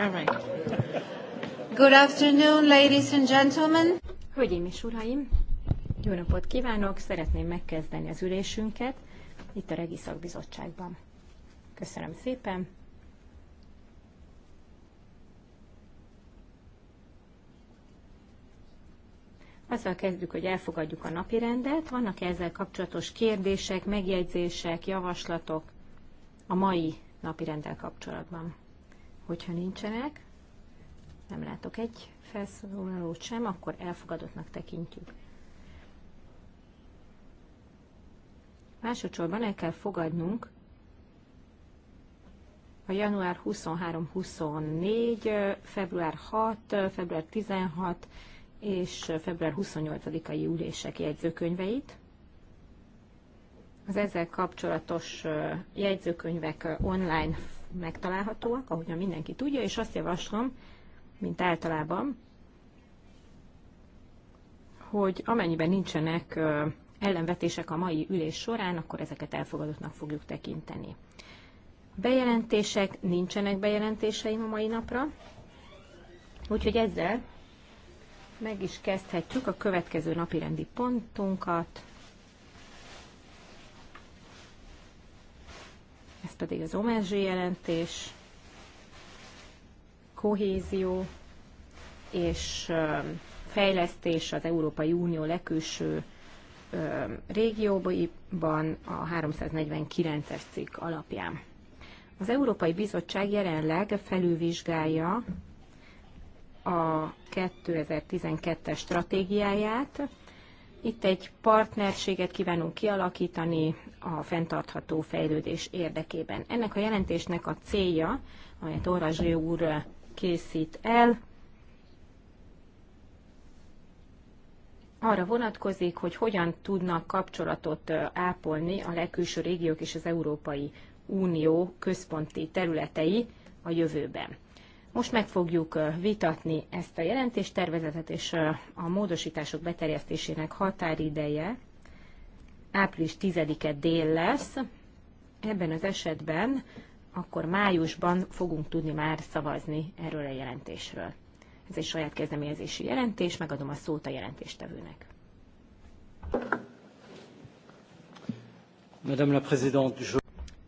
All right. Good afternoon, ladies and gentlemen. Hölgyeim és uraim, jó napot kívánok! Szeretném megkezdeni az ülésünket itt a Regi Szakbizottságban. Köszönöm szépen! Azzal kezdjük, hogy elfogadjuk a napi rendet. Vannak -e ezzel kapcsolatos kérdések, megjegyzések, javaslatok a mai napi rendel kapcsolatban? Hogyha nincsenek, nem látok egy felszólalót sem, akkor elfogadottnak tekintjük. Másodszorban el kell fogadnunk a január 23-24, február 6, február 16 és február 28-ai ülések jegyzőkönyveit. Az ezzel kapcsolatos jegyzőkönyvek online megtalálhatóak, ahogyan mindenki tudja, és azt javaslom, mint általában, hogy amennyiben nincsenek ellenvetések a mai ülés során, akkor ezeket elfogadottnak fogjuk tekinteni. Bejelentések, nincsenek bejelentéseim a mai napra, úgyhogy ezzel meg is kezdhetjük a következő napirendi pontunkat. pedig az omázsi jelentés, kohézió és fejlesztés az Európai Unió legkülső régióban a 349-es cikk alapján. Az Európai Bizottság jelenleg felülvizsgálja a 2012-es stratégiáját, itt egy partnerséget kívánunk kialakítani a fenntartható fejlődés érdekében. Ennek a jelentésnek a célja, amelyet Orrazsé úr készít el, arra vonatkozik, hogy hogyan tudnak kapcsolatot ápolni a legkülső régiók és az Európai Unió központi területei a jövőben. Most meg fogjuk vitatni ezt a jelentéstervezetet, és a módosítások beterjesztésének határideje április 10-e dél lesz. Ebben az esetben akkor májusban fogunk tudni már szavazni erről a jelentésről. Ez egy saját kezdeményezési jelentés, megadom a szót a jelentéstevőnek. Madame la Présidente,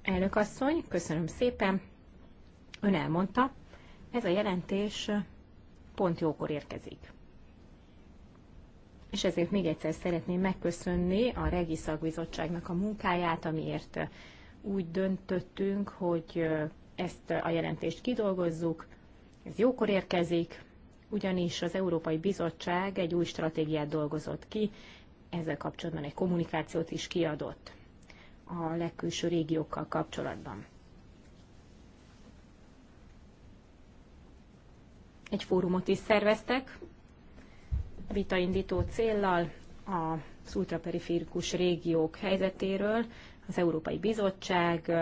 Elnök asszony, köszönöm szépen. Ön elmondta, ez a jelentés pont jókor érkezik. És ezért még egyszer szeretném megköszönni a Regi Szakbizottságnak a munkáját, amiért úgy döntöttünk, hogy ezt a jelentést kidolgozzuk. Ez jókor érkezik, ugyanis az Európai Bizottság egy új stratégiát dolgozott ki, ezzel kapcsolatban egy kommunikációt is kiadott a legkülső régiókkal kapcsolatban. Egy fórumot is szerveztek, vitaindító céllal az ultraperiférikus régiók helyzetéről. Az Európai Bizottság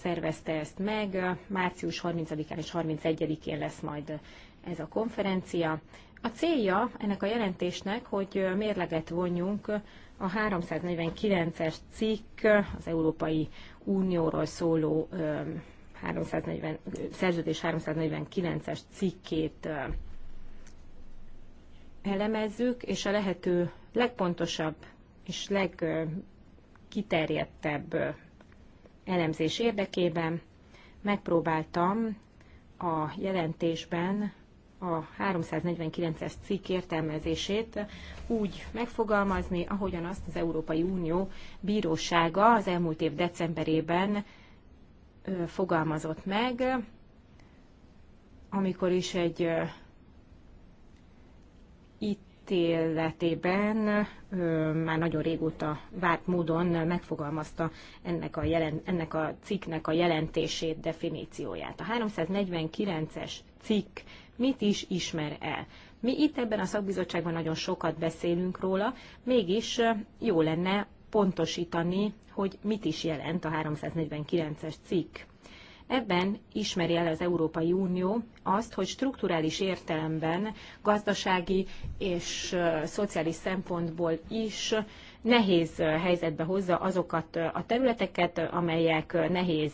szervezte ezt meg. Március 30-án és 31-én lesz majd ez a konferencia. A célja ennek a jelentésnek, hogy mérleget vonjunk a 349-es cikk az Európai Unióról szóló 340, szerződés 349-es cikkét elemezzük, és a lehető legpontosabb és legkiterjedtebb elemzés érdekében megpróbáltam a jelentésben a 349-es cikk értelmezését úgy megfogalmazni, ahogyan azt az Európai Unió bírósága az elmúlt év decemberében fogalmazott meg, amikor is egy ítéletében már nagyon régóta várt módon megfogalmazta ennek a, jelen, ennek a cikknek a jelentését, definícióját. A 349-es cikk mit is ismer el? Mi itt ebben a szakbizottságban nagyon sokat beszélünk róla, mégis jó lenne pontosítani, hogy mit is jelent a 349-es cikk. Ebben ismeri el az Európai Unió azt, hogy strukturális értelemben gazdasági és szociális szempontból is nehéz helyzetbe hozza azokat a területeket, amelyek nehéz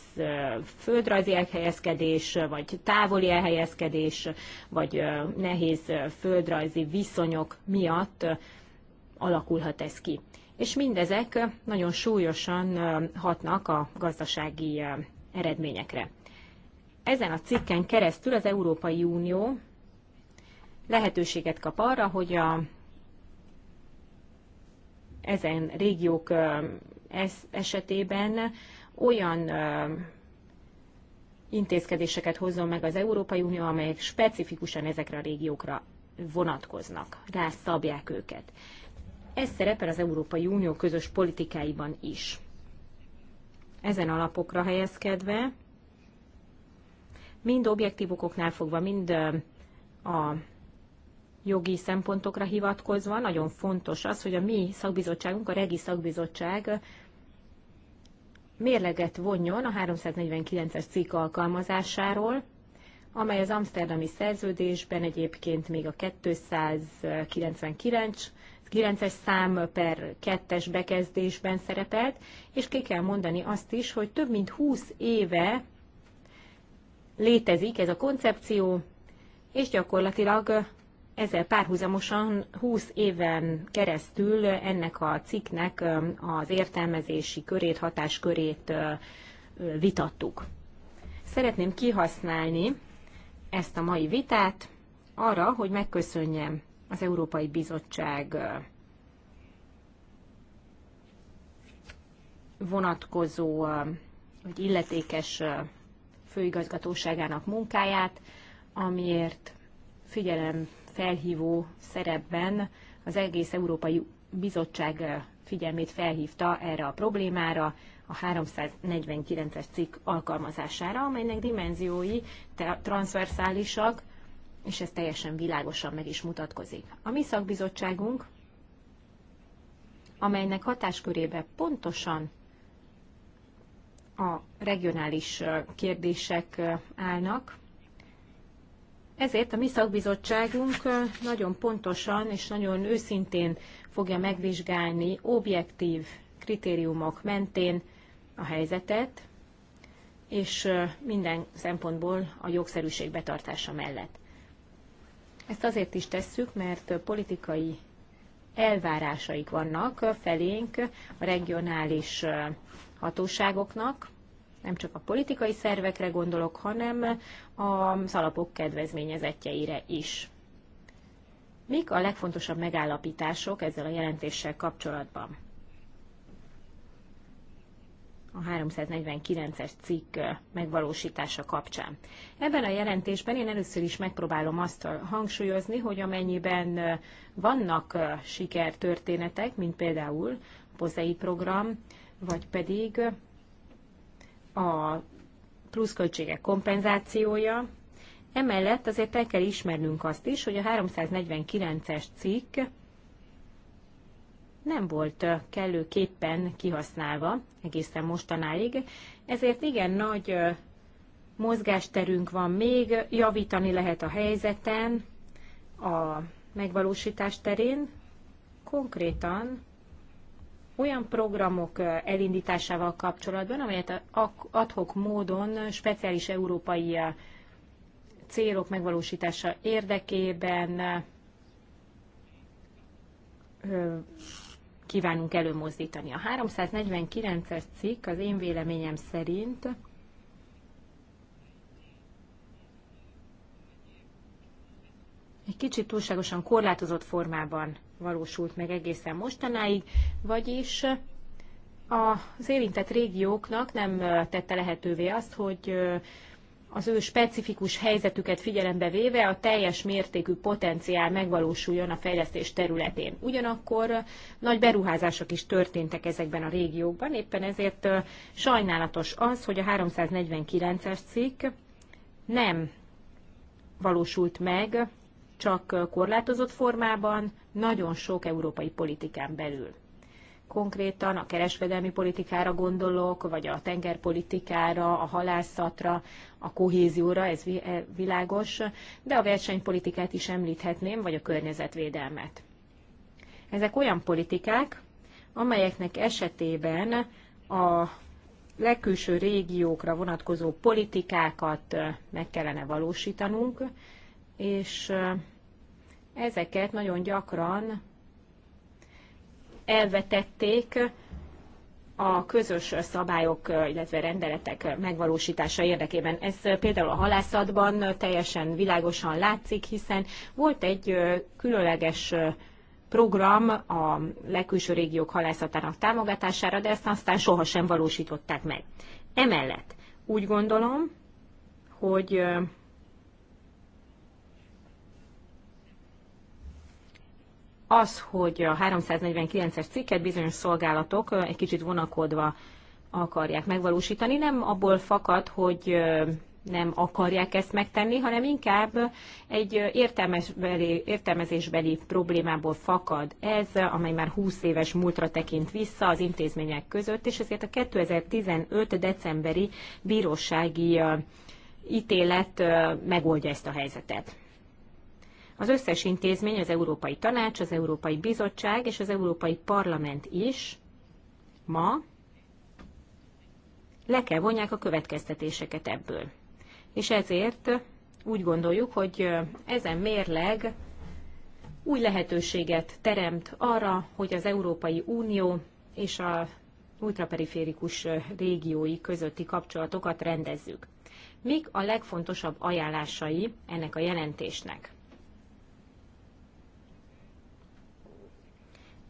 földrajzi elhelyezkedés, vagy távoli elhelyezkedés, vagy nehéz földrajzi viszonyok miatt alakulhat ez ki és mindezek nagyon súlyosan hatnak a gazdasági eredményekre. Ezen a cikken keresztül az Európai Unió lehetőséget kap arra, hogy a, ezen régiók esetében olyan intézkedéseket hozzon meg az Európai Unió, amelyek specifikusan ezekre a régiókra vonatkoznak, rászabják őket. Ez szerepel az Európai Unió közös politikáiban is. Ezen alapokra helyezkedve, mind objektív okoknál fogva, mind a jogi szempontokra hivatkozva, nagyon fontos az, hogy a mi szakbizottságunk, a Regi Szakbizottság mérleget vonjon a 349-es cikk alkalmazásáról, amely az Amsterdami szerződésben egyébként még a 299 9-es szám per 2-es bekezdésben szerepelt, és ki kell mondani azt is, hogy több mint 20 éve létezik ez a koncepció, és gyakorlatilag ezzel párhuzamosan 20 éven keresztül ennek a cikknek az értelmezési körét, hatáskörét vitattuk. Szeretném kihasználni ezt a mai vitát arra, hogy megköszönjem az Európai Bizottság vonatkozó vagy illetékes főigazgatóságának munkáját, amiért figyelem felhívó szerepben az egész Európai Bizottság figyelmét felhívta erre a problémára, a 349-es cikk alkalmazására, amelynek dimenziói transzverszálisak, és ez teljesen világosan meg is mutatkozik. A mi szakbizottságunk, amelynek hatáskörébe pontosan a regionális kérdések állnak, ezért a mi szakbizottságunk nagyon pontosan és nagyon őszintén fogja megvizsgálni objektív kritériumok mentén a helyzetet, és minden szempontból a jogszerűség betartása mellett. Ezt azért is tesszük, mert politikai elvárásaik vannak felénk a regionális hatóságoknak, nem csak a politikai szervekre gondolok, hanem az alapok kedvezményezetjeire is. Mik a legfontosabb megállapítások ezzel a jelentéssel kapcsolatban? a 349-es cikk megvalósítása kapcsán. Ebben a jelentésben én először is megpróbálom azt hangsúlyozni, hogy amennyiben vannak sikertörténetek, mint például a POZEI program, vagy pedig a pluszköltségek kompenzációja, emellett azért el kell ismernünk azt is, hogy a 349-es cikk nem volt kellőképpen kihasználva egészen mostanáig, ezért igen nagy mozgásterünk van még, javítani lehet a helyzeten, a megvalósítás terén, konkrétan olyan programok elindításával kapcsolatban, amelyet adhok módon speciális európai célok megvalósítása érdekében kívánunk előmozdítani. A 349-es cikk az én véleményem szerint egy kicsit túlságosan korlátozott formában valósult meg egészen mostanáig, vagyis az érintett régióknak nem tette lehetővé azt, hogy az ő specifikus helyzetüket figyelembe véve a teljes mértékű potenciál megvalósuljon a fejlesztés területén. Ugyanakkor nagy beruházások is történtek ezekben a régiókban, éppen ezért sajnálatos az, hogy a 349-es cikk nem valósult meg csak korlátozott formában, nagyon sok európai politikán belül konkrétan, a kereskedelmi politikára gondolok, vagy a tengerpolitikára, a halászatra, a kohézióra, ez e, világos, de a versenypolitikát is említhetném, vagy a környezetvédelmet. Ezek olyan politikák, amelyeknek esetében a legkülső régiókra vonatkozó politikákat meg kellene valósítanunk, és e, ezeket nagyon gyakran elvetették a közös szabályok, illetve rendeletek megvalósítása érdekében. Ez például a halászatban teljesen világosan látszik, hiszen volt egy különleges program a legkülső régiók halászatának támogatására, de ezt aztán sohasem valósították meg. Emellett úgy gondolom, hogy az, hogy a 349-es cikket bizonyos szolgálatok egy kicsit vonakodva akarják megvalósítani, nem abból fakad, hogy nem akarják ezt megtenni, hanem inkább egy értelmezbeli, értelmezésbeli problémából fakad ez, amely már 20 éves múltra tekint vissza az intézmények között, és ezért a 2015. decemberi bírósági ítélet megoldja ezt a helyzetet. Az összes intézmény, az Európai Tanács, az Európai Bizottság és az Európai Parlament is ma le kell vonják a következtetéseket ebből. És ezért úgy gondoljuk, hogy ezen mérleg új lehetőséget teremt arra, hogy az Európai Unió és a ultraperiférikus régiói közötti kapcsolatokat rendezzük. Mik a legfontosabb ajánlásai ennek a jelentésnek?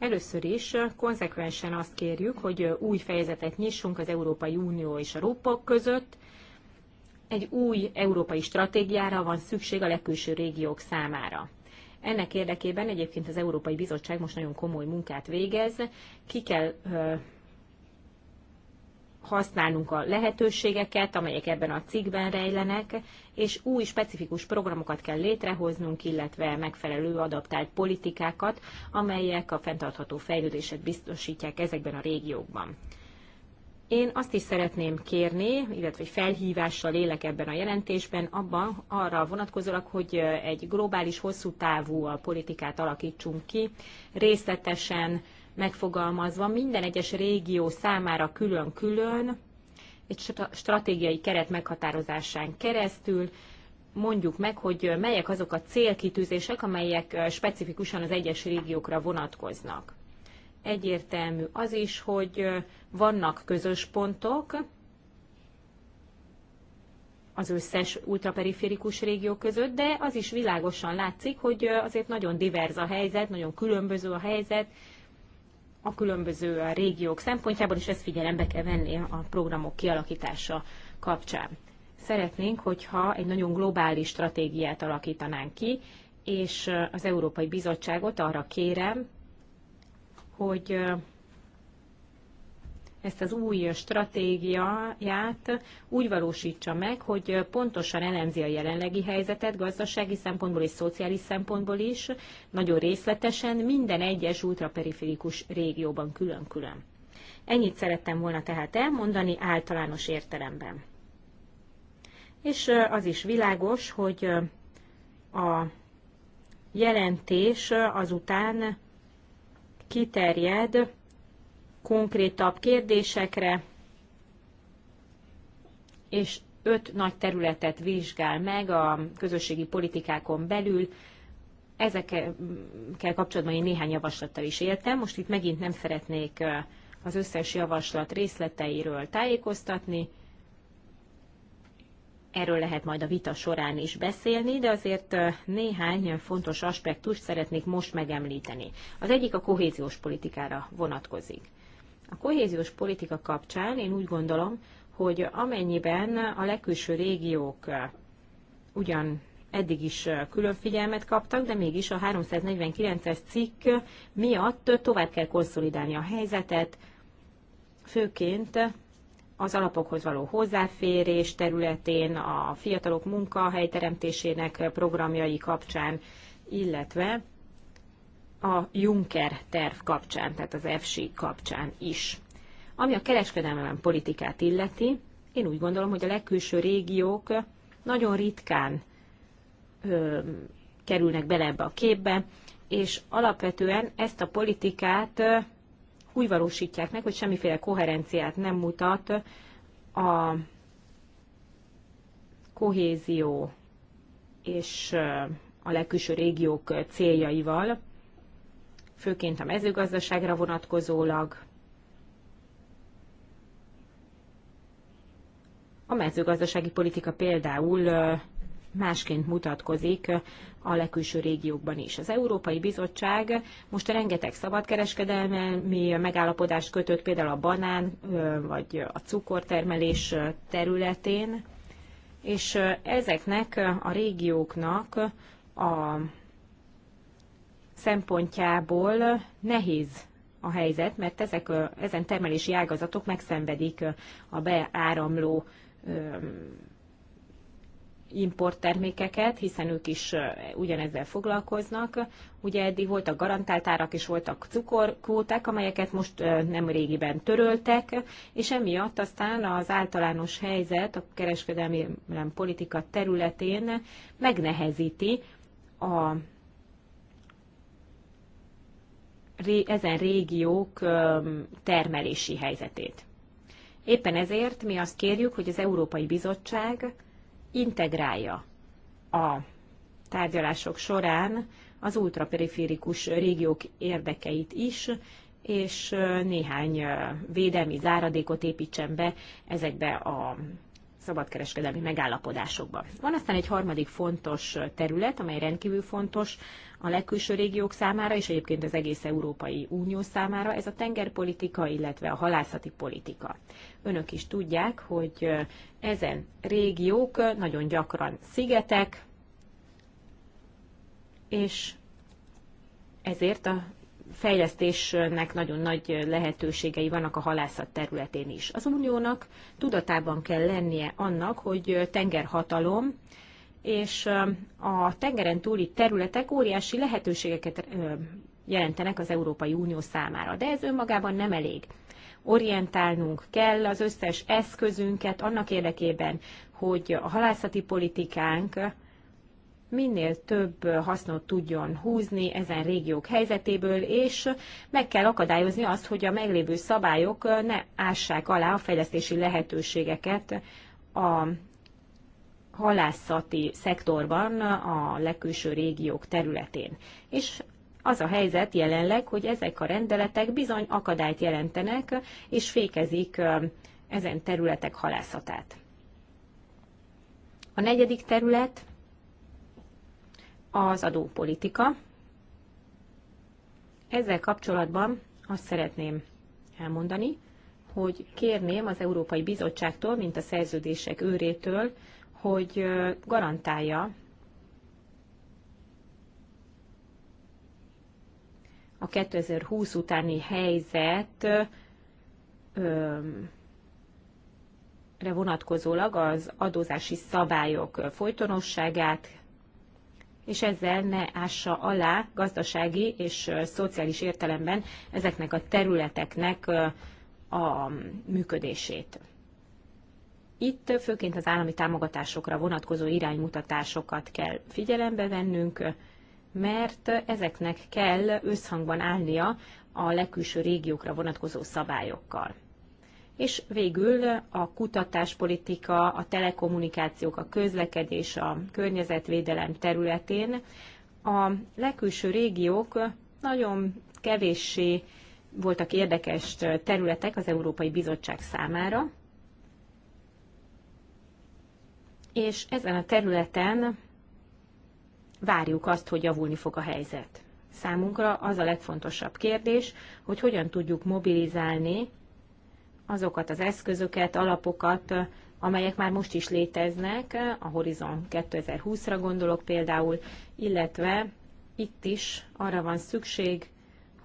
Először is konzekvensen azt kérjük, hogy új fejezetet nyissunk az Európai Unió és a Rópok között. Egy új európai stratégiára van szükség a legkülső régiók számára. Ennek érdekében egyébként az Európai Bizottság most nagyon komoly munkát végez, ki kell használnunk a lehetőségeket, amelyek ebben a cikkben rejlenek, és új specifikus programokat kell létrehoznunk, illetve megfelelő adaptált politikákat, amelyek a fenntartható fejlődéset biztosítják ezekben a régiókban. Én azt is szeretném kérni, illetve egy felhívással élek ebben a jelentésben, abban arra vonatkozólag, hogy egy globális, hosszú távú politikát alakítsunk ki, részletesen megfogalmazva minden egyes régió számára külön-külön, egy stratégiai keret meghatározásán keresztül, mondjuk meg, hogy melyek azok a célkitűzések, amelyek specifikusan az egyes régiókra vonatkoznak. Egyértelmű az is, hogy vannak közös pontok az összes ultraperiférikus régió között, de az is világosan látszik, hogy azért nagyon diverz a helyzet, nagyon különböző a helyzet, a különböző régiók szempontjából, és ezt figyelembe kell venni a programok kialakítása kapcsán. Szeretnénk, hogyha egy nagyon globális stratégiát alakítanánk ki, és az Európai Bizottságot arra kérem, hogy ezt az új stratégiáját úgy valósítsa meg, hogy pontosan elemzi a jelenlegi helyzetet gazdasági szempontból és szociális szempontból is, nagyon részletesen minden egyes ultraperiférikus régióban külön-külön. Ennyit szerettem volna tehát elmondani általános értelemben. És az is világos, hogy a jelentés azután kiterjed konkrétabb kérdésekre, és öt nagy területet vizsgál meg a közösségi politikákon belül. Ezekkel kapcsolatban én néhány javaslattal is éltem. Most itt megint nem szeretnék az összes javaslat részleteiről tájékoztatni. Erről lehet majd a vita során is beszélni, de azért néhány fontos aspektust szeretnék most megemlíteni. Az egyik a kohéziós politikára vonatkozik. A kohéziós politika kapcsán én úgy gondolom, hogy amennyiben a legkülső régiók ugyan eddig is külön figyelmet kaptak, de mégis a 349-es cikk miatt tovább kell konszolidálni a helyzetet, főként az alapokhoz való hozzáférés területén, a fiatalok munkahelyteremtésének programjai kapcsán, illetve a Juncker terv kapcsán, tehát az EFSI kapcsán is. Ami a kereskedelmelen politikát illeti, én úgy gondolom, hogy a legkülső régiók nagyon ritkán ö, kerülnek bele ebbe a képbe, és alapvetően ezt a politikát ö, úgy valósítják meg, hogy semmiféle koherenciát nem mutat a kohézió és a legkülső régiók céljaival főként a mezőgazdaságra vonatkozólag. A mezőgazdasági politika például másként mutatkozik a legkülső régiókban is. Az Európai Bizottság most rengeteg szabadkereskedelmi megállapodást kötött például a banán vagy a cukortermelés területén, és ezeknek a régióknak a szempontjából nehéz a helyzet, mert ezek, ezen termelési ágazatok megszenvedik a beáramló importtermékeket, hiszen ők is ugyanezzel foglalkoznak. Ugye eddig voltak garantált árak és voltak cukorkvóták, amelyeket most nem régiben töröltek, és emiatt aztán az általános helyzet a kereskedelmi politika területén megnehezíti a ezen régiók termelési helyzetét. Éppen ezért mi azt kérjük, hogy az Európai Bizottság integrálja a tárgyalások során az ultraperiférikus régiók érdekeit is, és néhány védelmi záradékot építsen be ezekbe a szabadkereskedelmi megállapodásokba. Van aztán egy harmadik fontos terület, amely rendkívül fontos a legkülső régiók számára, és egyébként az egész Európai Unió számára ez a tengerpolitika, illetve a halászati politika. Önök is tudják, hogy ezen régiók nagyon gyakran szigetek, és ezért a fejlesztésnek nagyon nagy lehetőségei vannak a halászat területén is. Az uniónak tudatában kell lennie annak, hogy tengerhatalom és a tengeren túli területek óriási lehetőségeket jelentenek az Európai Unió számára. De ez önmagában nem elég. Orientálnunk kell az összes eszközünket annak érdekében, hogy a halászati politikánk minél több hasznot tudjon húzni ezen régiók helyzetéből, és meg kell akadályozni azt, hogy a meglévő szabályok ne ássák alá a fejlesztési lehetőségeket a halászati szektorban a legkülső régiók területén. És az a helyzet jelenleg, hogy ezek a rendeletek bizony akadályt jelentenek, és fékezik ezen területek halászatát. A negyedik terület az adópolitika. Ezzel kapcsolatban azt szeretném elmondani, hogy kérném az Európai Bizottságtól, mint a szerződések őrétől, hogy garantálja a 2020 utáni helyzet vonatkozólag az adózási szabályok folytonosságát, és ezzel ne ássa alá gazdasági és szociális értelemben ezeknek a területeknek a működését. Itt főként az állami támogatásokra vonatkozó iránymutatásokat kell figyelembe vennünk, mert ezeknek kell összhangban állnia a legkülső régiókra vonatkozó szabályokkal. És végül a kutatáspolitika, a telekommunikációk, a közlekedés, a környezetvédelem területén a legkülső régiók nagyon kevéssé voltak érdekes területek az Európai Bizottság számára, és ezen a területen várjuk azt, hogy javulni fog a helyzet. Számunkra az a legfontosabb kérdés, hogy hogyan tudjuk mobilizálni azokat az eszközöket, alapokat, amelyek már most is léteznek, a Horizon 2020-ra gondolok például, illetve itt is arra van szükség,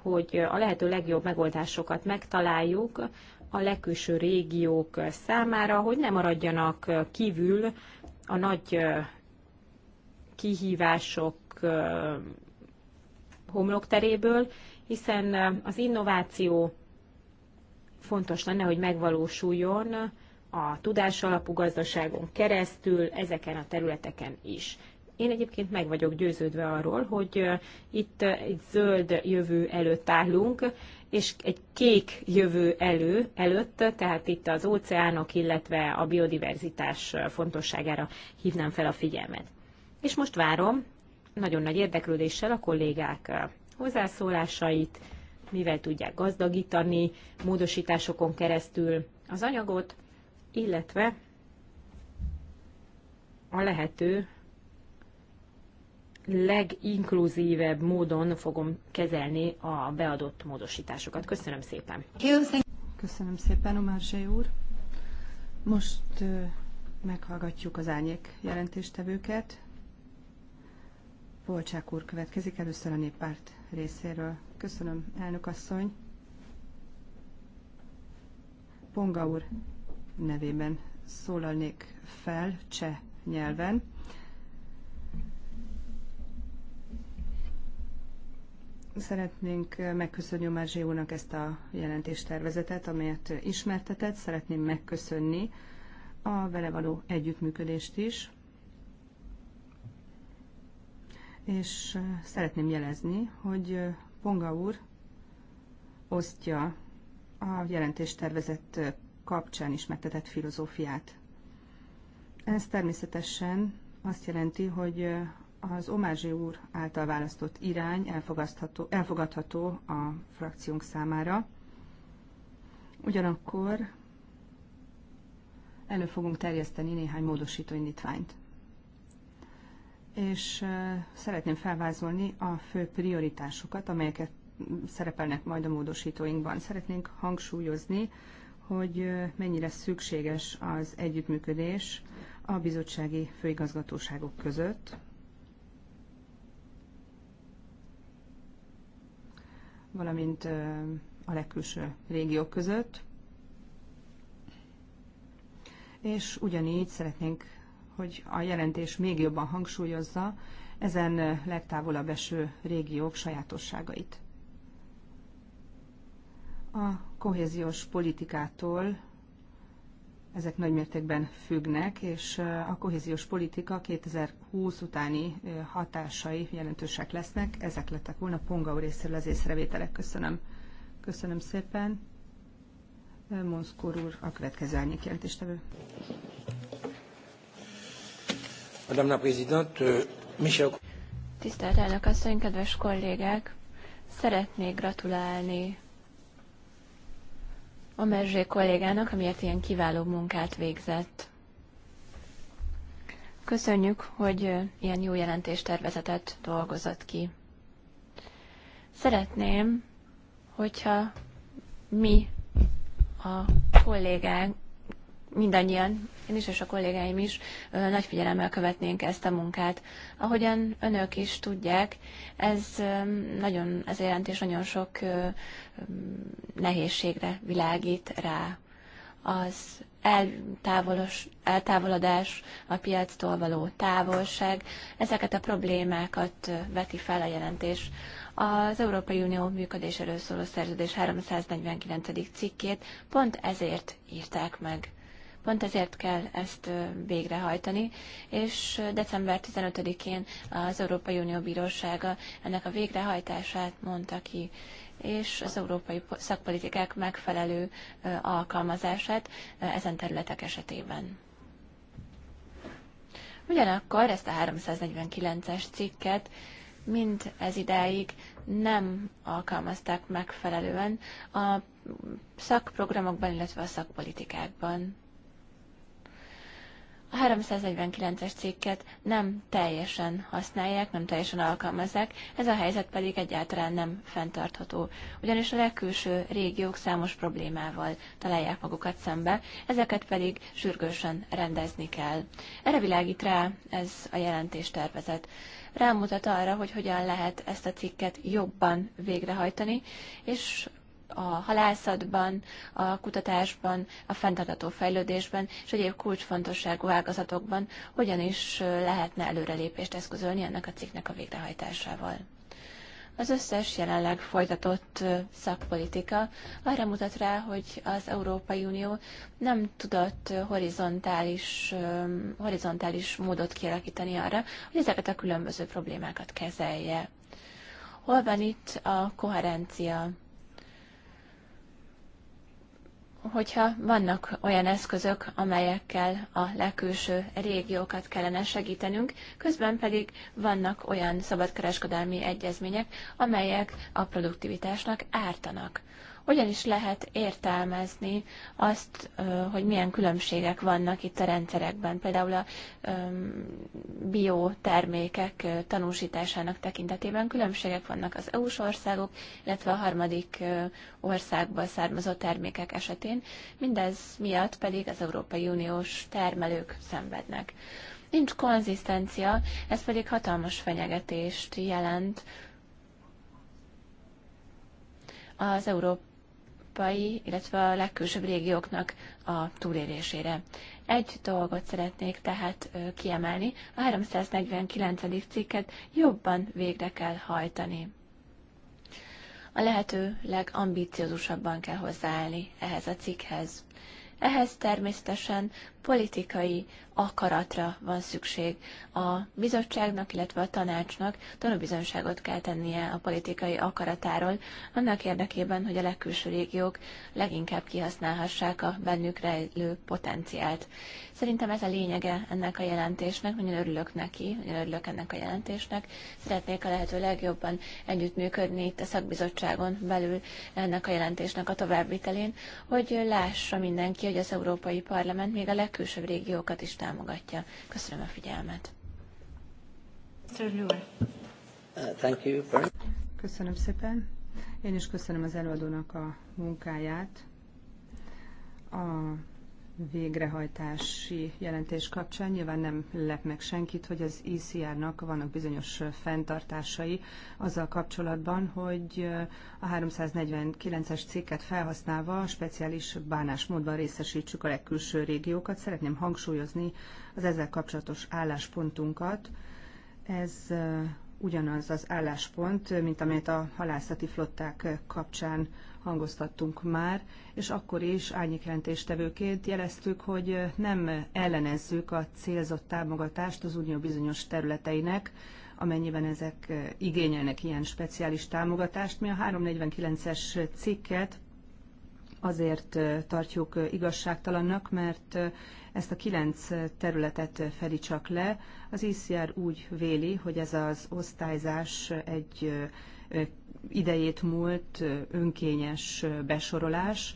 hogy a lehető legjobb megoldásokat megtaláljuk a legkülső régiók számára, hogy ne maradjanak kívül a nagy kihívások homlokteréből, hiszen az innováció fontos lenne, hogy megvalósuljon a tudásalapú gazdaságon keresztül, ezeken a területeken is. Én egyébként meg vagyok győződve arról, hogy itt egy zöld jövő előtt állunk, és egy kék jövő elő, előtt, tehát itt az óceánok, illetve a biodiverzitás fontosságára hívnám fel a figyelmet. És most várom nagyon nagy érdeklődéssel a kollégák hozzászólásait, mivel tudják gazdagítani módosításokon keresztül az anyagot, illetve a lehető leginkluzívebb módon fogom kezelni a beadott módosításokat. Köszönöm szépen! Köszönöm szépen, Omárzsé úr! Most meghallgatjuk az árnyék jelentéstevőket. Polcsák úr következik, először a néppárt részéről. Köszönöm, elnök asszony. Ponga úr nevében szólalnék fel cseh nyelven. Szeretnénk eh, megköszönni a Zsiónak ezt a jelentéstervezetet, amelyet ismertetett. Szeretném megköszönni a vele való együttműködést is. És eh, szeretném jelezni, hogy eh, Ponga úr osztja a jelentéstervezet kapcsán ismertetett filozófiát. Ez természetesen azt jelenti, hogy az Omázsi úr által választott irány elfogadható, elfogadható a frakciónk számára. Ugyanakkor elő fogunk terjeszteni néhány módosító indítványt. És szeretném felvázolni a fő prioritásokat, amelyeket szerepelnek majd a módosítóinkban. Szeretnénk hangsúlyozni, hogy mennyire szükséges az együttműködés a bizottsági főigazgatóságok között, valamint a legkülső régiók között. És ugyanígy szeretnénk, hogy a jelentés még jobban hangsúlyozza ezen legtávolabb eső régiók sajátosságait. A kohéziós politikától ezek nagymértékben függnek, és a kohéziós politika 2020 utáni hatásai jelentősek lesznek. Ezek lettek volna Ponga részéről az észrevételek. Köszönöm. Köszönöm szépen. Monszkor úr, a következő árnyék jelentéstevő. Madame la Présidente, euh, Michel... Tisztelt elnök asszony, kedves kollégák! Szeretnék gratulálni a Merzsé kollégának, amiért ilyen kiváló munkát végzett. Köszönjük, hogy ilyen jó jelentéstervezetet dolgozott ki. Szeretném, hogyha mi a kollégánk, mindannyian, én is és a kollégáim is nagy figyelemmel követnénk ezt a munkát. Ahogyan önök is tudják, ez nagyon, ez a jelentés nagyon sok nehézségre világít rá. Az eltávolos, eltávolodás, a piactól való távolság, ezeket a problémákat veti fel a jelentés. Az Európai Unió működéséről szóló szerződés 349. cikkét pont ezért írták meg. Pont ezért kell ezt végrehajtani, és december 15-én az Európai Unió Bírósága ennek a végrehajtását mondta ki és az európai szakpolitikák megfelelő alkalmazását ezen területek esetében. Ugyanakkor ezt a 349-es cikket mind ez idáig nem alkalmazták megfelelően a szakprogramokban, illetve a szakpolitikákban. A 349-es cikket nem teljesen használják, nem teljesen alkalmazzák, ez a helyzet pedig egyáltalán nem fenntartható. Ugyanis a legkülső régiók számos problémával találják magukat szembe, ezeket pedig sürgősen rendezni kell. Erre világít rá ez a jelentés tervezet. Rámutat arra, hogy hogyan lehet ezt a cikket jobban végrehajtani, és a halászatban, a kutatásban, a fenntartható fejlődésben és egyéb kulcsfontosságú ágazatokban hogyan is lehetne előrelépést eszközölni ennek a cikknek a végrehajtásával. Az összes jelenleg folytatott szakpolitika arra mutat rá, hogy az Európai Unió nem tudott horizontális, horizontális módot kialakítani arra, hogy ezeket a különböző problémákat kezelje. Hol van itt a koherencia? hogyha vannak olyan eszközök, amelyekkel a legkülső régiókat kellene segítenünk, közben pedig vannak olyan szabadkereskedelmi egyezmények, amelyek a produktivitásnak ártanak hogyan is lehet értelmezni azt, hogy milyen különbségek vannak itt a rendszerekben, például a biotermékek tanúsításának tekintetében különbségek vannak az EU-s országok, illetve a harmadik országból származó termékek esetén, mindez miatt pedig az Európai Uniós termelők szenvednek. Nincs konzisztencia, ez pedig hatalmas fenyegetést jelent az Európa európai, illetve a legkülsőbb régióknak a túlélésére. Egy dolgot szeretnék tehát kiemelni, a 349. cikket jobban végre kell hajtani. A lehető legambiciózusabban kell hozzáállni ehhez a cikkhez. Ehhez természetesen politikai akaratra van szükség. A bizottságnak, illetve a tanácsnak tanúbizonságot kell tennie a politikai akaratáról, annak érdekében, hogy a legkülső régiók leginkább kihasználhassák a bennük rejlő potenciált. Szerintem ez a lényege ennek a jelentésnek, nagyon örülök neki, nagyon örülök ennek a jelentésnek. Szeretnék a lehető legjobban együttműködni itt a szakbizottságon belül ennek a jelentésnek a továbbvitelén, hogy lássa mindenki, hogy az Európai Parlament még a legkülsőbb régiókat is támogatja támogatja. Köszönöm a figyelmet. Uh, thank you. Köszönöm szépen. Én is köszönöm az előadónak a munkáját. A végrehajtási jelentés kapcsán nyilván nem lep meg senkit, hogy az ICR-nak e vannak bizonyos fenntartásai azzal kapcsolatban, hogy a 349-es cikket felhasználva speciális bánásmódban részesítsük a legkülső régiókat. Szeretném hangsúlyozni az ezzel kapcsolatos álláspontunkat. Ez ugyanaz az álláspont, mint amelyet a halászati flották kapcsán hangoztattunk már, és akkor is árnyékjelentéstevőként jeleztük, hogy nem ellenezzük a célzott támogatást az unió bizonyos területeinek, amennyiben ezek igényelnek ilyen speciális támogatást. Mi a 349-es cikket azért tartjuk igazságtalannak, mert ezt a kilenc területet fedi csak le. Az ICR úgy véli, hogy ez az osztályzás egy idejét múlt önkényes besorolás,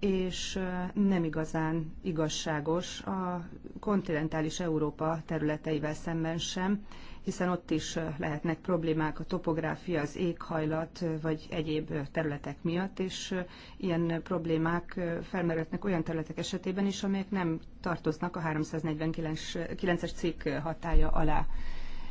és nem igazán igazságos a kontinentális Európa területeivel szemben sem, hiszen ott is lehetnek problémák a topográfia, az éghajlat vagy egyéb területek miatt, és ilyen problémák felmerülhetnek olyan területek esetében is, amelyek nem tartoznak a 349-es cikk hatája alá.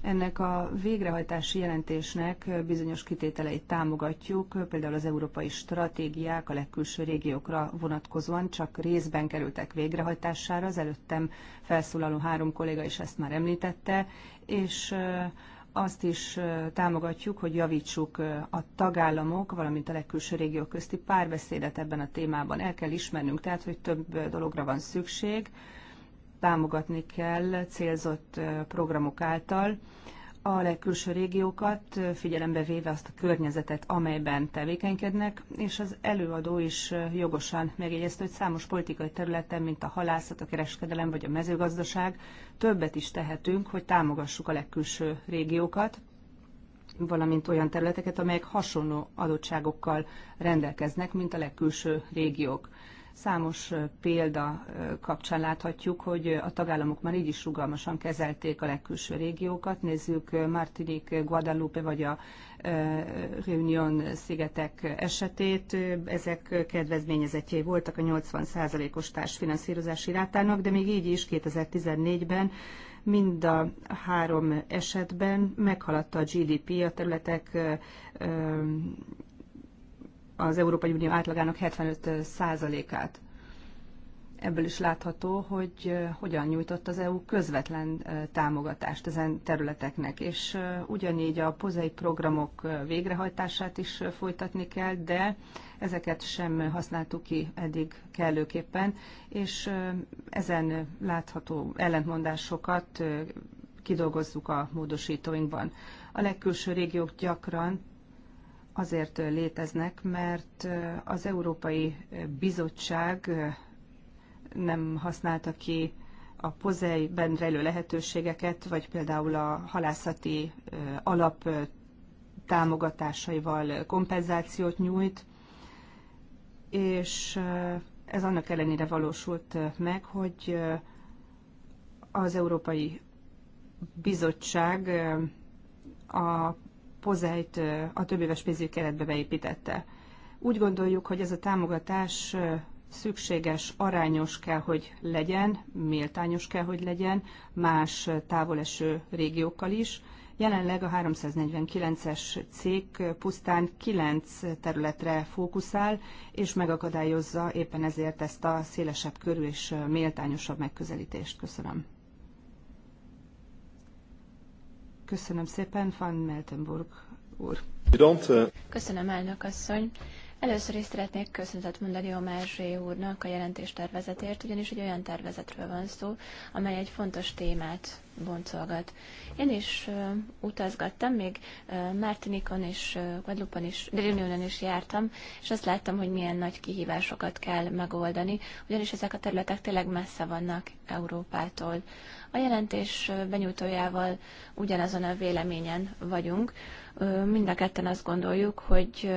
Ennek a végrehajtási jelentésnek bizonyos kitételeit támogatjuk, például az európai stratégiák a legkülső régiókra vonatkozóan csak részben kerültek végrehajtására, az előttem felszólaló három kolléga is ezt már említette, és azt is támogatjuk, hogy javítsuk a tagállamok, valamint a legkülső régiók közti párbeszédet ebben a témában. El kell ismernünk tehát, hogy több dologra van szükség, támogatni kell célzott programok által a legkülső régiókat, figyelembe véve azt a környezetet, amelyben tevékenykednek, és az előadó is jogosan megjegyezte, hogy számos politikai területen, mint a halászat, a kereskedelem vagy a mezőgazdaság, többet is tehetünk, hogy támogassuk a legkülső régiókat, valamint olyan területeket, amelyek hasonló adottságokkal rendelkeznek, mint a legkülső régiók. Számos példa kapcsán láthatjuk, hogy a tagállamok már így is rugalmasan kezelték a legkülső régiókat. Nézzük Martinique, Guadalupe vagy a Réunion szigetek esetét. Ezek kedvezményezetjei voltak a 80%-os társfinanszírozási rátának, de még így is 2014-ben mind a három esetben meghaladta a GDP a területek az Európai Unió átlagának 75%-át. Ebből is látható, hogy hogyan nyújtott az EU közvetlen támogatást ezen területeknek, és ugyanígy a pozai programok végrehajtását is folytatni kell, de ezeket sem használtuk ki eddig kellőképpen, és ezen látható ellentmondásokat kidolgozzuk a módosítóinkban. A legkülső régiók gyakran azért léteznek, mert az Európai Bizottság nem használta ki a pozeiben rejlő lehetőségeket, vagy például a halászati alap támogatásaival kompenzációt nyújt, és ez annak ellenére valósult meg, hogy az Európai Bizottság a pozeit a éves pénzügyi keretbe beépítette. Úgy gondoljuk, hogy ez a támogatás szükséges, arányos kell, hogy legyen, méltányos kell, hogy legyen más távoleső régiókkal is. Jelenleg a 349-es cég pusztán 9 területre fókuszál, és megakadályozza éppen ezért ezt a szélesebb körű és méltányosabb megközelítést. Köszönöm. Köszönöm szépen, Van Meltenburg úr. Uh, Köszönöm, elnök asszony. Először is szeretnék köszönetet mondani a Mázsé úrnak a jelentéstervezetért, ugyanis egy olyan tervezetről van szó, amely egy fontos témát boncolgat. Én is uh, utazgattam, még uh, Martinikon és uh, Guadalupon is, Réuniónon is jártam, és azt láttam, hogy milyen nagy kihívásokat kell megoldani, ugyanis ezek a területek tényleg messze vannak Európától. A jelentés benyújtójával ugyanazon a véleményen vagyunk, mind a ketten azt gondoljuk, hogy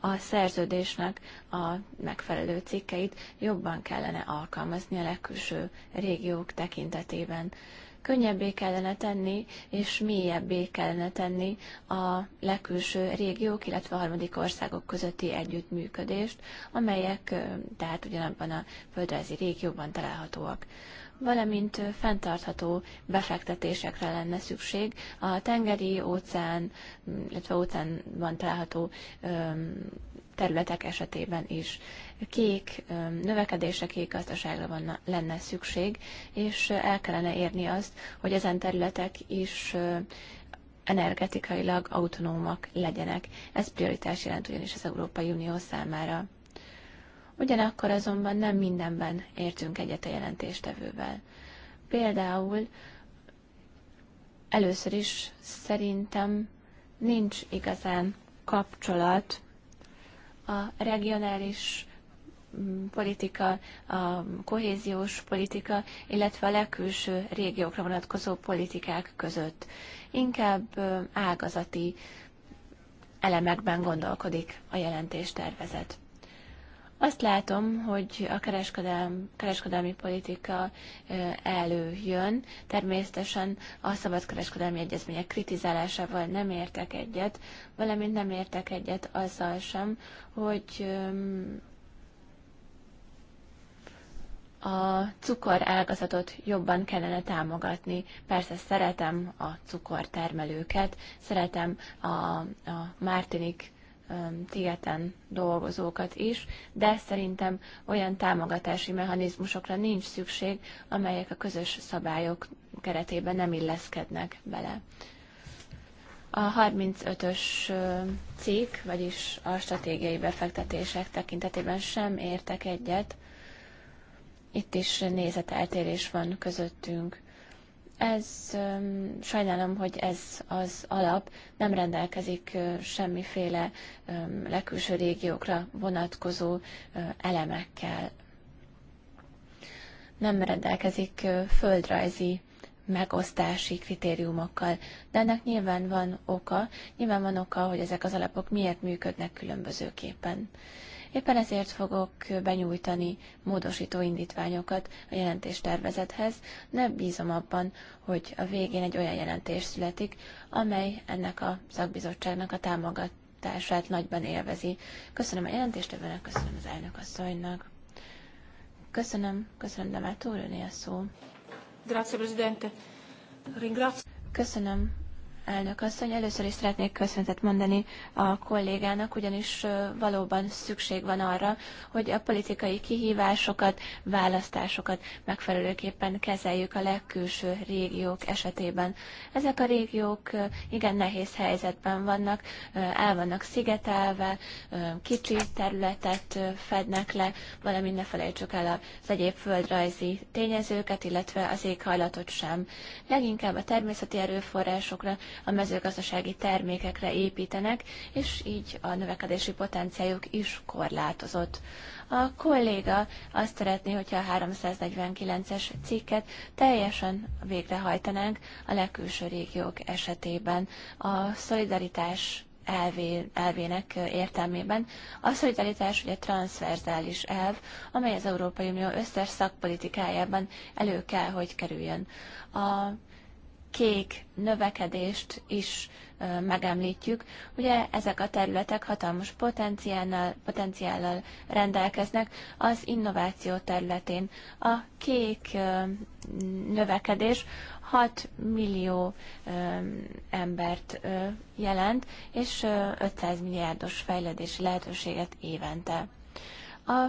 a szerződésnek a megfelelő cikkeit jobban kellene alkalmazni a legkülső régiók tekintetében. Könnyebbé kellene tenni, és mélyebbé kellene tenni a legkülső régiók, illetve a harmadik országok közötti együttműködést, amelyek tehát ugyanabban a földrajzi régióban találhatóak valamint fenntartható befektetésekre lenne szükség a tengeri, óceán, illetve óceánban található területek esetében is. Kék növekedésre, kék gazdaságra van, lenne szükség, és el kellene érni azt, hogy ezen területek is energetikailag autonómak legyenek. Ez prioritás jelent ugyanis az Európai Unió számára. Ugyanakkor azonban nem mindenben értünk egyet a jelentéstevővel. Például először is szerintem nincs igazán kapcsolat a regionális mm, politika, a kohéziós politika, illetve a legkülső régiókra vonatkozó politikák között. Inkább ágazati elemekben gondolkodik a jelentéstervezet. Azt látom, hogy a kereskedelm, kereskedelmi politika előjön. Természetesen a szabadkereskedelmi egyezmények kritizálásával nem értek egyet, valamint nem értek egyet azzal sem, hogy a cukor ágazatot jobban kellene támogatni. Persze szeretem a cukortermelőket, szeretem a, a Mártinik Tigeten dolgozókat is, de szerintem olyan támogatási mechanizmusokra nincs szükség, amelyek a közös szabályok keretében nem illeszkednek bele. A 35-ös cikk, vagyis a stratégiai befektetések tekintetében sem értek egyet. Itt is nézeteltérés van közöttünk. Ez sajnálom, hogy ez az alap nem rendelkezik semmiféle legkülső régiókra vonatkozó elemekkel. Nem rendelkezik földrajzi megosztási kritériumokkal. De ennek nyilván van oka, nyilván van oka, hogy ezek az alapok miért működnek különbözőképpen. Éppen ezért fogok benyújtani módosító indítványokat a jelentéstervezethez. Nem bízom abban, hogy a végén egy olyan jelentés születik, amely ennek a szakbizottságnak a támogatását nagyban élvezi. Köszönöm a jelentéstevőnek, köszönöm az elnökasszonynak. Köszönöm, köszönöm de már túl a szó. Grazie, Presidente. Ringrazio. Köszönöm, elnök asszony. Először is szeretnék köszönetet mondani a kollégának, ugyanis valóban szükség van arra, hogy a politikai kihívásokat, választásokat megfelelőképpen kezeljük a legkülső régiók esetében. Ezek a régiók igen nehéz helyzetben vannak, el vannak szigetelve, kicsi területet fednek le, valamint ne felejtsük el az egyéb földrajzi tényezőket, illetve az éghajlatot sem. Leginkább a természeti erőforrásokra a mezőgazdasági termékekre építenek, és így a növekedési potenciáljuk is korlátozott. A kolléga azt szeretné, hogyha a 349-es cikket teljesen végrehajtanánk a legkülső régiók esetében. A szolidaritás elvé, elvének értelmében. A szolidaritás ugye transzverzális elv, amely az Európai Unió összes szakpolitikájában elő kell, hogy kerüljön. A kék növekedést is megemlítjük. Ugye ezek a területek hatalmas potenciállal, potenciállal rendelkeznek az innováció területén. A kék növekedés 6 millió embert jelent, és 500 milliárdos fejledési lehetőséget évente a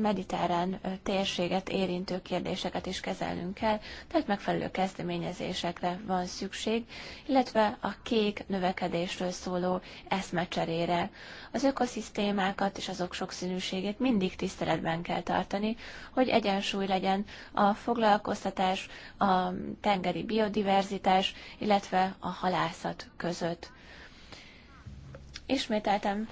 mediterrán térséget érintő kérdéseket is kezelnünk kell, tehát megfelelő kezdeményezésekre van szükség, illetve a kék növekedésről szóló eszmecserére. Az ökoszisztémákat és azok sokszínűségét mindig tiszteletben kell tartani, hogy egyensúly legyen a foglalkoztatás, a tengeri biodiverzitás, illetve a halászat között. Ismételtem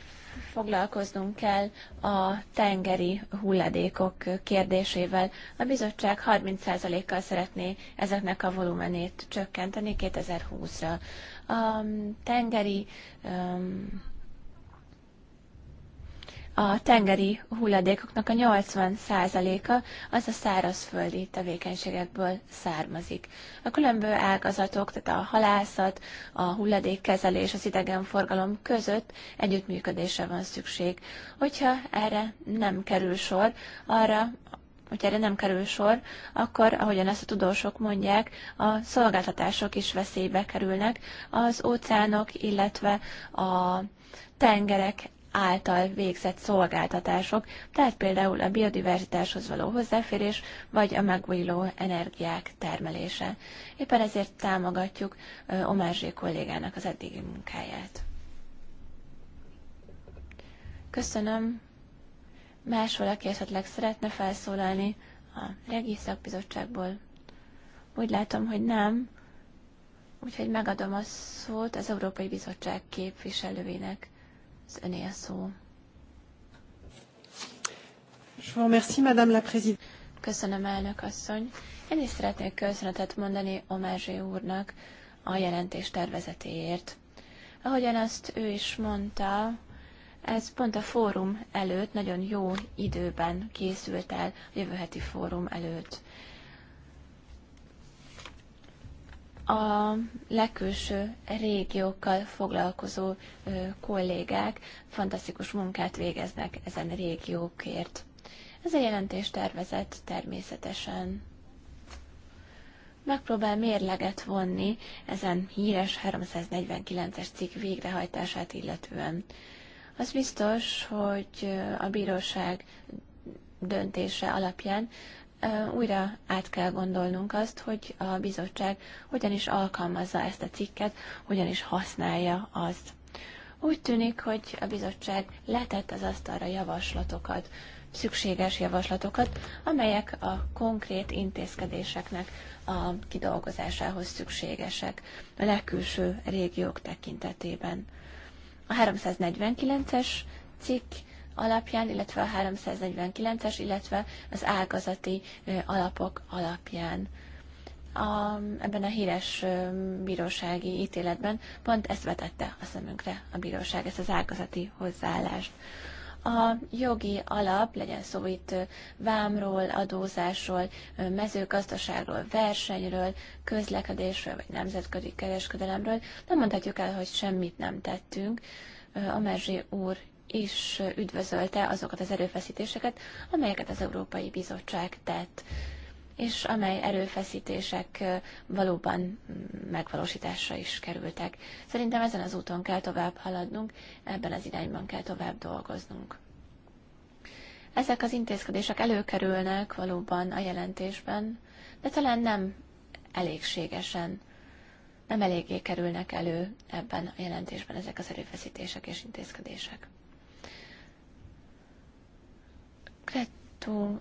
foglalkoznunk kell a tengeri hulladékok kérdésével. A bizottság 30%-kal szeretné ezeknek a volumenét csökkenteni 2020-ra. A tengeri um, a tengeri hulladékoknak a 80%-a az a szárazföldi tevékenységekből származik. A különböző ágazatok, tehát a halászat, a hulladékkezelés, az idegenforgalom között együttműködésre van szükség. Hogyha erre nem kerül sor, arra hogyha erre nem kerül sor, akkor, ahogyan ezt a tudósok mondják, a szolgáltatások is veszélybe kerülnek, az óceánok, illetve a tengerek által végzett szolgáltatások, tehát például a biodiverzitáshoz való hozzáférés, vagy a megújuló energiák termelése. Éppen ezért támogatjuk Omázsé kollégának az eddigi munkáját. Köszönöm. Más valaki esetleg szeretne felszólalni a Regi Szakbizottságból? Úgy látom, hogy nem. Úgyhogy megadom a szót az Európai Bizottság képviselőinek öné a szó. Köszönöm, elnök asszony. Én is szeretnék köszönetet mondani Omerzsé úrnak a jelentés tervezetéért. Ahogyan azt ő is mondta, ez pont a fórum előtt, nagyon jó időben készült el, a jövő heti fórum előtt. a legkülső régiókkal foglalkozó kollégák fantasztikus munkát végeznek ezen régiókért. Ez a jelentés tervezett természetesen. Megpróbál mérleget vonni ezen híres 349-es cikk végrehajtását illetően. Az biztos, hogy a bíróság döntése alapján újra át kell gondolnunk azt, hogy a bizottság hogyan is alkalmazza ezt a cikket, hogyan is használja azt. Úgy tűnik, hogy a bizottság letett az asztalra javaslatokat, szükséges javaslatokat, amelyek a konkrét intézkedéseknek a kidolgozásához szükségesek a legkülső régiók tekintetében. A 349-es cikk alapján, illetve a 349-es, illetve az ágazati alapok alapján. A, ebben a híres bírósági ítéletben pont ezt vetette a szemünkre a bíróság, ezt az ágazati hozzáállást a jogi alap, legyen szó itt vámról, adózásról, mezőgazdaságról, versenyről, közlekedésről, vagy nemzetközi kereskedelemről, nem mondhatjuk el, hogy semmit nem tettünk. A Merzsi úr is üdvözölte azokat az erőfeszítéseket, amelyeket az Európai Bizottság tett, és amely erőfeszítések valóban mm, megvalósításra is kerültek. Szerintem ezen az úton kell tovább haladnunk, ebben az irányban kell tovább dolgoznunk. Ezek az intézkedések előkerülnek valóban a jelentésben, de talán nem elégségesen nem eléggé kerülnek elő ebben a jelentésben ezek az erőfeszítések és intézkedések. Krettó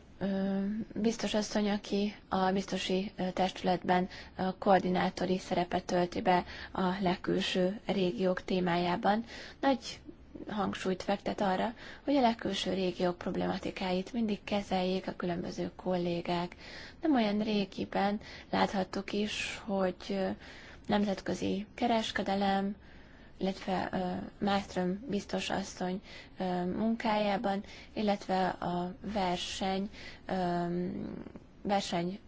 biztos asszony, aki a biztosi testületben a koordinátori szerepet tölti be a legkülső régiók témájában. Nagy hangsúlyt fektet arra, hogy a legkülső régiók problematikáit mindig kezeljék a különböző kollégák. Nem olyan régiben láthattuk is, hogy nemzetközi kereskedelem, illetve Mástrom biztos asszony munkájában, illetve a verseny verseny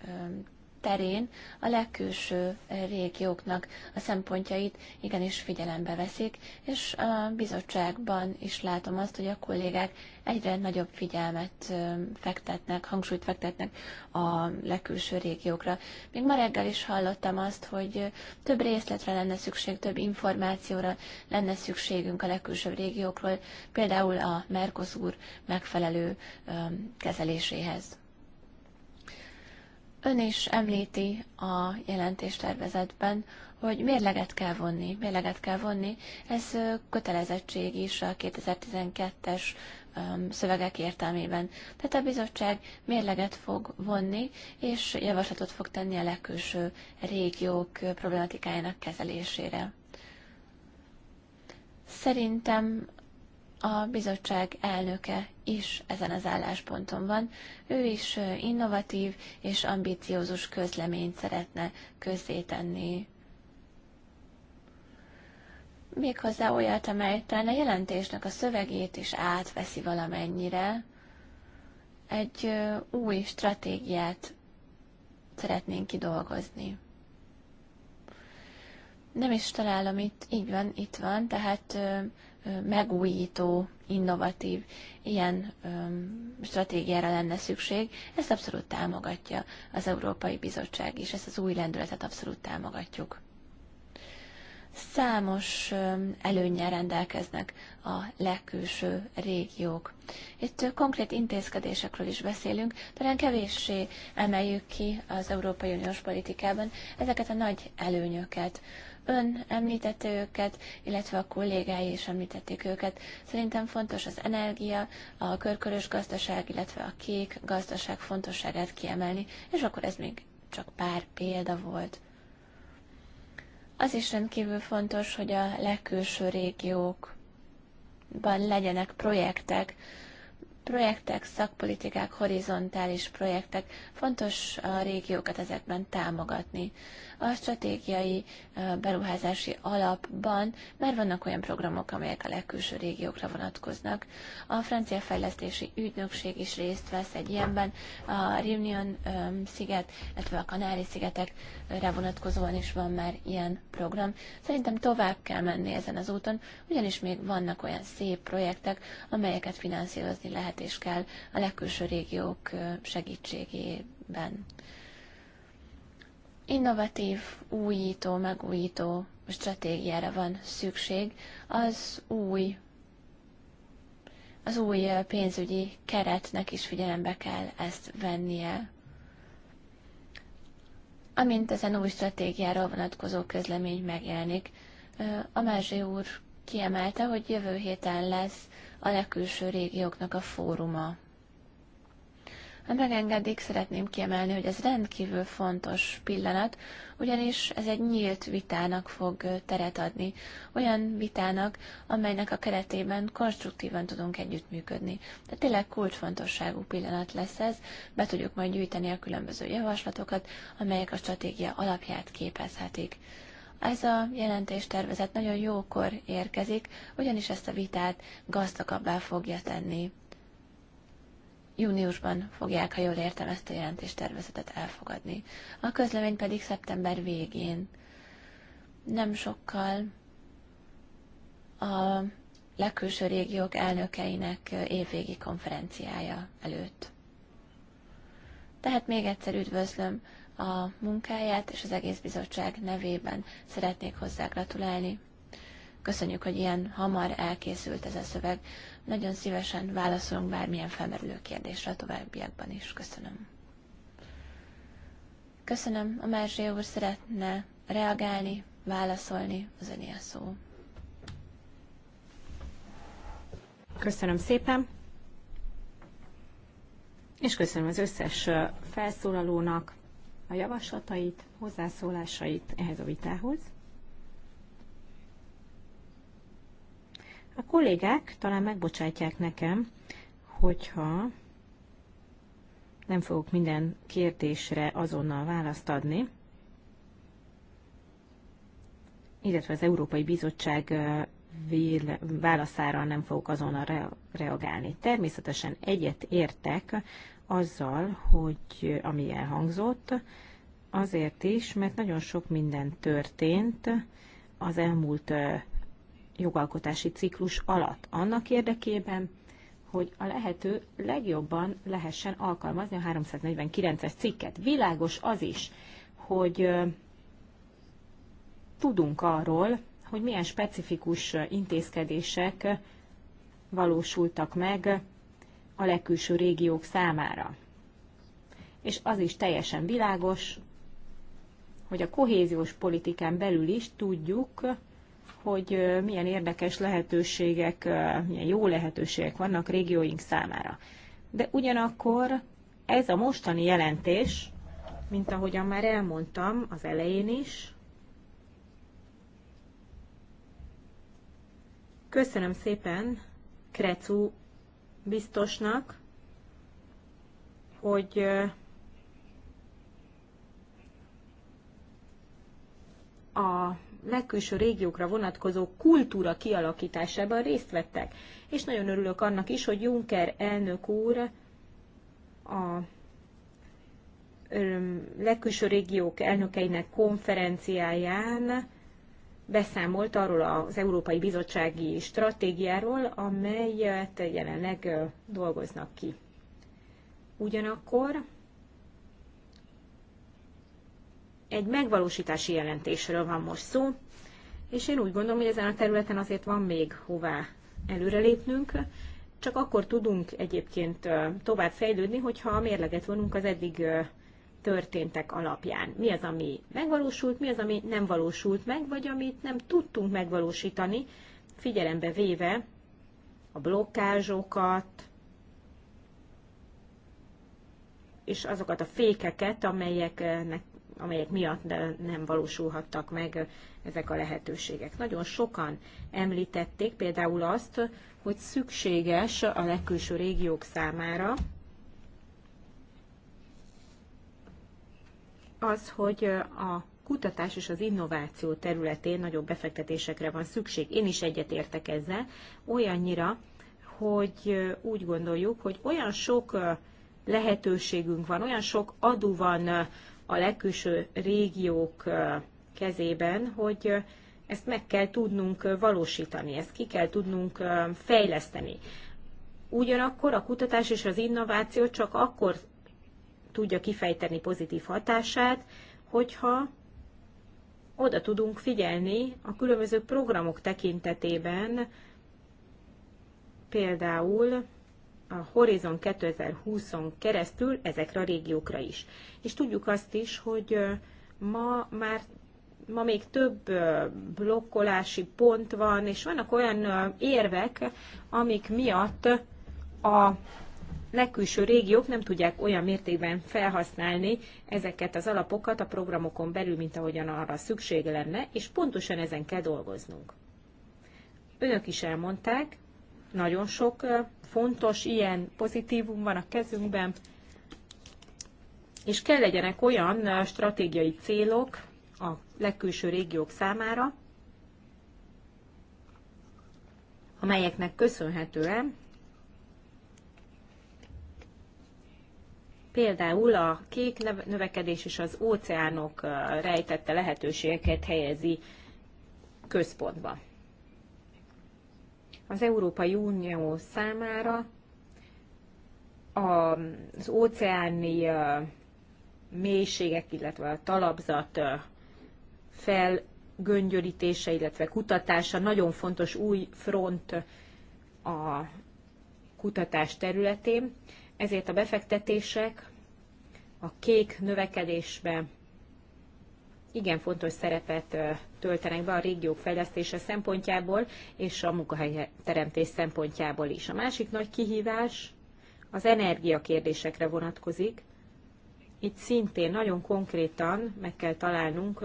terén a legkülső eh, régióknak a szempontjait igenis figyelembe veszik, és a bizottságban is látom azt, hogy a kollégák egyre nagyobb figyelmet eh, fektetnek, hangsúlyt fektetnek a legkülső régiókra. Még ma reggel is hallottam azt, hogy eh, több részletre lenne szükség, több információra lenne szükségünk a legkülsőbb régiókról, például a Mercosur megfelelő kezeléséhez. Ön is említi a jelentéstervezetben, hogy mérleget kell vonni, mérleget kell vonni. Ez kötelezettség is a 2012-es szövegek értelmében. Tehát a bizottság mérleget fog vonni, és javaslatot fog tenni a legkülső régiók problematikájának kezelésére. Szerintem a bizottság elnöke is ezen az állásponton van. Ő is innovatív és ambíciózus közleményt szeretne közzétenni. Méghozzá olyat, amely talán a jelentésnek a szövegét is átveszi valamennyire. Egy új stratégiát szeretnénk kidolgozni. Nem is találom itt, így van, itt van, tehát megújító, innovatív ilyen stratégiára lenne szükség, ezt abszolút támogatja az Európai Bizottság is, ezt az új lendületet abszolút támogatjuk. Számos előnye előnyel rendelkeznek a legkülső régiók. Itt konkrét intézkedésekről is beszélünk, talán kevéssé emeljük ki az Európai Uniós politikában ezeket a nagy előnyöket Ön említette őket, illetve a kollégái is említették őket. Szerintem fontos az energia, a körkörös gazdaság, illetve a kék gazdaság fontosságát kiemelni, és akkor ez még csak pár példa volt. Az is rendkívül fontos, hogy a legkülső régiókban legyenek projektek, projektek, szakpolitikák, horizontális projektek. Fontos a régiókat ezekben támogatni. A stratégiai beruházási alapban már vannak olyan programok, amelyek a legkülső régiókra vonatkoznak. A francia fejlesztési ügynökség is részt vesz egy ilyenben. A Réunion sziget, illetve a Kanári-szigetekre vonatkozóan is van már ilyen program. Szerintem tovább kell menni ezen az úton, ugyanis még vannak olyan szép projektek, amelyeket finanszírozni lehet és kell a legkülső régiók segítségében innovatív, újító, megújító stratégiára van szükség az új az új pénzügyi keretnek is figyelembe kell ezt vennie. Amint ezen új stratégiára vonatkozó közlemény megjelenik, a Mázsi úr kiemelte, hogy jövő héten lesz a legkülső régióknak a fóruma. Ha megengedik, szeretném kiemelni, hogy ez rendkívül fontos pillanat, ugyanis ez egy nyílt vitának fog teret adni. Olyan vitának, amelynek a keretében konstruktívan tudunk együttműködni. Tehát tényleg kulcsfontosságú pillanat lesz ez, be tudjuk majd gyűjteni a különböző javaslatokat, amelyek a stratégia alapját képezhetik. Ez a jelentéstervezet nagyon jókor érkezik, ugyanis ezt a vitát gazdagabbá fogja tenni júniusban fogják, ha jól értem, ezt a jelentéstervezetet elfogadni. A közlemény pedig szeptember végén. Nem sokkal a legkülső régiók elnökeinek évvégi konferenciája előtt. Tehát még egyszer üdvözlöm a munkáját, és az egész bizottság nevében szeretnék hozzá gratulálni. Köszönjük, hogy ilyen hamar elkészült ez a szöveg. Nagyon szívesen válaszolunk bármilyen felmerülő kérdésre a továbbiakban is. Köszönöm. Köszönöm. A Márzsé úr szeretne reagálni, válaszolni. Az öné a szó. Köszönöm szépen. És köszönöm az összes felszólalónak a javaslatait, hozzászólásait ehhez a vitához. A kollégák talán megbocsátják nekem, hogyha nem fogok minden kérdésre azonnal választ adni, illetve az Európai Bizottság válaszára nem fogok azonnal re reagálni. Természetesen egyet értek azzal, hogy ami elhangzott, azért is, mert nagyon sok minden történt az elmúlt jogalkotási ciklus alatt, annak érdekében, hogy a lehető legjobban lehessen alkalmazni a 349-es cikket. Világos az is, hogy tudunk arról, hogy milyen specifikus intézkedések valósultak meg a legkülső régiók számára. És az is teljesen világos, hogy a kohéziós politikán belül is tudjuk, hogy milyen érdekes lehetőségek, milyen jó lehetőségek vannak régióink számára. De ugyanakkor ez a mostani jelentés, mint ahogyan már elmondtam az elején is, köszönöm szépen Krecu biztosnak, hogy a legkülső régiókra vonatkozó kultúra kialakításában részt vettek. És nagyon örülök annak is, hogy Juncker elnök úr a legkülső régiók elnökeinek konferenciáján beszámolt arról az Európai Bizottsági Stratégiáról, amelyet jelenleg dolgoznak ki. Ugyanakkor Egy megvalósítási jelentésről van most szó, és én úgy gondolom, hogy ezen a területen azért van még hová előrelépnünk, csak akkor tudunk egyébként tovább fejlődni, hogyha a mérleget vonunk az eddig történtek alapján. Mi az, ami megvalósult, mi az, ami nem valósult meg, vagy amit nem tudtunk megvalósítani, figyelembe véve a blokkázsokat, és azokat a fékeket, amelyeknek amelyek miatt nem valósulhattak meg ezek a lehetőségek. Nagyon sokan említették például azt, hogy szükséges a legkülső régiók számára az, hogy a kutatás és az innováció területén nagyobb befektetésekre van szükség. Én is egyetértek ezzel, olyannyira, hogy úgy gondoljuk, hogy olyan sok lehetőségünk van, olyan sok adó van a legkülső régiók kezében, hogy ezt meg kell tudnunk valósítani, ezt ki kell tudnunk fejleszteni. Ugyanakkor a kutatás és az innováció csak akkor tudja kifejteni pozitív hatását, hogyha oda tudunk figyelni a különböző programok tekintetében, például a Horizon 2020-on keresztül ezekre a régiókra is. És tudjuk azt is, hogy ma már ma még több blokkolási pont van, és vannak olyan érvek, amik miatt a legkülső régiók nem tudják olyan mértékben felhasználni ezeket az alapokat a programokon belül, mint ahogyan arra szükség lenne, és pontosan ezen kell dolgoznunk. Önök is elmondták, nagyon sok fontos, ilyen pozitívum van a kezünkben, és kell legyenek olyan stratégiai célok a legkülső régiók számára, amelyeknek köszönhetően például a kék növekedés és az óceánok rejtette lehetőségeket helyezi központba az Európai Unió számára az óceáni mélységek, illetve a talapzat felgöngyörítése, illetve kutatása nagyon fontos új front a kutatás területén. Ezért a befektetések a kék növekedésbe igen fontos szerepet töltenek be a régiók fejlesztése szempontjából és a munkahelyteremtés szempontjából is. A másik nagy kihívás az energiakérdésekre vonatkozik. Itt szintén nagyon konkrétan meg kell találnunk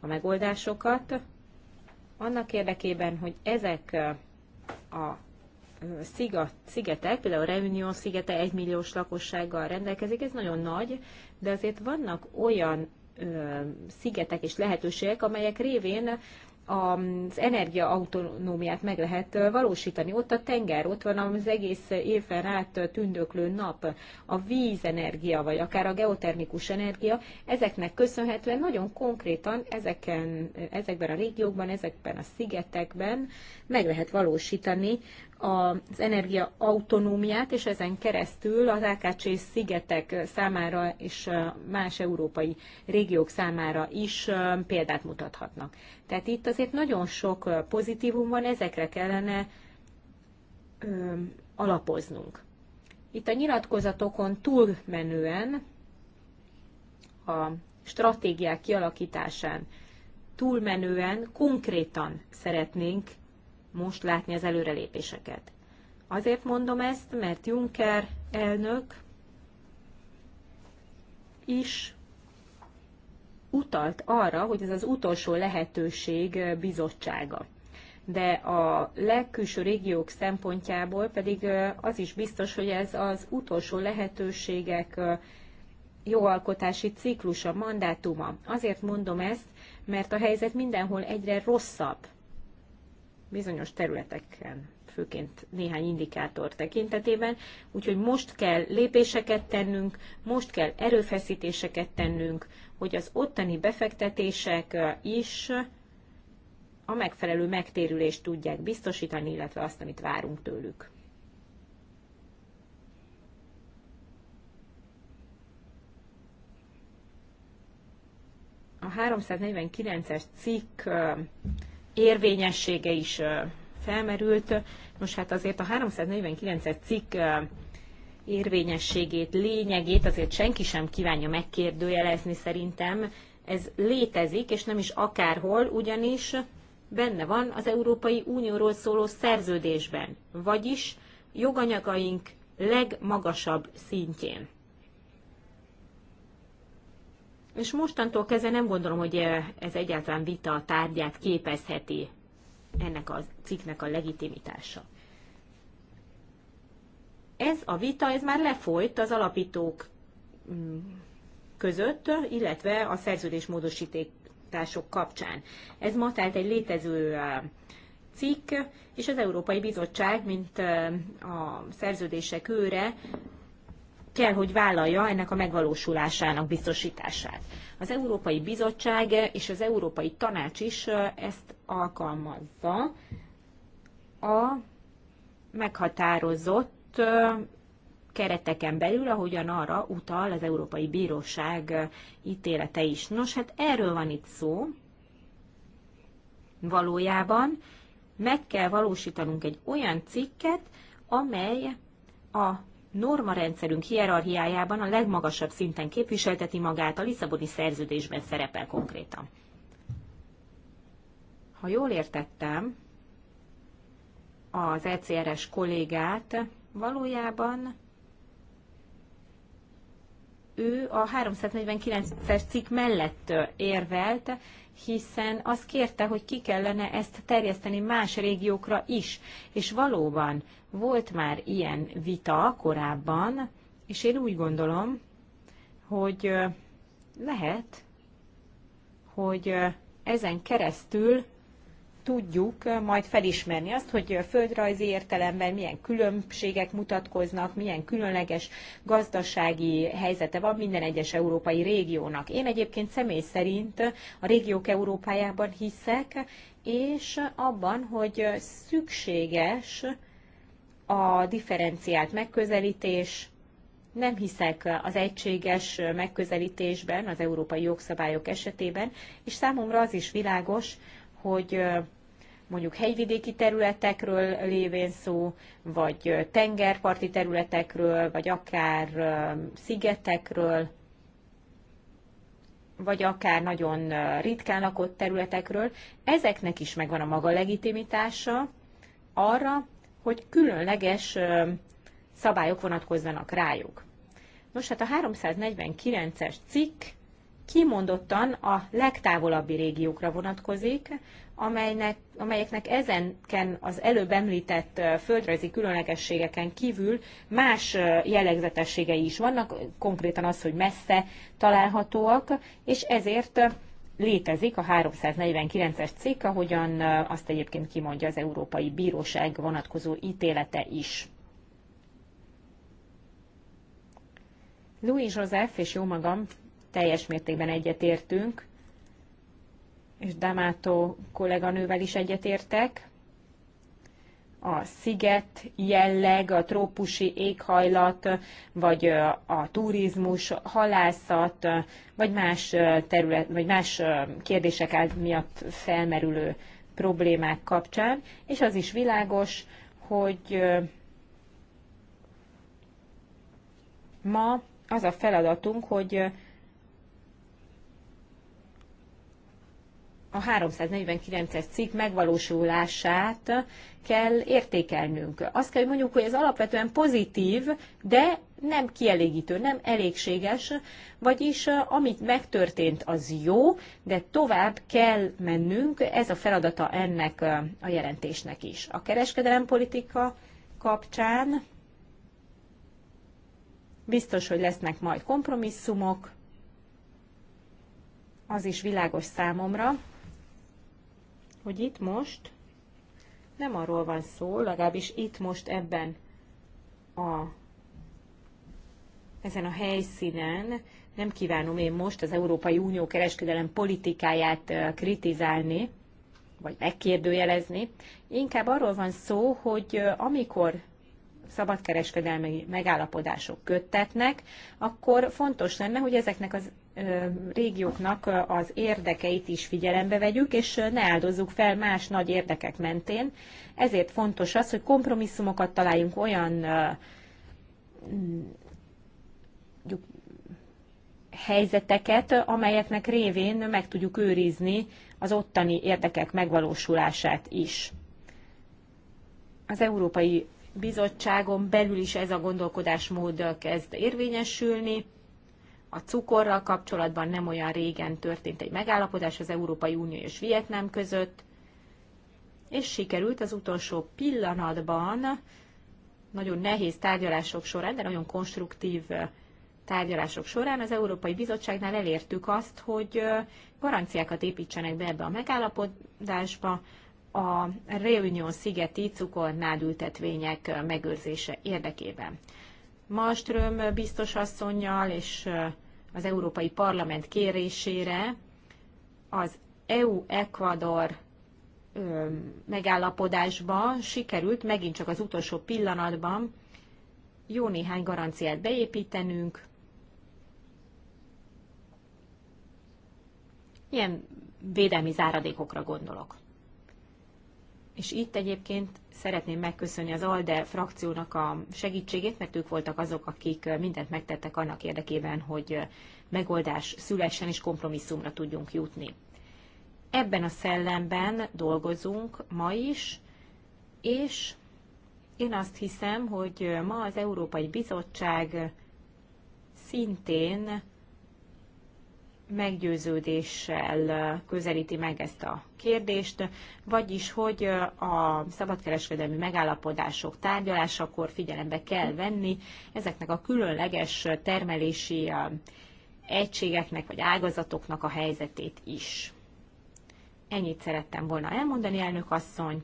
a megoldásokat, annak érdekében, hogy ezek a szigetek, például Reunion szigete egymilliós lakossággal rendelkezik, ez nagyon nagy, de azért vannak olyan szigetek és lehetőségek, amelyek révén az energiaautonómiát meg lehet valósítani. Ott a tenger, ott van az egész éven rát tündöklő nap, a vízenergia, vagy akár a geotermikus energia. Ezeknek köszönhetően nagyon konkrétan ezeken, ezekben a régiókban, ezekben a szigetekben meg lehet valósítani az energia autonómiát, és ezen keresztül az AKC szigetek számára és más európai régiók számára is példát mutathatnak. Tehát itt azért nagyon sok pozitívum van, ezekre kellene ö, alapoznunk. Itt a nyilatkozatokon túlmenően a stratégiák kialakításán túlmenően konkrétan szeretnénk most látni az előrelépéseket. Azért mondom ezt, mert Juncker elnök is utalt arra, hogy ez az utolsó lehetőség bizottsága. De a legkülső régiók szempontjából pedig az is biztos, hogy ez az utolsó lehetőségek jóalkotási ciklusa, mandátuma. Azért mondom ezt, mert a helyzet mindenhol egyre rosszabb bizonyos területeken, főként néhány indikátor tekintetében, úgyhogy most kell lépéseket tennünk, most kell erőfeszítéseket tennünk, hogy az ottani befektetések is a megfelelő megtérülést tudják biztosítani, illetve azt, amit várunk tőlük. A 349-es cikk érvényessége is felmerült. Most hát azért a 349-es cikk érvényességét, lényegét azért senki sem kívánja megkérdőjelezni szerintem. Ez létezik, és nem is akárhol, ugyanis benne van az Európai Unióról szóló szerződésben, vagyis joganyagaink legmagasabb szintjén és mostantól kezdve nem gondolom, hogy eh, ez egyáltalán vita tárgyát képezheti ennek a cikknek a legitimitása. Ez a vita, ez már lefolyt az alapítók mm, között, illetve a szerződésmódosítások kapcsán. Ez ma tehát egy létező eh, cikk, és az Európai Bizottság, mint eh, a szerződések őre, kell, hogy vállalja ennek a megvalósulásának biztosítását. Az Európai Bizottság és az Európai Tanács is ezt alkalmazza a meghatározott kereteken belül, ahogyan arra utal az Európai Bíróság ítélete is. Nos, hát erről van itt szó. Valójában meg kell valósítanunk egy olyan cikket, amely a normarendszerünk hierarchiájában a legmagasabb szinten képviselteti magát, a Lisszaboni szerződésben szerepel konkrétan. Ha jól értettem, az ECRS kollégát valójában ő a 349-es cikk mellett érvelt, hiszen azt kérte, hogy ki kellene ezt terjeszteni más régiókra is. És valóban volt már ilyen vita korábban, és én úgy gondolom, hogy lehet, hogy ezen keresztül tudjuk majd felismerni azt, hogy a földrajzi értelemben milyen különbségek mutatkoznak, milyen különleges gazdasági helyzete van minden egyes európai régiónak. Én egyébként személy szerint a régiók Európájában hiszek, és abban, hogy szükséges a differenciált megközelítés, nem hiszek az egységes megközelítésben, az európai jogszabályok esetében, és számomra az is világos, hogy mondjuk hegyvidéki területekről lévén szó, vagy tengerparti területekről, vagy akár szigetekről, vagy akár nagyon ritkán lakott területekről, ezeknek is megvan a maga legitimitása arra, hogy különleges szabályok vonatkozzanak rájuk. Nos, hát a 349-es cikk kimondottan a legtávolabbi régiókra vonatkozik, amelynek, amelyeknek ezenken az előbb említett földrajzi különlegességeken kívül más jellegzetességei is vannak, konkrétan az, hogy messze találhatóak, és ezért létezik a 349-es cikk, ahogyan azt egyébként kimondja az Európai Bíróság vonatkozó ítélete is. Louis Joseph és jó magam teljes mértékben egyetértünk és Damato kolléganővel is egyetértek. A sziget jelleg, a trópusi éghajlat, vagy a turizmus, halászat, vagy más terület, vagy más kérdések miatt felmerülő problémák kapcsán, és az is világos, hogy ma az a feladatunk, hogy a 349-es cikk megvalósulását kell értékelnünk. Azt kell, hogy mondjuk, hogy ez alapvetően pozitív, de nem kielégítő, nem elégséges, vagyis amit megtörtént, az jó, de tovább kell mennünk, ez a feladata ennek a jelentésnek is. A kereskedelempolitika kapcsán biztos, hogy lesznek majd kompromisszumok, az is világos számomra, hogy itt most nem arról van szó, legalábbis itt most ebben a, ezen a helyszínen nem kívánom én most az Európai Unió kereskedelem politikáját kritizálni, vagy megkérdőjelezni. Inkább arról van szó, hogy amikor szabadkereskedelmi megállapodások köttetnek, akkor fontos lenne, hogy ezeknek az régióknak az érdekeit is figyelembe vegyük, és ne áldozzuk fel más nagy érdekek mentén. Ezért fontos az, hogy kompromisszumokat találjunk olyan mondjuk, helyzeteket, amelyeknek révén meg tudjuk őrizni az ottani érdekek megvalósulását is. Az Európai Bizottságon belül is ez a gondolkodásmód kezd érvényesülni a cukorral kapcsolatban nem olyan régen történt egy megállapodás az Európai Unió és Vietnám között, és sikerült az utolsó pillanatban, nagyon nehéz tárgyalások során, de nagyon konstruktív tárgyalások során az Európai Bizottságnál elértük azt, hogy garanciákat építsenek be ebbe a megállapodásba a Réunion szigeti cukornád ültetvények megőrzése érdekében. Malmström biztos asszonynal és az Európai Parlament kérésére az EU-Ecuador megállapodásba sikerült megint csak az utolsó pillanatban jó néhány garanciát beépítenünk. Ilyen védelmi záradékokra gondolok. És itt egyébként szeretném megköszönni az ALDE frakciónak a segítségét, mert ők voltak azok, akik mindent megtettek annak érdekében, hogy megoldás szülessen és kompromisszumra tudjunk jutni. Ebben a szellemben dolgozunk ma is, és én azt hiszem, hogy ma az Európai Bizottság szintén meggyőződéssel közelíti meg ezt a kérdést, vagyis hogy a szabadkereskedelmi megállapodások tárgyalásakor figyelembe kell venni ezeknek a különleges termelési egységeknek vagy ágazatoknak a helyzetét is. Ennyit szerettem volna elmondani, elnök asszony.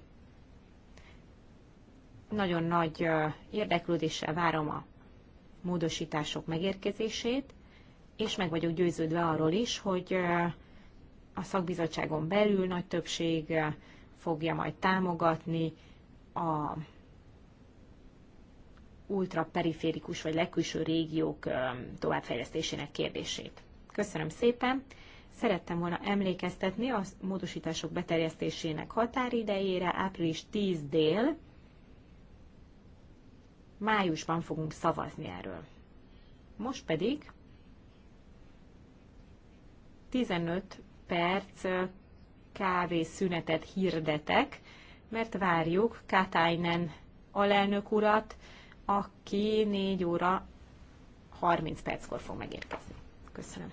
Nagyon nagy érdeklődéssel várom a módosítások megérkezését és meg vagyok győződve arról is, hogy a szakbizottságon belül nagy többség fogja majd támogatni a ultraperiférikus vagy legkülső régiók továbbfejlesztésének kérdését. Köszönöm szépen! Szerettem volna emlékeztetni a módosítások beterjesztésének határidejére, április 10 dél, májusban fogunk szavazni erről. Most pedig 15 perc kávészünetet hirdetek, mert várjuk Katainen alelnök urat, aki 4 óra 30 perckor fog megérkezni. Köszönöm.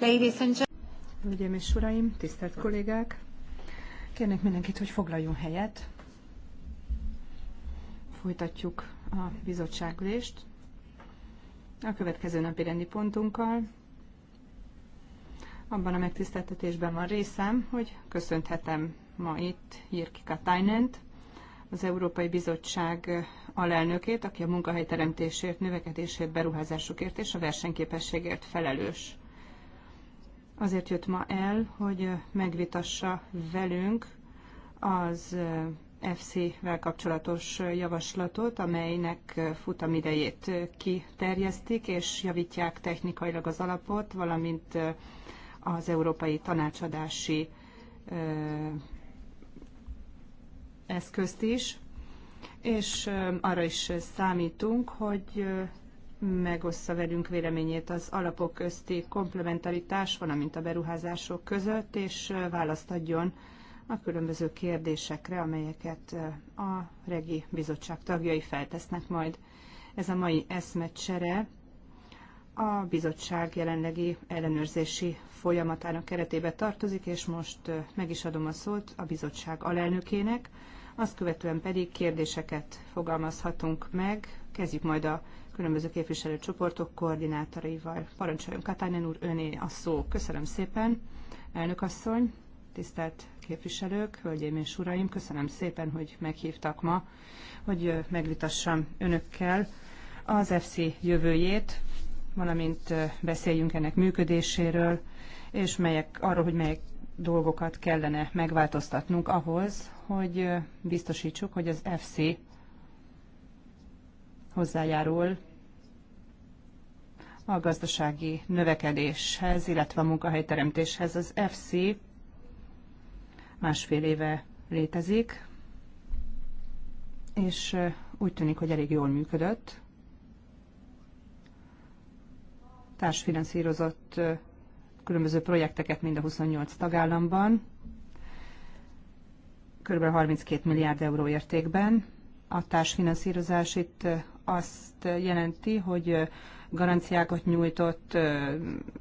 Ladies and Hölgyeim és uraim, tisztelt kollégák! Kérnek mindenkit, hogy foglaljon helyet. Folytatjuk a bizottságülést. A következő napi rendi pontunkkal abban a megtiszteltetésben van részem, hogy köszönthetem ma itt Jirki Katainent, az Európai Bizottság alelnökét, aki a munkahelyteremtésért, növekedésért, beruházásokért és a versenyképességért felelős azért jött ma el, hogy megvitassa velünk az FC-vel kapcsolatos javaslatot, amelynek futamidejét kiterjesztik, és javítják technikailag az alapot, valamint az európai tanácsadási eszközt is, és arra is számítunk, hogy megossza velünk véleményét az alapok közti komplementaritás, valamint a beruházások között, és választ adjon a különböző kérdésekre, amelyeket a Regi Bizottság tagjai feltesznek majd. Ez a mai eszmecsere a bizottság jelenlegi ellenőrzési folyamatának keretébe tartozik, és most meg is adom a szót a bizottság alelnökének, azt követően pedig kérdéseket fogalmazhatunk meg, kezdjük majd a különböző képviselőcsoportok koordinátoraival. Parancsoljon Katányen úr, öné a szó. Köszönöm szépen, elnök asszony, tisztelt képviselők, hölgyeim és uraim, köszönöm szépen, hogy meghívtak ma, hogy megvitassam önökkel az FC jövőjét, valamint beszéljünk ennek működéséről, és melyek, arról, hogy melyek dolgokat kellene megváltoztatnunk ahhoz, hogy biztosítsuk, hogy az FC hozzájárul a gazdasági növekedéshez, illetve a munkahelyteremtéshez. Az FC másfél éve létezik, és úgy tűnik, hogy elég jól működött. Társfinanszírozott különböző projekteket mind a 28 tagállamban, kb. 32 milliárd euró értékben. A társfinanszírozás itt azt jelenti, hogy garanciákat nyújtott,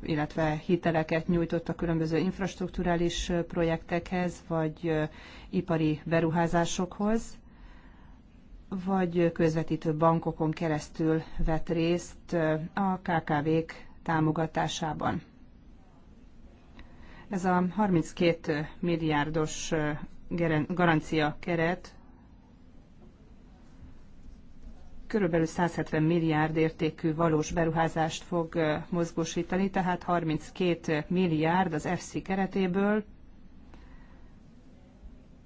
illetve hiteleket nyújtott a különböző infrastruktúrális projektekhez, vagy ipari beruházásokhoz, vagy közvetítő bankokon keresztül vett részt a KKV-k támogatásában. Ez a 32 milliárdos garancia keret körülbelül 170 milliárd értékű valós beruházást fog mozgósítani, tehát 32 milliárd az FC keretéből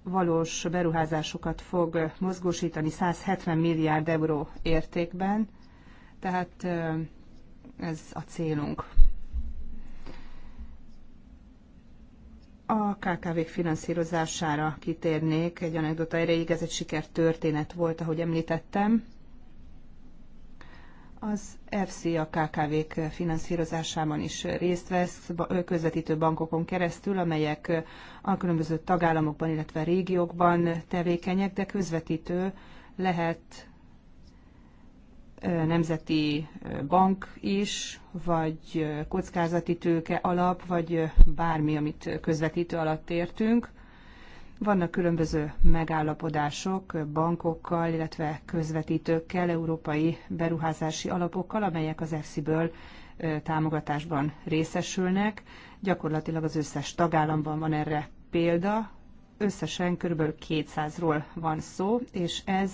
valós beruházásokat fog mozgósítani 170 milliárd euró értékben, tehát ez a célunk. A KKV-k finanszírozására kitérnék, egy anekdota erejéig, ez egy sikertörténet volt, ahogy említettem. Az FC a KKV-k finanszírozásában is részt vesz közvetítő bankokon keresztül, amelyek a különböző tagállamokban, illetve régiókban tevékenyek, de közvetítő lehet nemzeti bank is, vagy kockázati tőke alap, vagy bármi, amit közvetítő alatt értünk vannak különböző megállapodások bankokkal, illetve közvetítőkkel, európai beruházási alapokkal, amelyek az EFSI-ből támogatásban részesülnek. Gyakorlatilag az összes tagállamban van erre példa. Összesen kb. 200-ról van szó, és ez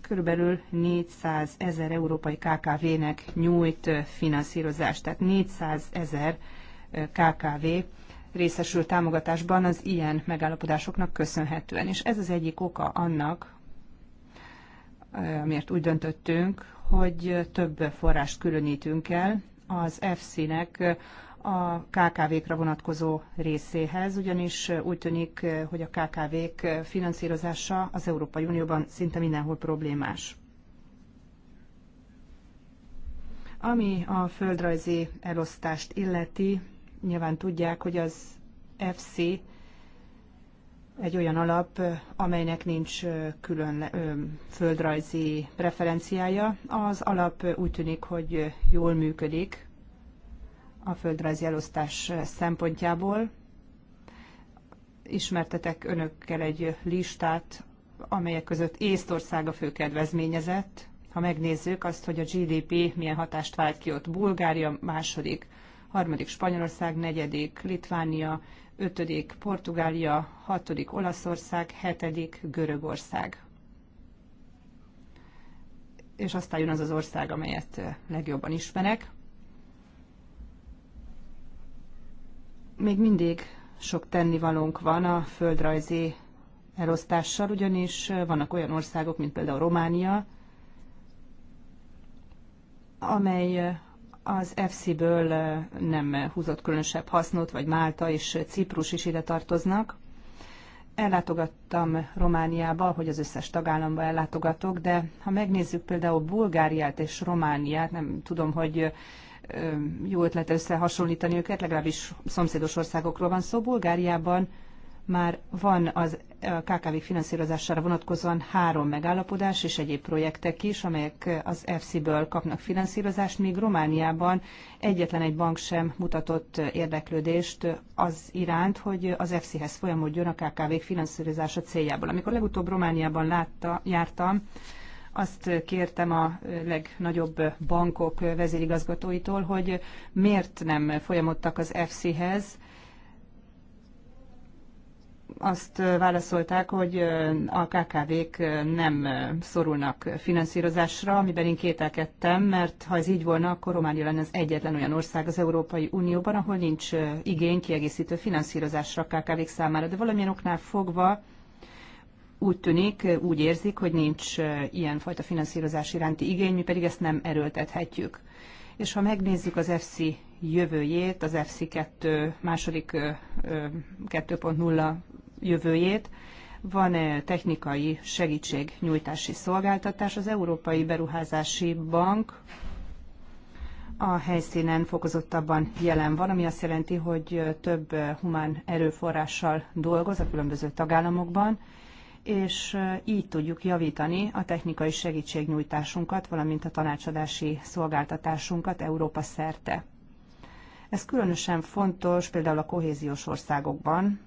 körülbelül 400 ezer európai KKV-nek nyújt finanszírozást, tehát 400 ezer KKV részesül támogatásban az ilyen megállapodásoknak köszönhetően. És ez az egyik oka annak, miért úgy döntöttünk, hogy több forrást különítünk el az FC-nek a KKV-kra vonatkozó részéhez, ugyanis úgy tűnik, hogy a KKV-k finanszírozása az Európai Unióban szinte mindenhol problémás. Ami a földrajzi elosztást illeti, nyilván tudják, hogy az FC egy olyan alap, amelynek nincs külön földrajzi preferenciája. Az alap úgy tűnik, hogy jól működik a földrajzi elosztás szempontjából. Ismertetek önökkel egy listát, amelyek között Észtország a fő kedvezményezett. Ha megnézzük azt, hogy a GDP milyen hatást vált ki ott, Bulgária második, harmadik Spanyolország, negyedik Litvánia, ötödik Portugália, hatodik Olaszország, hetedik Görögország. És aztán jön az az ország, amelyet legjobban ismerek. Még mindig sok tennivalónk van a földrajzi elosztással, ugyanis vannak olyan országok, mint például Románia, amely az FC-ből nem húzott különösebb hasznot, vagy Málta és Ciprus is ide tartoznak. Ellátogattam Romániába, hogy az összes tagállamba ellátogatok, de ha megnézzük például Bulgáriát és Romániát, nem tudom, hogy jó ötlet összehasonlítani őket, legalábbis szomszédos országokról van szó. Bulgáriában már van az KKV finanszírozására vonatkozóan három megállapodás és egyéb projektek is, amelyek az EFSI-ből kapnak finanszírozást, míg Romániában egyetlen egy bank sem mutatott érdeklődést az iránt, hogy az EFSI-hez folyamodjon a KKV finanszírozása céljából. Amikor legutóbb Romániában látta, jártam, azt kértem a legnagyobb bankok vezérigazgatóitól, hogy miért nem folyamodtak az EFSI-hez, azt válaszolták, hogy a KKV-k nem szorulnak finanszírozásra, amiben én kételkedtem, mert ha ez így volna, akkor Románia lenne az egyetlen olyan ország az Európai Unióban, ahol nincs igény kiegészítő finanszírozásra a KKV-k számára. De valamilyen oknál fogva úgy tűnik, úgy érzik, hogy nincs ilyenfajta finanszírozás iránti igény, mi pedig ezt nem erőltethetjük. És ha megnézzük az FC jövőjét, az FC2 második 2.0 jövőjét, van-e technikai segítségnyújtási szolgáltatás. Az Európai Beruházási Bank a helyszínen fokozottabban jelen van, ami azt jelenti, hogy több humán erőforrással dolgoz a különböző tagállamokban, és így tudjuk javítani a technikai segítségnyújtásunkat, valamint a tanácsadási szolgáltatásunkat Európa szerte. Ez különösen fontos például a kohéziós országokban,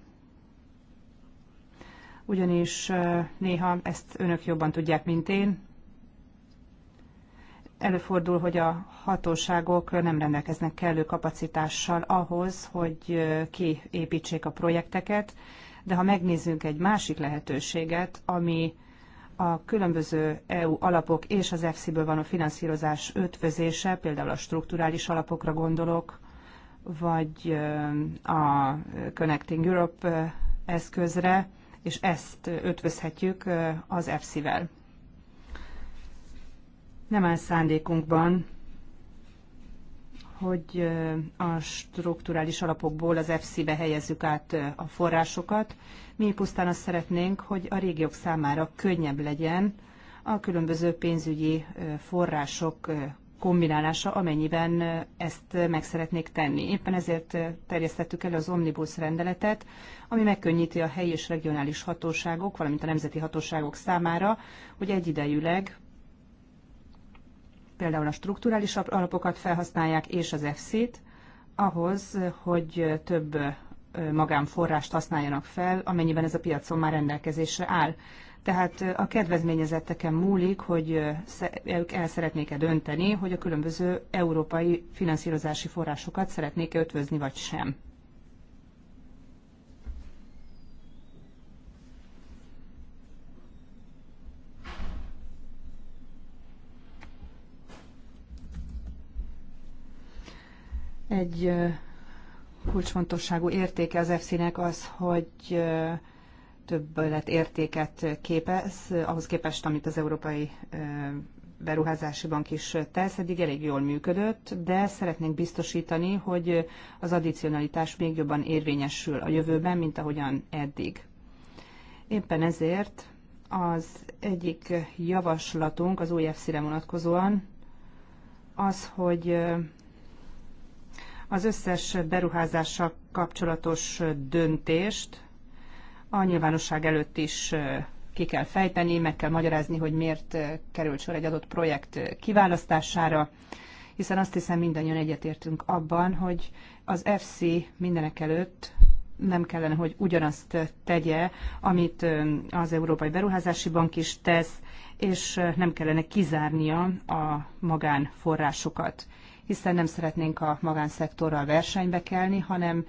ugyanis néha ezt önök jobban tudják, mint én. Előfordul, hogy a hatóságok nem rendelkeznek kellő kapacitással ahhoz, hogy kiépítsék a projekteket, de ha megnézzünk egy másik lehetőséget, ami a különböző EU alapok és az EFSI-ből a finanszírozás ötvözése, például a strukturális alapokra gondolok, vagy a Connecting Europe eszközre, és ezt ötvözhetjük az EFSZ-vel. Nem áll szándékunkban, hogy a strukturális alapokból az EFSZ-be helyezzük át a forrásokat. Mi pusztán azt szeretnénk, hogy a régiók számára könnyebb legyen a különböző pénzügyi források kombinálása, amennyiben ezt meg szeretnék tenni. Éppen ezért terjesztettük elő az Omnibus rendeletet, ami megkönnyíti a helyi és regionális hatóságok, valamint a nemzeti hatóságok számára, hogy egyidejűleg például a strukturális alapokat felhasználják és az EFSZ-t ahhoz, hogy több magánforrást használjanak fel, amennyiben ez a piacon már rendelkezésre áll. Tehát a kedvezményezetteken múlik, hogy ők el szeretnék-e dönteni, hogy a különböző európai finanszírozási forrásokat szeretnék-e ötvözni, vagy sem. Egy kulcsfontosságú értéke az fc nek az, hogy többlet értéket képez, ahhoz képest, amit az Európai Beruházási Bank is tesz, eddig elég jól működött, de szeretnénk biztosítani, hogy az addicionalitás még jobban érvényesül a jövőben, mint ahogyan eddig. Éppen ezért az egyik javaslatunk az új fc re vonatkozóan az, hogy az összes beruházással kapcsolatos döntést a nyilvánosság előtt is ki kell fejteni, meg kell magyarázni, hogy miért került sor egy adott projekt kiválasztására, hiszen azt hiszem mindannyian egyetértünk abban, hogy az FC mindenek előtt nem kellene, hogy ugyanazt tegye, amit az Európai Beruházási Bank is tesz, és nem kellene kizárnia a magánforrásokat hiszen nem szeretnénk a magánszektorral versenybe kelni, hanem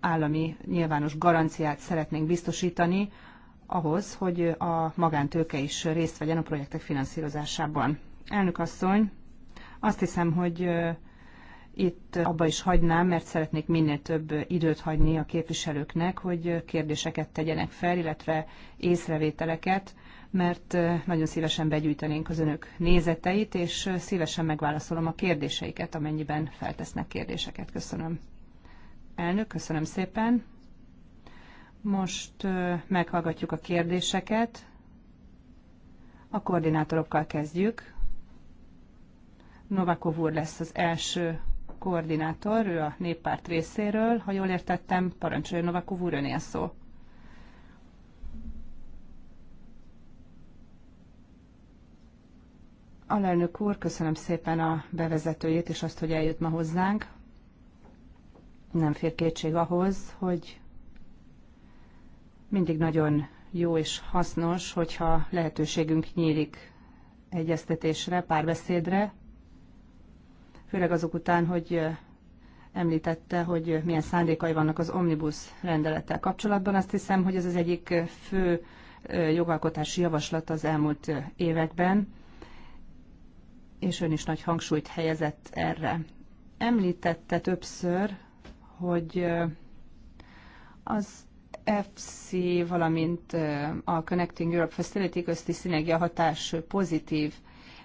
állami nyilvános garanciát szeretnénk biztosítani ahhoz, hogy a magántőke is részt vegyen a projektek finanszírozásában. Elnök asszony, azt hiszem, hogy itt abba is hagynám, mert szeretnék minél több időt hagyni a képviselőknek, hogy kérdéseket tegyenek fel, illetve észrevételeket mert nagyon szívesen begyűjtenénk az önök nézeteit, és szívesen megválaszolom a kérdéseiket, amennyiben feltesznek kérdéseket. Köszönöm. Elnök, köszönöm szépen. Most meghallgatjuk a kérdéseket. A koordinátorokkal kezdjük. Novakov úr lesz az első koordinátor, ő a néppárt részéről. Ha jól értettem, parancsoljon Novakov úr, önél szó. Alelnök úr, köszönöm szépen a bevezetőjét és azt, hogy eljött ma hozzánk. Nem fér kétség ahhoz, hogy mindig nagyon jó és hasznos, hogyha lehetőségünk nyílik egyeztetésre, párbeszédre, főleg azok után, hogy említette, hogy milyen szándékai vannak az omnibus rendelettel kapcsolatban. Azt hiszem, hogy ez az egyik fő jogalkotási javaslat az elmúlt években, és ön is nagy hangsúlyt helyezett erre. Említette többször, hogy az FC, valamint a Connecting Europe Facility közti szinergia hatás pozitív.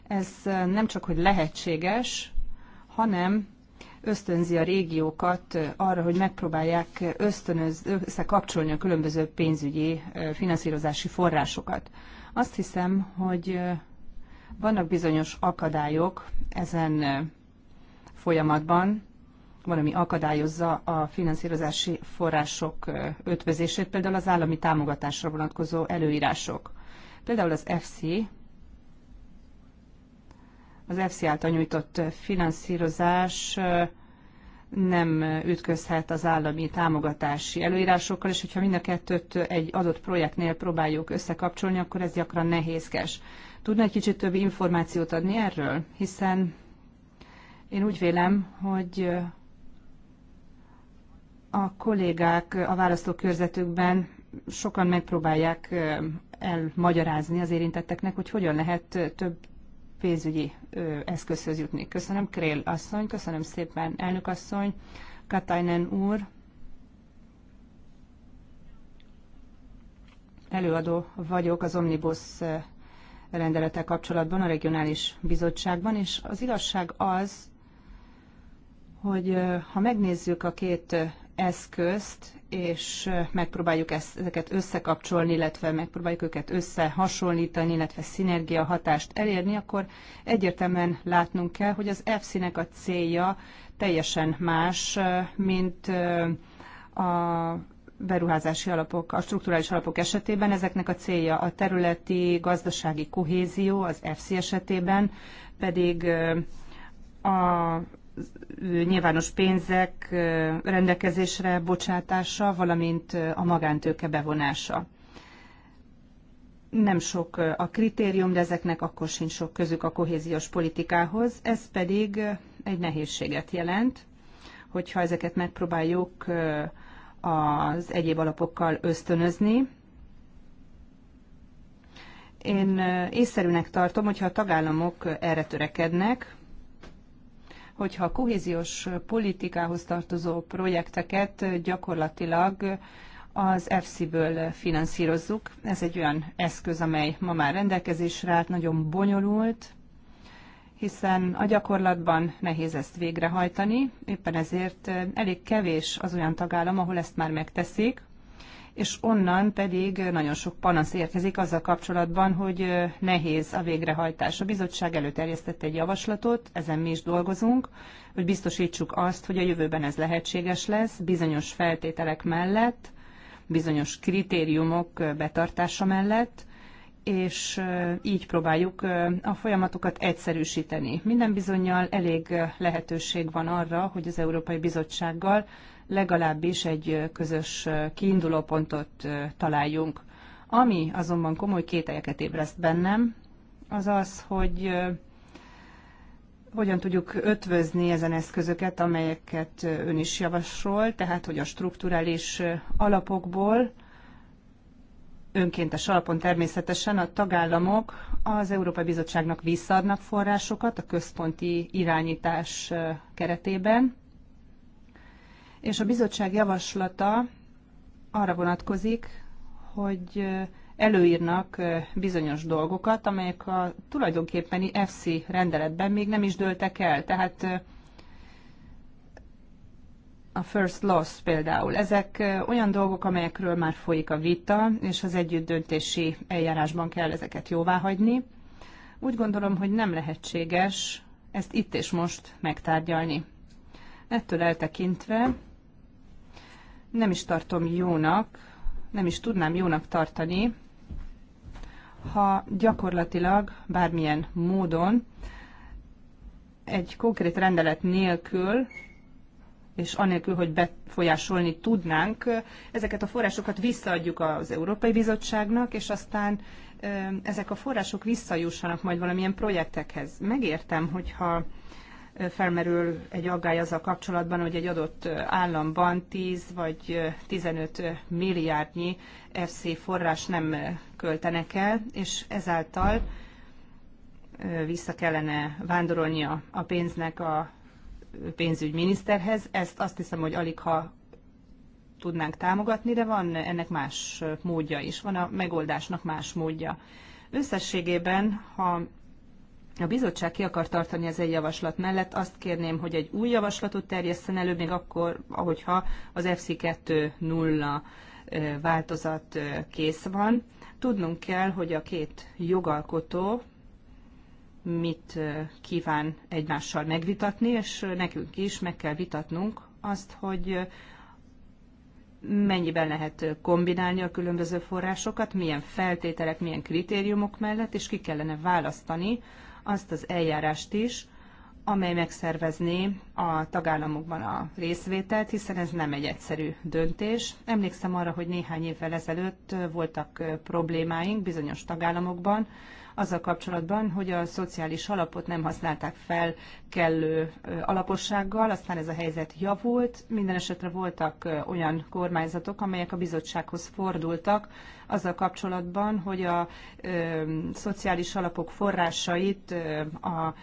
Ez nem csak, hogy lehetséges, hanem ösztönzi a régiókat arra, hogy megpróbálják ösztönöz, összekapcsolni a különböző pénzügyi finanszírozási forrásokat. Azt hiszem, hogy vannak bizonyos akadályok ezen folyamatban, valami akadályozza a finanszírozási források ötvözését, például az állami támogatásra vonatkozó előírások. Például az FC, az FC által nyújtott finanszírozás nem ütközhet az állami támogatási előírásokkal, és hogyha mind a kettőt egy adott projektnél próbáljuk összekapcsolni, akkor ez gyakran nehézkes. Tudna egy kicsit több információt adni erről? Hiszen én úgy vélem, hogy eh, a kollégák a választókörzetükben sokan megpróbálják eh, elmagyarázni az érintetteknek, hogy hogyan lehet eh, több pénzügyi eszközhöz jutni. Köszönöm Krél asszony, köszönöm szépen elnök asszony, Katainen úr, előadó vagyok az Omnibus rendelete kapcsolatban a regionális bizottságban, és az igazság az, hogy ha megnézzük a két eszközt, és megpróbáljuk ezt, ezeket összekapcsolni, illetve megpróbáljuk őket összehasonlítani, illetve szinergia hatást elérni, akkor egyértelműen látnunk kell, hogy az efsi nek a célja teljesen más, mint a beruházási alapok, a strukturális alapok esetében. Ezeknek a célja a területi gazdasági kohézió, az FC esetében pedig a nyilvános pénzek rendelkezésre bocsátása, valamint a magántőke bevonása. Nem sok a kritérium, de ezeknek akkor sincs sok közük a kohéziós politikához. Ez pedig egy nehézséget jelent, hogyha ezeket megpróbáljuk az egyéb alapokkal ösztönözni. Én észszerűnek tartom, hogyha a tagállamok erre törekednek, hogyha a kohéziós politikához tartozó projekteket gyakorlatilag az EFSI-ből finanszírozzuk. Ez egy olyan eszköz, amely ma már rendelkezésre állt, nagyon bonyolult, hiszen a gyakorlatban nehéz ezt végrehajtani, éppen ezért elég kevés az olyan tagállam, ahol ezt már megteszik, és onnan pedig nagyon sok panasz érkezik azzal kapcsolatban, hogy nehéz a végrehajtás. A bizottság előterjesztette egy javaslatot, ezen mi is dolgozunk, hogy biztosítsuk azt, hogy a jövőben ez lehetséges lesz, bizonyos feltételek mellett, bizonyos kritériumok betartása mellett, és így próbáljuk a folyamatokat egyszerűsíteni. Minden bizonyal elég lehetőség van arra, hogy az Európai Bizottsággal legalábbis egy közös kiindulópontot találjunk. Ami azonban komoly kételyeket ébreszt bennem, az az, hogy hogyan tudjuk ötvözni ezen eszközöket, amelyeket ön is javasol, tehát hogy a strukturális alapokból, önkéntes alapon természetesen a tagállamok az Európai Bizottságnak visszaadnak forrásokat a központi irányítás keretében, és a bizottság javaslata arra vonatkozik, hogy előírnak bizonyos dolgokat, amelyek a tulajdonképpeni FC rendeletben még nem is dőltek el. Tehát a first loss például. Ezek olyan dolgok, amelyekről már folyik a vita, és az együttdöntési eljárásban kell ezeket jóváhagyni. Úgy gondolom, hogy nem lehetséges ezt itt és most megtárgyalni. Ettől eltekintve nem is tartom jónak, nem is tudnám jónak tartani, ha gyakorlatilag bármilyen módon egy konkrét rendelet nélkül és anélkül, hogy befolyásolni tudnánk, ezeket a forrásokat visszaadjuk az Európai Bizottságnak, és aztán ezek a források visszajussanak majd valamilyen projektekhez. Megértem, hogyha felmerül egy aggály azzal kapcsolatban, hogy egy adott államban 10 vagy 15 milliárdnyi FC forrás nem költenek el, és ezáltal vissza kellene vándorolnia a pénznek a pénzügyminiszterhez. Ezt azt hiszem, hogy alig ha tudnánk támogatni, de van ennek más módja is, van a megoldásnak más módja. Összességében, ha a bizottság ki akar tartani az egy javaslat mellett, azt kérném, hogy egy új javaslatot terjesszen elő, még akkor, ahogyha az FC2.0 változat kész van. Tudnunk kell, hogy a két jogalkotó, mit kíván egymással megvitatni, és nekünk is meg kell vitatnunk azt, hogy mennyiben lehet kombinálni a különböző forrásokat, milyen feltételek, milyen kritériumok mellett, és ki kellene választani azt az eljárást is, amely megszervezné a tagállamokban a részvételt, hiszen ez nem egy egyszerű döntés. Emlékszem arra, hogy néhány évvel ezelőtt voltak problémáink bizonyos tagállamokban, azzal kapcsolatban, hogy a szociális alapot nem használták fel kellő alapossággal, aztán ez a helyzet javult. Minden esetre voltak olyan kormányzatok, amelyek a bizottsághoz fordultak azzal kapcsolatban, hogy a ö, szociális alapok forrásait ö, a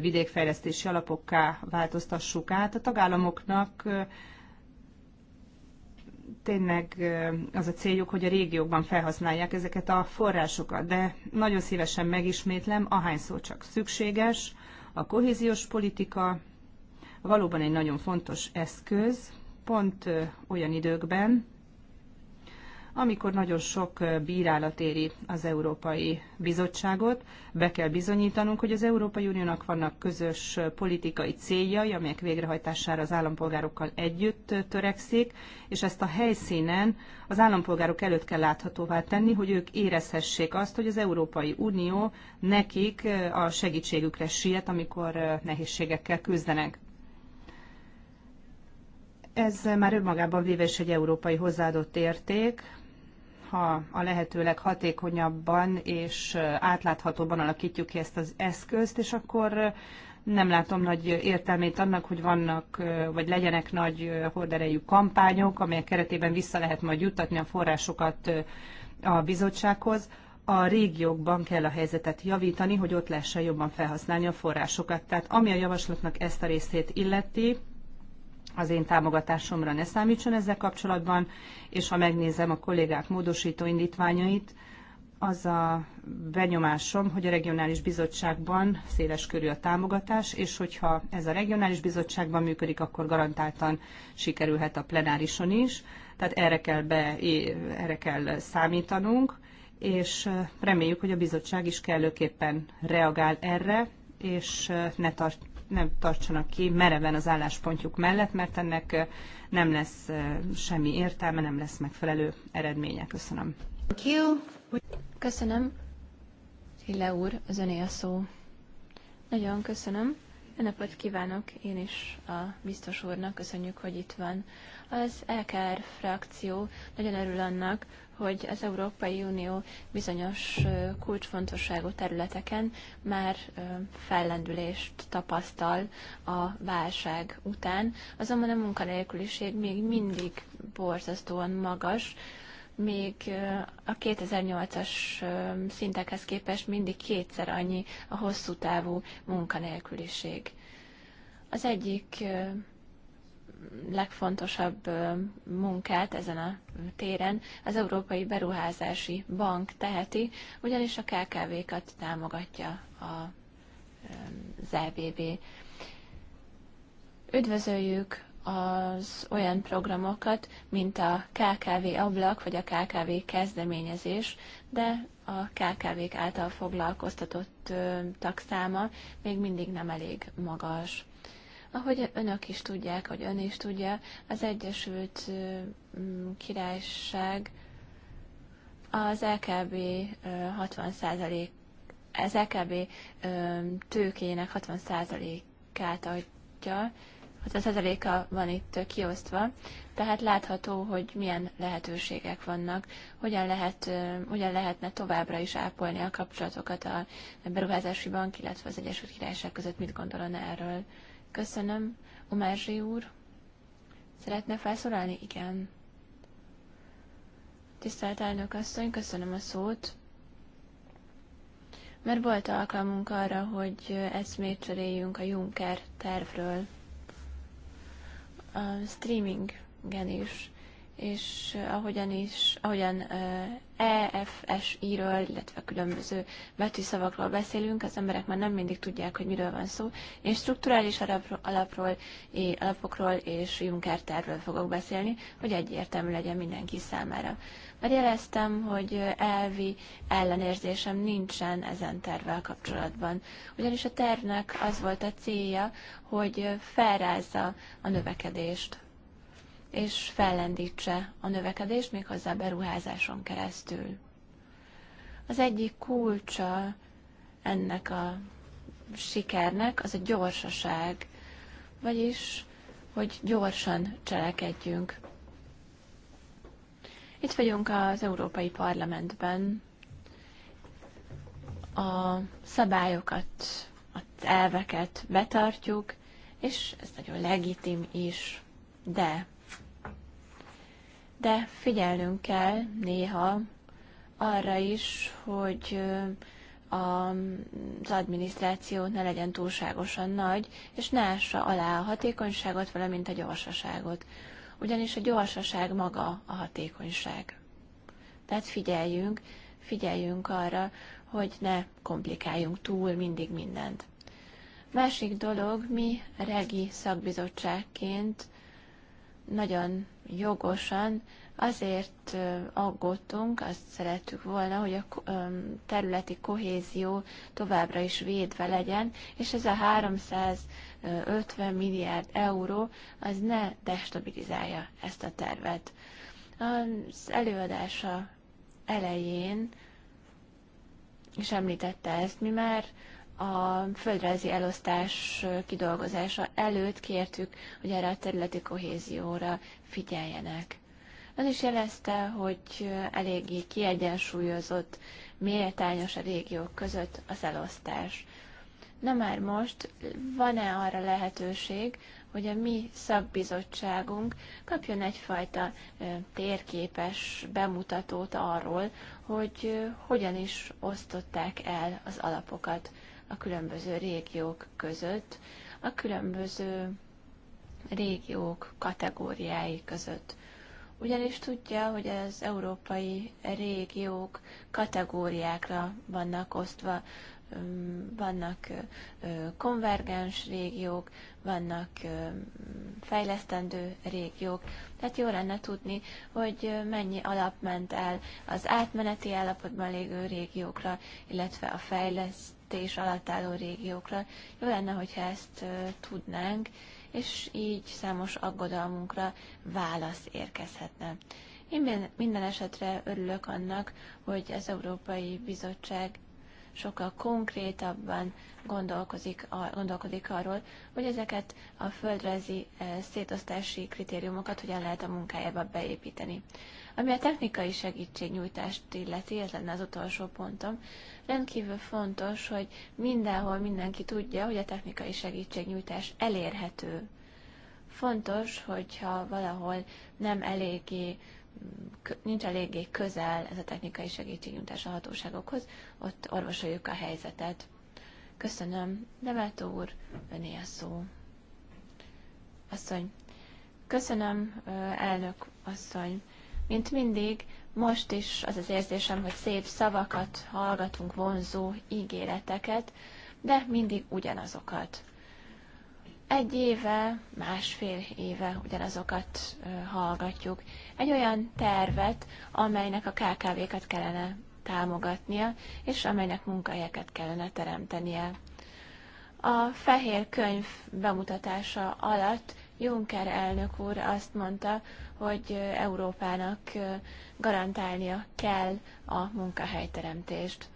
vidékfejlesztési alapokká változtassuk át. A tagállamoknak ö, tényleg az a céljuk, hogy a régiókban felhasználják ezeket a forrásokat, de nagyon szívesen megismétlem, ahányszor csak szükséges, a kohéziós politika valóban egy nagyon fontos eszköz, pont olyan időkben, amikor nagyon sok bírálat éri az Európai Bizottságot. Be kell bizonyítanunk, hogy az Európai Uniónak vannak közös politikai céljai, amelyek végrehajtására az állampolgárokkal együtt törekszik, és ezt a helyszínen az állampolgárok előtt kell láthatóvá tenni, hogy ők érezhessék azt, hogy az Európai Unió nekik a segítségükre siet, amikor nehézségekkel küzdenek ez már önmagában véve is egy európai hozzáadott érték, ha a lehető leghatékonyabban és átláthatóban alakítjuk ki ezt az eszközt, és akkor nem látom nagy értelmét annak, hogy vannak, vagy legyenek nagy horderejű kampányok, amelyek keretében vissza lehet majd juttatni a forrásokat a bizottsághoz. A régiókban kell a helyzetet javítani, hogy ott lehessen jobban felhasználni a forrásokat. Tehát ami a javaslatnak ezt a részét illeti, az én támogatásomra ne számítson ezzel kapcsolatban, és ha megnézem a kollégák módosító indítványait, az a benyomásom, hogy a regionális bizottságban széles körű a támogatás, és hogyha ez a regionális bizottságban működik, akkor garantáltan sikerülhet a plenárison is. Tehát erre kell, be, erre kell számítanunk, és reméljük, hogy a bizottság is kellőképpen reagál erre, és ne tart, nem tartsanak ki mereven az álláspontjuk mellett, mert ennek nem lesz semmi értelme, nem lesz megfelelő eredménye. Köszönöm. Köszönöm. Ille úr, az öné a szó. Nagyon köszönöm. Ennepet kívánok én is a biztos úrnak, köszönjük, hogy itt van. Az LKR frakció nagyon örül annak, hogy az Európai Unió bizonyos kulcsfontosságú területeken már fellendülést tapasztal a válság után, azonban a munkanélküliség még mindig borzasztóan magas, még a 2008-as szintekhez képest mindig kétszer annyi a hosszú távú munkanélküliség. Az egyik legfontosabb munkát ezen a téren az Európai Beruházási Bank teheti, ugyanis a KKV-kat támogatja az EBB. Üdvözöljük az olyan programokat, mint a KKV ablak vagy a KKV kezdeményezés, de a KKV-k által foglalkoztatott tagszáma még mindig nem elég magas. Ahogy önök is tudják, hogy ön is tudja, az Egyesült mm, Királyság az LKB 60% az LKB tőkének 60%-át adja, 60%-a van itt kiosztva, tehát látható, hogy milyen lehetőségek vannak, hogyan, lehet, hogyan lehetne továbbra is ápolni a kapcsolatokat a Beruházási Bank, illetve az Egyesült Királyság között, mit gondolna erről. Köszönöm, Omázsi úr. Szeretne felszólalni? Igen. Tisztelt elnök asszony, köszönöm a szót. Mert volt alkalmunk arra, hogy eszmét cseréljünk a Juncker tervről. A streamingen is és eh, ahogyan is, ahogyan EFSI-ről, eh, e illetve különböző betűszavakról beszélünk, az emberek már nem mindig tudják, hogy miről van szó. Én strukturális alapról, alapokról és Juncker tervről fogok beszélni, hogy egyértelmű legyen mindenki számára. Már jeleztem, hogy eh, elvi ellenérzésem nincsen ezen tervvel kapcsolatban. Ugyanis a tervnek az volt a célja, hogy felrázza a növekedést és fellendítse a növekedést méghozzá beruházáson keresztül. Az egyik kulcsa ennek a sikernek az a gyorsaság, vagyis, hogy gyorsan cselekedjünk. Itt vagyunk az Európai Parlamentben, a szabályokat, az elveket betartjuk, és ez nagyon legitim is, de de figyelnünk kell néha arra is, hogy az adminisztráció ne legyen túlságosan nagy, és ne ássa alá a hatékonyságot, valamint a gyorsaságot. Ugyanis a gyorsaság maga a hatékonyság. Tehát figyeljünk, figyeljünk arra, hogy ne komplikáljunk túl mindig mindent. Másik dolog, mi regi szakbizottságként nagyon jogosan azért aggódtunk, azt szerettük volna, hogy a területi kohézió továbbra is védve legyen, és ez a 350 milliárd euró az ne destabilizálja ezt a tervet. Az előadása elején, és említette ezt mi már, a földrajzi elosztás kidolgozása előtt kértük, hogy erre a területi kohézióra figyeljenek. Az is jelezte, hogy eléggé kiegyensúlyozott, méltányos a régiók között az elosztás. Na már most, van-e arra lehetőség, hogy a mi szakbizottságunk kapjon egyfajta térképes bemutatót arról, hogy hogyan is osztották el az alapokat a különböző régiók között, a különböző régiók kategóriái között. Ugyanis tudja, hogy az európai régiók kategóriákra vannak osztva, vannak konvergens régiók, vannak fejlesztendő régiók. Tehát jó lenne tudni, hogy mennyi alap ment el az átmeneti állapotban lévő régiókra, illetve a fejlesztés alatt álló régiókra. Jó lenne, hogyha ezt tudnánk, és így számos aggodalmunkra válasz érkezhetne. Én minden esetre örülök annak, hogy az Európai Bizottság sokkal konkrétabban gondolkozik, gondolkodik arról, hogy ezeket a földrajzi eh, szétosztási kritériumokat hogyan lehet a munkájába beépíteni. Ami a technikai segítségnyújtást illeti, ez lenne az utolsó pontom, rendkívül fontos, hogy mindenhol mindenki tudja, hogy a technikai segítségnyújtás elérhető. Fontos, hogyha valahol nem eléggé nincs eléggé közel ez a technikai segítségnyújtás a hatóságokhoz, ott orvosoljuk a helyzetet. Köszönöm, Demetó úr, öné a szó. Asszony, köszönöm, elnök asszony. Mint mindig, most is az az érzésem, hogy szép szavakat hallgatunk, vonzó ígéreteket, de mindig ugyanazokat. Egy éve, másfél éve ugyanazokat hallgatjuk. Egy olyan tervet, amelynek a KKV-kat kellene támogatnia, és amelynek munkahelyeket kellene teremtenie. A fehér könyv bemutatása alatt Juncker elnök úr azt mondta, hogy Európának garantálnia kell a munkahelyteremtést.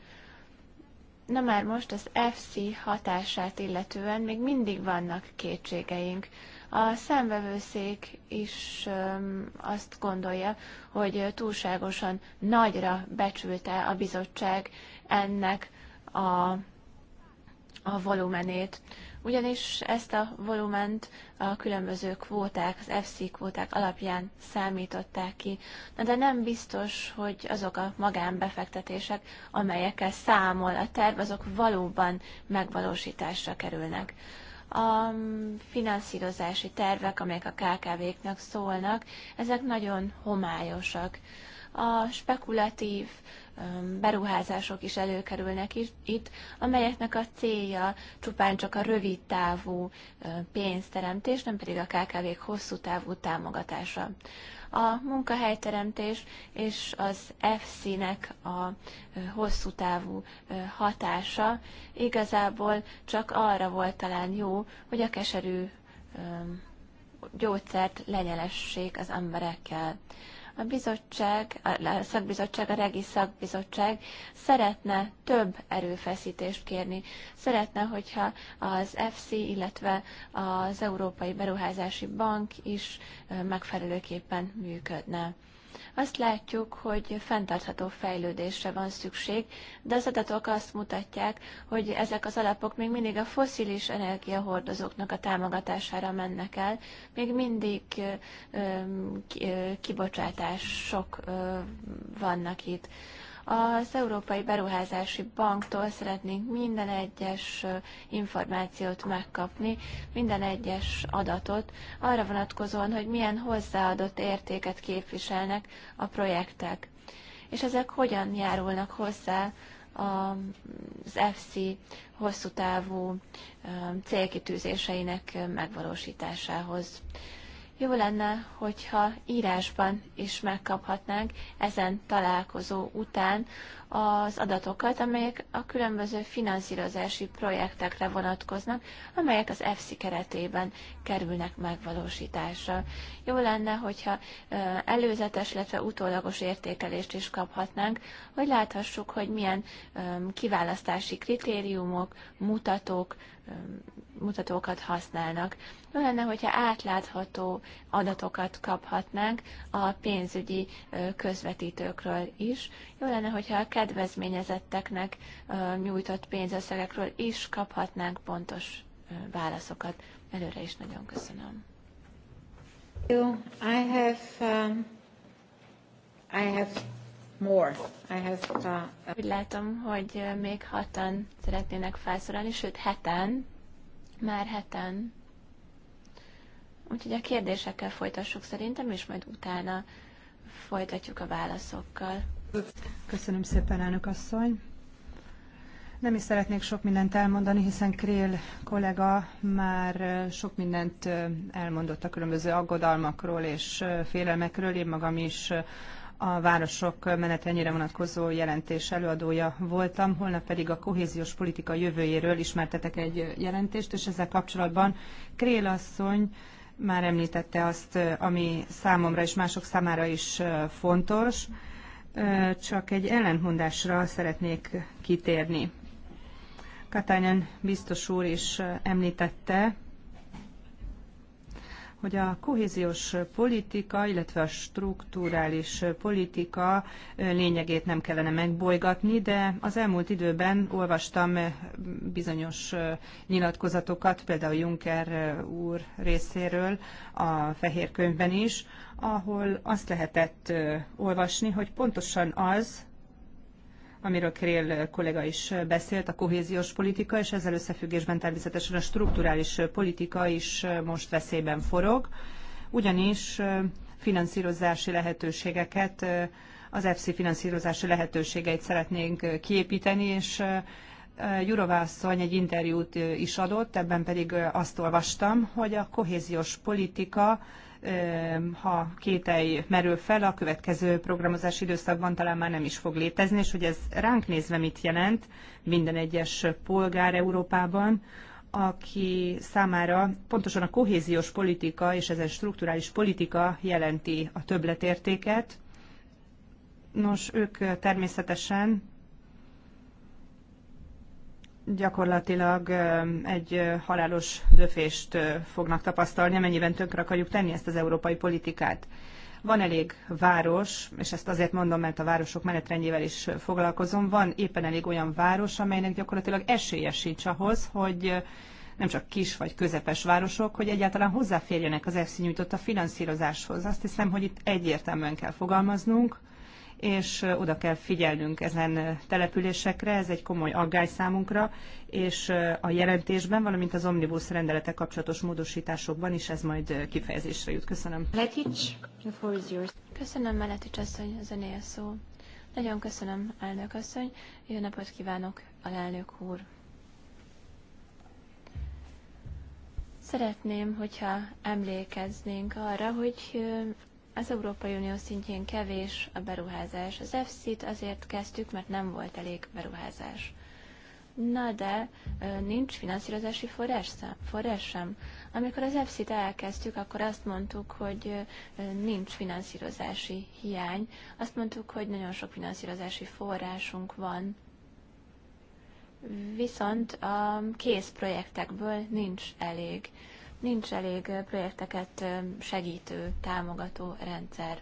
Na már most az FC hatását illetően még mindig vannak kétségeink. A számvevőszék is azt gondolja, hogy túlságosan nagyra becsülte a bizottság ennek a, a volumenét ugyanis ezt a volument a különböző kvóták, az FC kvóták alapján számították ki. Na de nem biztos, hogy azok a magánbefektetések, amelyekkel számol a terv, azok valóban megvalósításra kerülnek a finanszírozási tervek, amelyek a KKV-knak szólnak, ezek nagyon homályosak. A spekulatív Um, beruházások is előkerülnek itt, amelyeknek a célja csupán csak a rövid távú uh, pénzteremtés, nem pedig a KKV-k hosszú távú támogatása. A munkahelyteremtés és az FC-nek a uh, hosszú távú uh, hatása igazából csak arra volt talán jó, hogy a keserű um, gyógyszert lenyelessék az emberekkel. A bizottság, a szakbizottság, a regi szakbizottság szeretne több erőfeszítést kérni. Szeretne, hogyha az FC, illetve az Európai Beruházási Bank is megfelelőképpen működne azt látjuk, hogy fenntartható fejlődésre van szükség, de az adatok azt mutatják, hogy ezek az alapok még mindig a foszilis energiahordozóknak a támogatására mennek el, még mindig kibocsátások vannak itt. Az Európai Beruházási Banktól szeretnénk minden egyes információt megkapni, minden egyes adatot arra vonatkozóan, hogy milyen hozzáadott értéket képviselnek a projektek, és ezek hogyan járulnak hozzá az FC hosszú távú célkitűzéseinek megvalósításához. Jó lenne, hogyha írásban is megkaphatnánk ezen találkozó után az adatokat, amelyek a különböző finanszírozási projektekre vonatkoznak, amelyek az EFSI keretében kerülnek megvalósításra. Jó lenne, hogyha előzetes, illetve utólagos értékelést is kaphatnánk, hogy láthassuk, hogy milyen kiválasztási kritériumok, mutatók, mutatókat használnak. Jó lenne, hogyha átlátható adatokat kaphatnánk a pénzügyi közvetítőkről is. Jó lenne, hogyha a kedvezményezetteknek nyújtott pénzösszegekről is kaphatnánk pontos válaszokat. Előre is nagyon köszönöm. I have, um, I have more. I have, uh, Úgy látom, hogy uh, még hatan szeretnének felszólalni, sőt heten, már heten. Úgyhogy a kérdésekkel folytassuk szerintem, és majd utána folytatjuk a válaszokkal. Köszönöm szépen, elnök asszony. Nem is szeretnék sok mindent elmondani, hiszen Krél kollega már uh, sok mindent uh, elmondott a különböző aggodalmakról és félelmekről. Én magam is a városok menetrendjére vonatkozó jelentés előadója voltam, holnap pedig a kohéziós politika jövőjéről ismertetek egy jelentést, és ezzel kapcsolatban Krél asszony már említette azt, ami számomra és mások számára is fontos, csak egy ellentmondásra szeretnék kitérni. Katányan biztos úr is említette, hogy a kohéziós politika, illetve a strukturális politika lényegét nem kellene megbolygatni, de az elmúlt időben olvastam bizonyos nyilatkozatokat, például Juncker úr részéről a fehér könyvben is, ahol azt lehetett olvasni, hogy pontosan az, amiről Krél kollega is beszélt, a kohéziós politika, és ezzel összefüggésben természetesen a strukturális politika is most veszélyben forog, ugyanis finanszírozási lehetőségeket, az EFSI finanszírozási lehetőségeit szeretnénk kiépíteni, és Jurová asszony egy interjút is adott, ebben pedig azt olvastam, hogy a kohéziós politika ha kételj merül fel, a következő programozási időszakban talán már nem is fog létezni, és hogy ez ránk nézve mit jelent minden egyes polgár Európában, aki számára pontosan a kohéziós politika és ezen strukturális politika jelenti a többletértéket. Nos, ők természetesen gyakorlatilag egy halálos döfést fognak tapasztalni, amennyiben tönkre akarjuk tenni ezt az európai politikát. Van elég város, és ezt azért mondom, mert a városok menetrendjével is foglalkozom, van éppen elég olyan város, amelynek gyakorlatilag esélye sincs ahhoz, hogy nem csak kis vagy közepes városok, hogy egyáltalán hozzáférjenek az EFSZ nyújtotta finanszírozáshoz. Azt hiszem, hogy itt egyértelműen kell fogalmaznunk, és oda kell figyelnünk ezen településekre, ez egy komoly aggály számunkra, és a jelentésben, valamint az omnibus rendelete kapcsolatos módosításokban is ez majd kifejezésre jut. Köszönöm. Letics, Köszönöm, Meletics asszony, az a szó. Nagyon köszönöm, elnök asszony. Jó napot kívánok, alelnök úr. Szeretném, hogyha emlékeznénk arra, hogy az Európai Unió szintjén kevés a beruházás. Az EFSZ-t azért kezdtük, mert nem volt elég beruházás. Na de nincs finanszírozási forrás, forrás sem. Amikor az EFSZ-t elkezdtük, akkor azt mondtuk, hogy nincs finanszírozási hiány. Azt mondtuk, hogy nagyon sok finanszírozási forrásunk van. Viszont a kész projektekből nincs elég nincs elég projekteket segítő, támogató rendszer.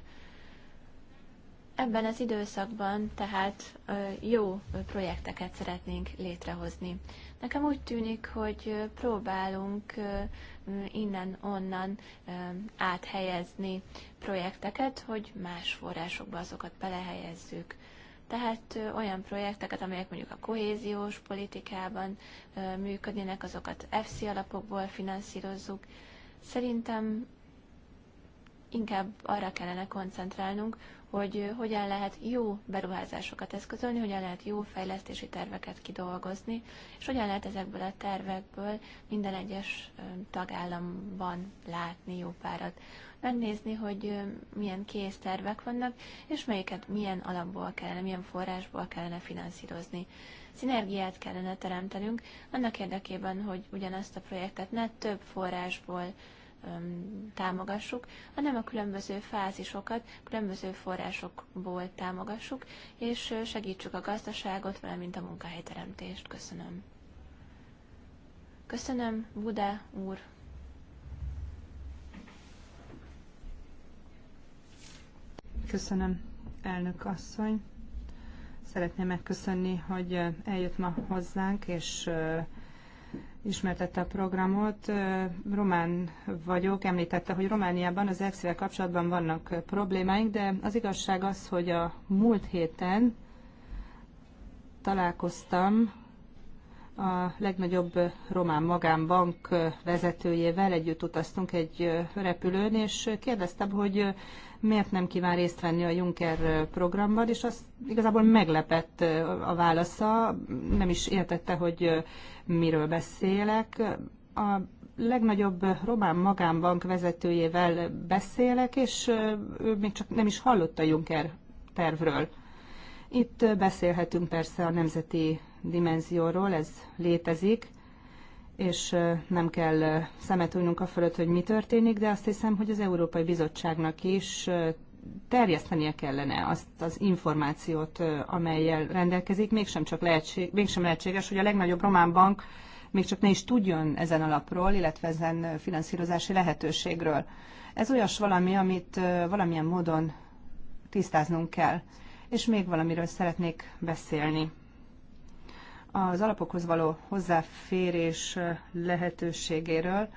Ebben az időszakban tehát jó projekteket szeretnénk létrehozni. Nekem úgy tűnik, hogy próbálunk innen-onnan áthelyezni projekteket, hogy más forrásokba azokat belehelyezzük. Tehát olyan projekteket, amelyek mondjuk a kohéziós politikában működnének, azokat FC alapokból finanszírozzuk. Szerintem inkább arra kellene koncentrálnunk, hogy hogyan lehet jó beruházásokat eszközölni, hogyan lehet jó fejlesztési terveket kidolgozni, és hogyan lehet ezekből a tervekből minden egyes tagállamban látni jó párat megnézni, hogy milyen késztervek vannak, és melyiket milyen alapból kellene, milyen forrásból kellene finanszírozni. Szinergiát kellene teremtenünk annak érdekében, hogy ugyanazt a projektet ne több forrásból támogassuk, hanem a különböző fázisokat különböző forrásokból támogassuk, és segítsük a gazdaságot, valamint a munkahelyteremtést. Köszönöm. Köszönöm, Buda úr. Köszönöm, elnök asszony. Szeretném megköszönni, hogy eljött ma hozzánk, és ismertette a programot. Román vagyok, említette, hogy Romániában az efsz kapcsolatban vannak problémáink, de az igazság az, hogy a múlt héten találkoztam a legnagyobb román magánbank vezetőjével, együtt utaztunk egy repülőn, és kérdeztem, hogy miért nem kíván részt venni a Juncker programban, és az igazából meglepett a válasza, nem is értette, hogy miről beszélek. A legnagyobb román magánbank vezetőjével beszélek, és ő még csak nem is hallott a Juncker tervről. Itt beszélhetünk persze a nemzeti dimenzióról, ez létezik, és nem kell szemet újnunk a fölött, hogy mi történik, de azt hiszem, hogy az Európai Bizottságnak is terjesztenie kellene azt az információt, amelyel rendelkezik, mégsem, csak lehetség, mégsem lehetséges, hogy a legnagyobb román bank még csak ne is tudjon ezen alapról, illetve ezen finanszírozási lehetőségről. Ez olyas valami, amit valamilyen módon tisztáznunk kell. És még valamiről szeretnék beszélni az alapokhoz való hozzáférés lehetőségéről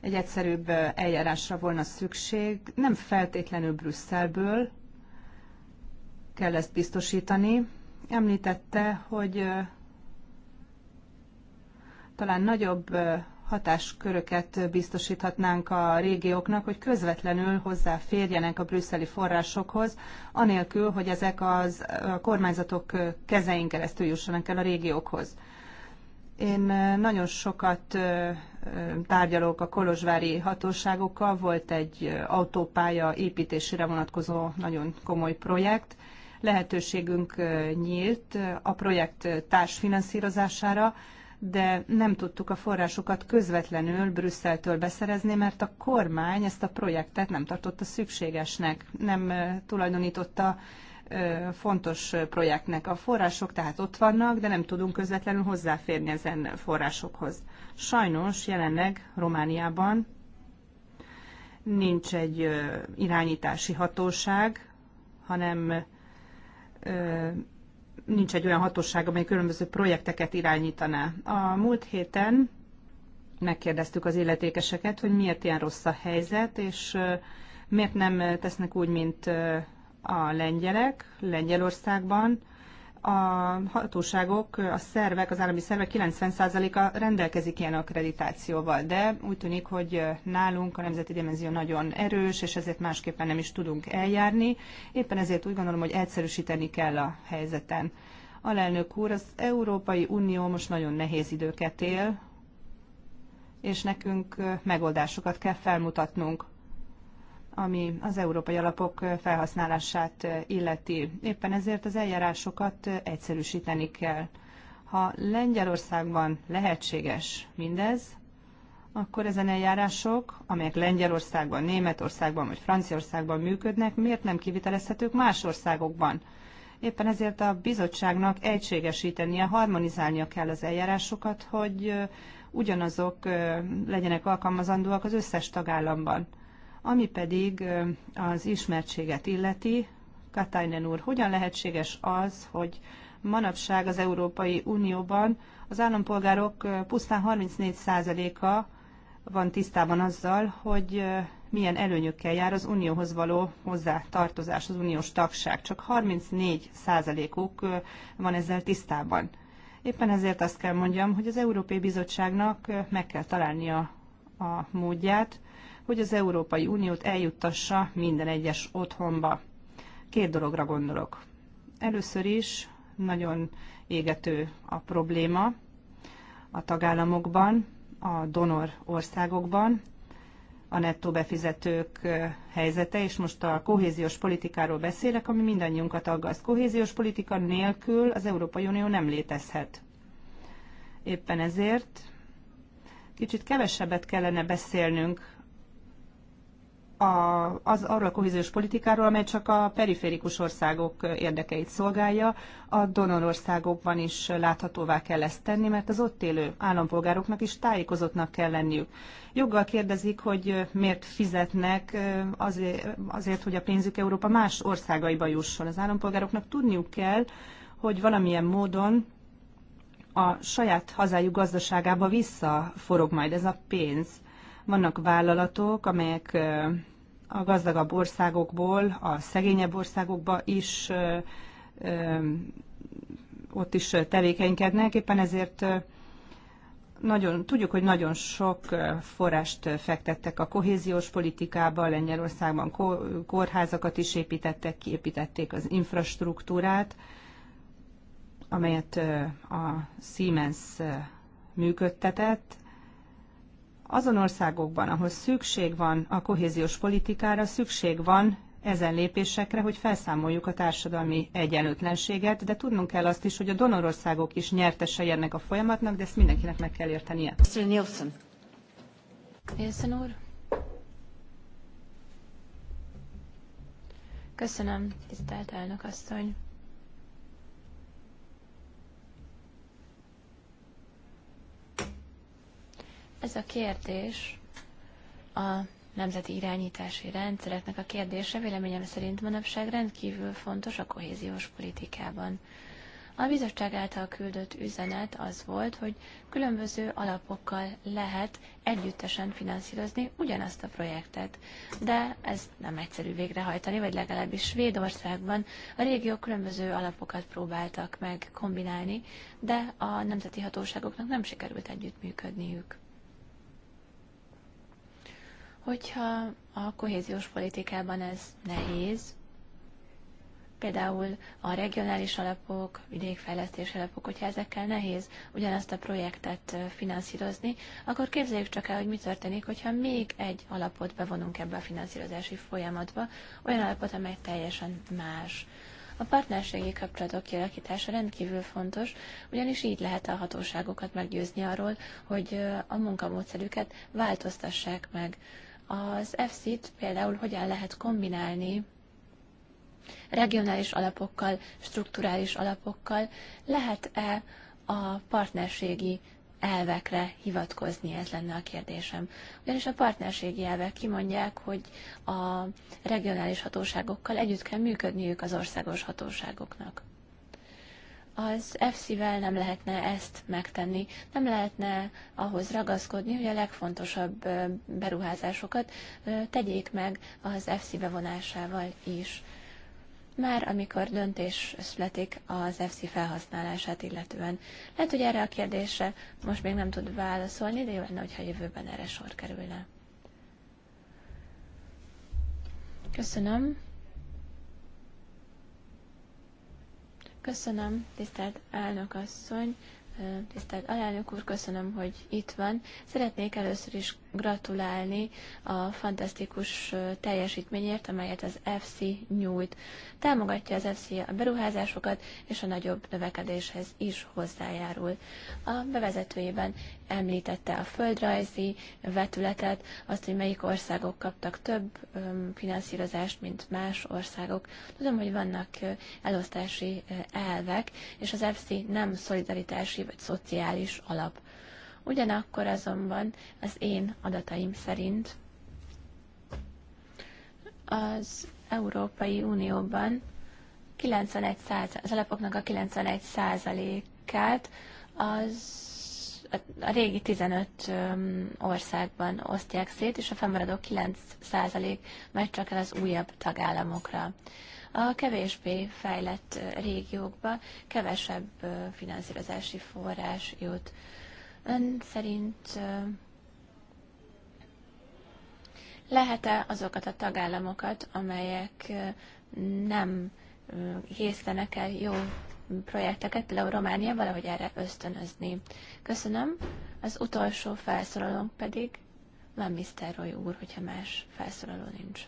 egy egyszerűbb eljárásra volna szükség, nem feltétlenül Brüsszelből kell ezt biztosítani. Említette, hogy talán nagyobb hatásköröket biztosíthatnánk a régióknak, hogy közvetlenül hozzáférjenek a brüsszeli forrásokhoz, anélkül, hogy ezek az a kormányzatok kezein keresztül jussanak el a régiókhoz. Én nagyon sokat tárgyalok a kolozsvári hatóságokkal, volt egy autópálya építésére vonatkozó nagyon komoly projekt, lehetőségünk nyílt a projekt társfinanszírozására, de nem tudtuk a forrásokat közvetlenül Brüsszeltől beszerezni, mert a kormány ezt a projektet nem tartotta szükségesnek, nem tulajdonította fontos projektnek. A források tehát ott vannak, de nem tudunk közvetlenül hozzáférni ezen forrásokhoz. Sajnos jelenleg Romániában nincs egy irányítási hatóság, hanem nincs egy olyan hatóság, amely különböző projekteket irányítaná. A múlt héten megkérdeztük az illetékeseket, hogy miért ilyen rossz a helyzet, és miért nem tesznek úgy, mint a lengyelek Lengyelországban, a hatóságok, a szervek, az állami szervek 90%-a rendelkezik ilyen akkreditációval, de úgy tűnik, hogy nálunk a nemzeti dimenzió nagyon erős, és ezért másképpen nem is tudunk eljárni. Éppen ezért úgy gondolom, hogy egyszerűsíteni kell a helyzeten. Alelnök úr, az Európai Unió most nagyon nehéz időket él, és nekünk megoldásokat kell felmutatnunk ami az európai alapok felhasználását illeti. Éppen ezért az eljárásokat egyszerűsíteni kell. Ha Lengyelországban lehetséges mindez, akkor ezen eljárások, amelyek Lengyelországban, Németországban vagy Franciaországban működnek, miért nem kivitelezhetők más országokban? Éppen ezért a bizottságnak egységesítenie, harmonizálnia kell az eljárásokat, hogy ugyanazok legyenek alkalmazandóak az összes tagállamban. Ami pedig az ismertséget illeti, Katainen úr, hogyan lehetséges az, hogy manapság az Európai Unióban az állampolgárok pusztán 34%-a van tisztában azzal, hogy milyen előnyökkel jár az unióhoz való hozzátartozás, az uniós tagság. Csak 34%-uk van ezzel tisztában. Éppen ezért azt kell mondjam, hogy az Európai Bizottságnak meg kell találnia a módját, hogy az Európai Uniót eljuttassa minden egyes otthonba. Két dologra gondolok. Először is nagyon égető a probléma a tagállamokban, a donor országokban, a nettó befizetők helyzete, és most a kohéziós politikáról beszélek, ami mindannyiunkat aggaszt. Kohéziós politika nélkül az Európai Unió nem létezhet. Éppen ezért kicsit kevesebbet kellene beszélnünk a, az, arról a kohéziós politikáról, amely csak a periférikus országok érdekeit szolgálja, a donorországokban is láthatóvá kell ezt tenni, mert az ott élő állampolgároknak is tájékozottnak kell lenniük. Joggal kérdezik, hogy miért fizetnek azért, azért hogy a pénzük Európa más országaiba jusson. Az állampolgároknak tudniuk kell, hogy valamilyen módon a saját hazájuk gazdaságába visszaforog majd ez a pénz. Vannak vállalatok, amelyek a gazdagabb országokból a szegényebb országokba is ott is tevékenykednek, éppen ezért nagyon, tudjuk, hogy nagyon sok forrást fektettek a kohéziós politikába, Lengyelországban kórházakat is építettek, kiépítették az infrastruktúrát, amelyet a Siemens működtetett, azon országokban, ahol szükség van a kohéziós politikára, szükség van ezen lépésekre, hogy felszámoljuk a társadalmi egyenlőtlenséget, de tudnunk kell azt is, hogy a donorországok is nyertesei ennek a folyamatnak, de ezt mindenkinek meg kell értenie. Mr. Nielsen. Nielsen úr. Köszönöm, tisztelt elnök asszony. Ez a kérdés a nemzeti irányítási rendszereknek a kérdése véleményem szerint manapság rendkívül fontos a kohéziós politikában. A bizottság által küldött üzenet az volt, hogy különböző alapokkal lehet együttesen finanszírozni ugyanazt a projektet, de ez nem egyszerű végrehajtani, vagy legalábbis Svédországban a régiók különböző alapokat próbáltak meg kombinálni, de a nemzeti hatóságoknak nem sikerült együttműködniük. Hogyha a kohéziós politikában ez nehéz, például a regionális alapok, vidékfejlesztési alapok, hogyha ezekkel nehéz ugyanazt a projektet finanszírozni, akkor képzeljük csak el, hogy mi történik, hogyha még egy alapot bevonunk ebbe a finanszírozási folyamatba, olyan alapot, amely teljesen más. A partnerségi kapcsolatok kialakítása rendkívül fontos, ugyanis így lehet a hatóságokat meggyőzni arról, hogy a munkamódszerüket változtassák meg az EFSZ-t például hogyan lehet kombinálni regionális alapokkal, strukturális alapokkal, lehet-e a partnerségi elvekre hivatkozni, ez lenne a kérdésem. Ugyanis a partnerségi elvek kimondják, hogy a regionális hatóságokkal együtt kell működniük az országos hatóságoknak az FC-vel nem lehetne ezt megtenni, nem lehetne ahhoz ragaszkodni, hogy a legfontosabb beruházásokat tegyék meg az FC bevonásával is. Már amikor döntés születik az FC felhasználását illetően. Lehet, hogy erre a kérdésre most még nem tud válaszolni, de jó lenne, hogyha jövőben erre sor kerülne. Köszönöm. Köszönöm, tisztelt elnök asszony, tisztelt alelnök úr, köszönöm, hogy itt van. Szeretnék először is gratulálni a fantasztikus teljesítményért, amelyet az FC nyújt. Támogatja az FC a beruházásokat, és a nagyobb növekedéshez is hozzájárul. A bevezetőjében említette a földrajzi vetületet, azt, hogy melyik országok kaptak több finanszírozást, mint más országok. Tudom, hogy vannak elosztási elvek, és az FC nem szolidaritási vagy szociális alap. Ugyanakkor azonban az én adataim szerint az Európai Unióban 91 az alapoknak a 91%-át az a régi 15 országban osztják szét, és a fennmaradó 9% megy csak el az újabb tagállamokra. A kevésbé fejlett régiókba kevesebb finanszírozási forrás jut. Ön szerint lehet-e azokat a tagállamokat, amelyek nem készítenek el jó projekteket, például Románia valahogy erre ösztönözni. Köszönöm. Az utolsó felszólalónk pedig van Mr. Roy úr, hogyha más felszólaló nincs.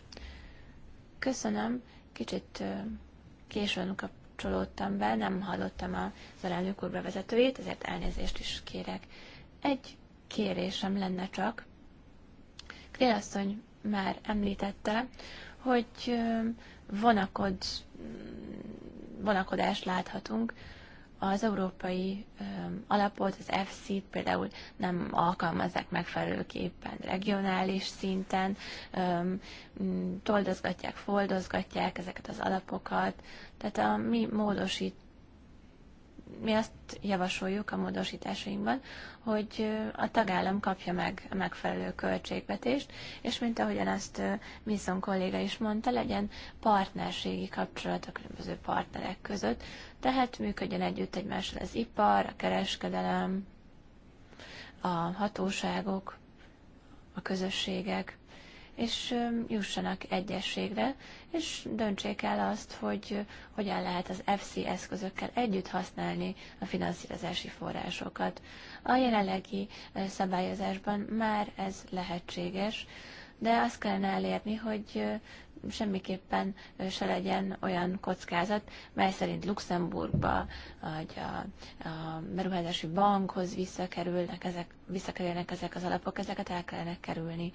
Köszönöm. Kicsit későn kap, kapcsolódtam be, nem hallottam az alelnök úr bevezetőjét, ezért elnézést is kérek. Egy kérésem lenne csak. Krélasszony már említette, hogy vonakod, vonakodást láthatunk az európai alapot, az EFSZ-t például nem alkalmazzák megfelelőképpen regionális szinten, toldozgatják, foldozgatják ezeket az alapokat. Tehát a mi módosít, mi azt javasoljuk a módosításainkban, hogy a tagállam kapja meg a megfelelő költségvetést, és mint ahogyan azt Misson kolléga is mondta, legyen partnerségi kapcsolat a különböző partnerek között, tehát működjön együtt egymással az ipar, a kereskedelem, a hatóságok, a közösségek, és jussanak egyességre, és döntsék el azt, hogy hogyan lehet az FC eszközökkel együtt használni a finanszírozási forrásokat. A jelenlegi szabályozásban már ez lehetséges, de azt kellene elérni, hogy semmiképpen se legyen olyan kockázat, mely szerint Luxemburgba vagy a, a beruházási bankhoz visszakerülnek ezek, visszakerülnek ezek az alapok, ezeket el kellene kerülni.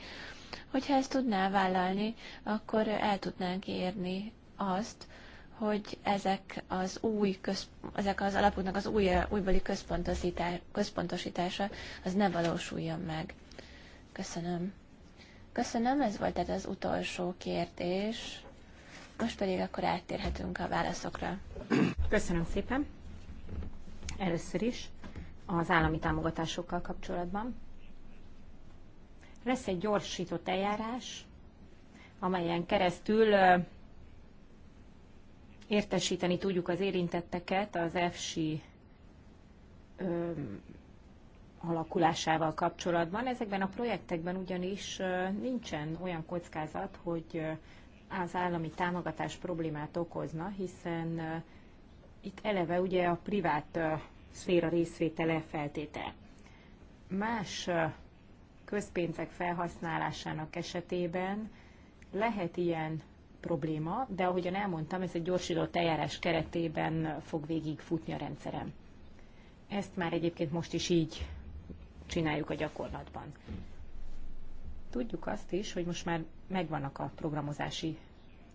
Hogyha ezt tudná vállalni, akkor el tudnánk érni azt, hogy ezek az új köz, ezek az alapoknak az új, újbeli központosítása az ne valósuljon meg. Köszönöm. Köszönöm, ez volt ez az utolsó kérdés. Most pedig akkor áttérhetünk a válaszokra. Köszönöm szépen. Először is az állami támogatásokkal kapcsolatban. Lesz egy gyorsított eljárás, amelyen keresztül értesíteni tudjuk az érintetteket az EFSI alakulásával kapcsolatban. Ezekben a projektekben ugyanis nincsen olyan kockázat, hogy az állami támogatás problémát okozna, hiszen itt eleve ugye a privát szféra részvétele feltétel. Más közpénzek felhasználásának esetében lehet ilyen probléma, de ahogyan elmondtam, ez egy gyorsított eljárás keretében fog végigfutni a rendszerem. Ezt már egyébként most is így csináljuk a gyakorlatban. Tudjuk azt is, hogy most már megvannak a programozási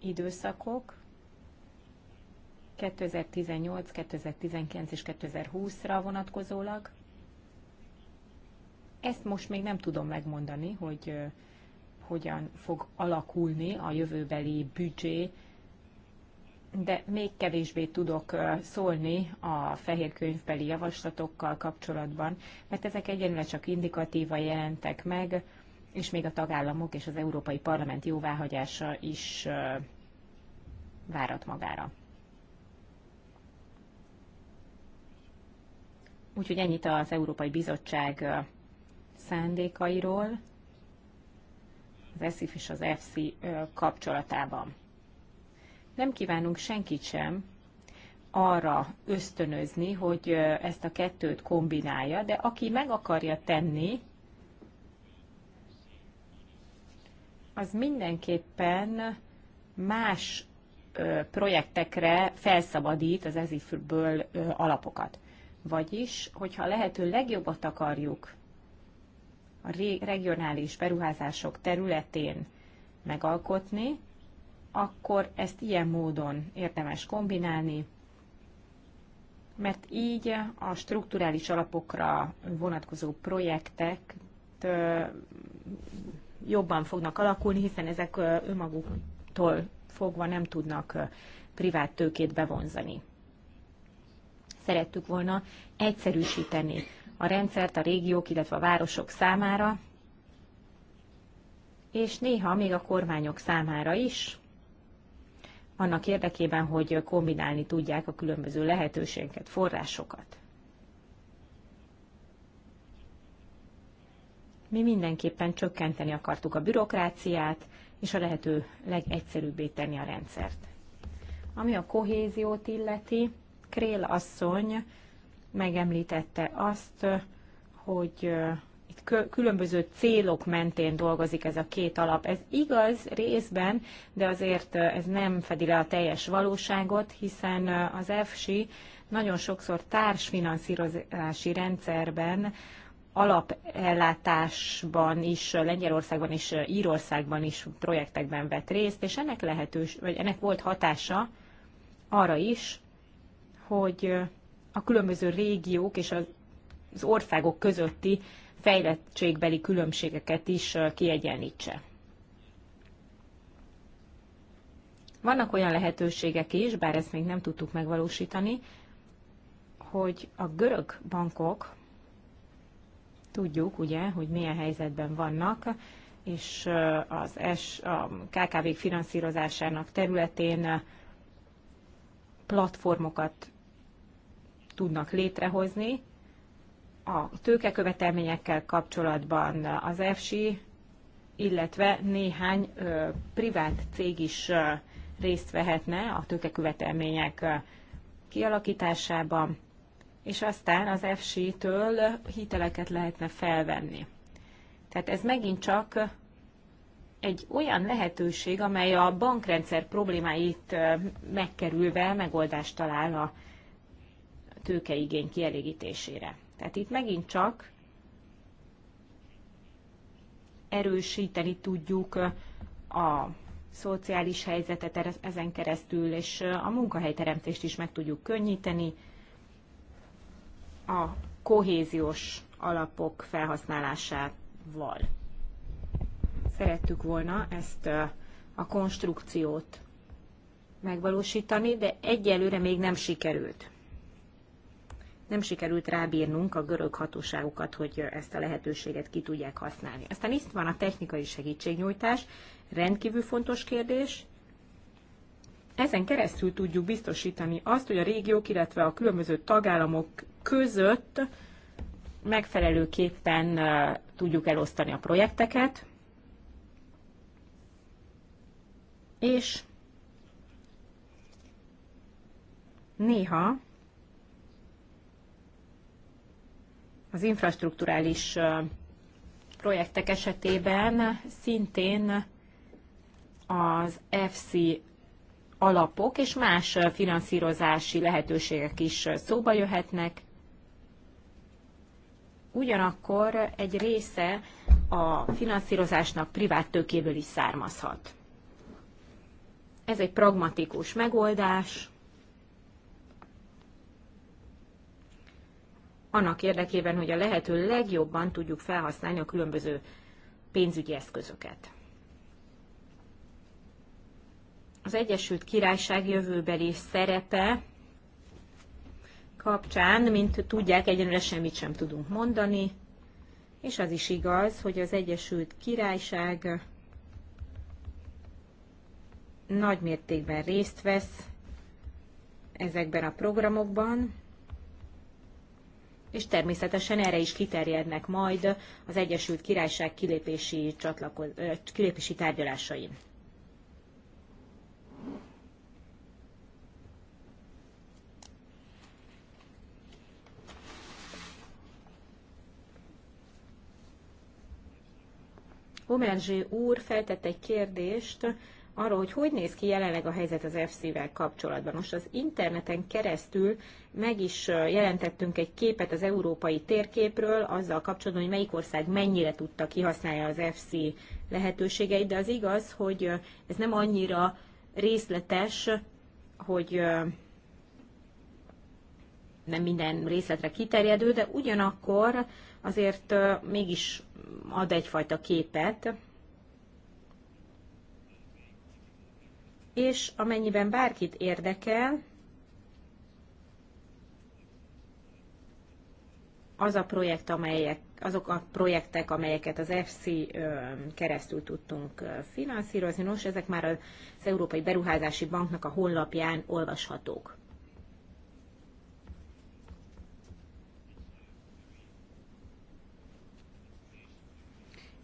időszakok, 2018, 2019 és 2020-ra vonatkozólag. Ezt most még nem tudom megmondani, hogy hogyan fog alakulni a jövőbeli büdzsé de még kevésbé tudok szólni a fehér könyvbeli javaslatokkal kapcsolatban, mert ezek egyenlőre csak indikatíva jelentek meg, és még a tagállamok és az Európai Parlament jóváhagyása is várat magára. Úgyhogy ennyit az Európai Bizottság szándékairól, az ESZIF és az EFSI kapcsolatában nem kívánunk senkit sem arra ösztönözni, hogy ezt a kettőt kombinálja, de aki meg akarja tenni, az mindenképpen más projektekre felszabadít az ezifből alapokat. Vagyis, hogyha a lehető legjobbat akarjuk a regionális beruházások területén megalkotni, akkor ezt ilyen módon érdemes kombinálni, mert így a strukturális alapokra vonatkozó projektek jobban fognak alakulni, hiszen ezek önmaguktól fogva nem tudnak privát tőkét bevonzani. Szerettük volna egyszerűsíteni a rendszert a régiók, illetve a városok számára, és néha még a kormányok számára is, annak érdekében, hogy kombinálni tudják a különböző lehetőségeket, forrásokat. Mi mindenképpen csökkenteni akartuk a bürokráciát, és a lehető legegyszerűbbé tenni a rendszert. Ami a kohéziót illeti, Krél asszony megemlítette azt, hogy itt különböző célok mentén dolgozik ez a két alap. Ez igaz részben, de azért ez nem fedi le a teljes valóságot, hiszen az EFSI nagyon sokszor társfinanszírozási rendszerben alapellátásban is, Lengyelországban és Írországban is projektekben vett részt, és ennek lehetős, vagy ennek volt hatása arra is, hogy a különböző régiók és az országok közötti fejlettségbeli különbségeket is kiegyenlítse. Vannak olyan lehetőségek is, bár ezt még nem tudtuk megvalósítani, hogy a görög bankok, tudjuk ugye, hogy milyen helyzetben vannak, és az S, a kkv finanszírozásának területén platformokat tudnak létrehozni, a tőkekövetelményekkel kapcsolatban az EFSI, illetve néhány ö, privát cég is ö, részt vehetne a tőkekövetelmények ö, kialakításában, és aztán az EFSI-től hiteleket lehetne felvenni. Tehát ez megint csak egy olyan lehetőség, amely a bankrendszer problémáit megkerülve megoldást talál a tőkeigény kielégítésére. Tehát itt megint csak erősíteni tudjuk a szociális helyzetet ezen keresztül, és a munkahelyteremtést is meg tudjuk könnyíteni. A kohéziós alapok felhasználásával. Szerettük volna ezt a konstrukciót megvalósítani, de egyelőre még nem sikerült nem sikerült rábírnunk a görög hatóságokat, hogy ezt a lehetőséget ki tudják használni. Aztán itt van a technikai segítségnyújtás, rendkívül fontos kérdés. Ezen keresztül tudjuk biztosítani azt, hogy a régiók, illetve a különböző tagállamok között megfelelőképpen tudjuk elosztani a projekteket, és néha az infrastruktúrális projektek esetében szintén az FC alapok és más finanszírozási lehetőségek is szóba jöhetnek. Ugyanakkor egy része a finanszírozásnak privát tőkéből is származhat. Ez egy pragmatikus megoldás, annak érdekében, hogy a lehető legjobban tudjuk felhasználni a különböző pénzügyi eszközöket. Az Egyesült Királyság jövőbeli szerepe kapcsán, mint tudják, egyenlőre semmit sem tudunk mondani, és az is igaz, hogy az Egyesült Királyság nagy mértékben részt vesz ezekben a programokban, és természetesen erre is kiterjednek majd az Egyesült Királyság kilépési, csatlako- kilépési tárgyalásain. Omerzsé úr feltett egy kérdést arról, hogy hogy néz ki jelenleg a helyzet az FC-vel kapcsolatban. Most az interneten keresztül meg is jelentettünk egy képet az európai térképről, azzal kapcsolatban, hogy melyik ország mennyire tudta kihasználni az FC lehetőségeit, de az igaz, hogy ez nem annyira részletes, hogy nem minden részletre kiterjedő, de ugyanakkor azért mégis ad egyfajta képet, és amennyiben bárkit érdekel, az a projekt, amelyek, azok a projektek, amelyeket az FC keresztül tudtunk finanszírozni, nos, ezek már az Európai Beruházási Banknak a honlapján olvashatók.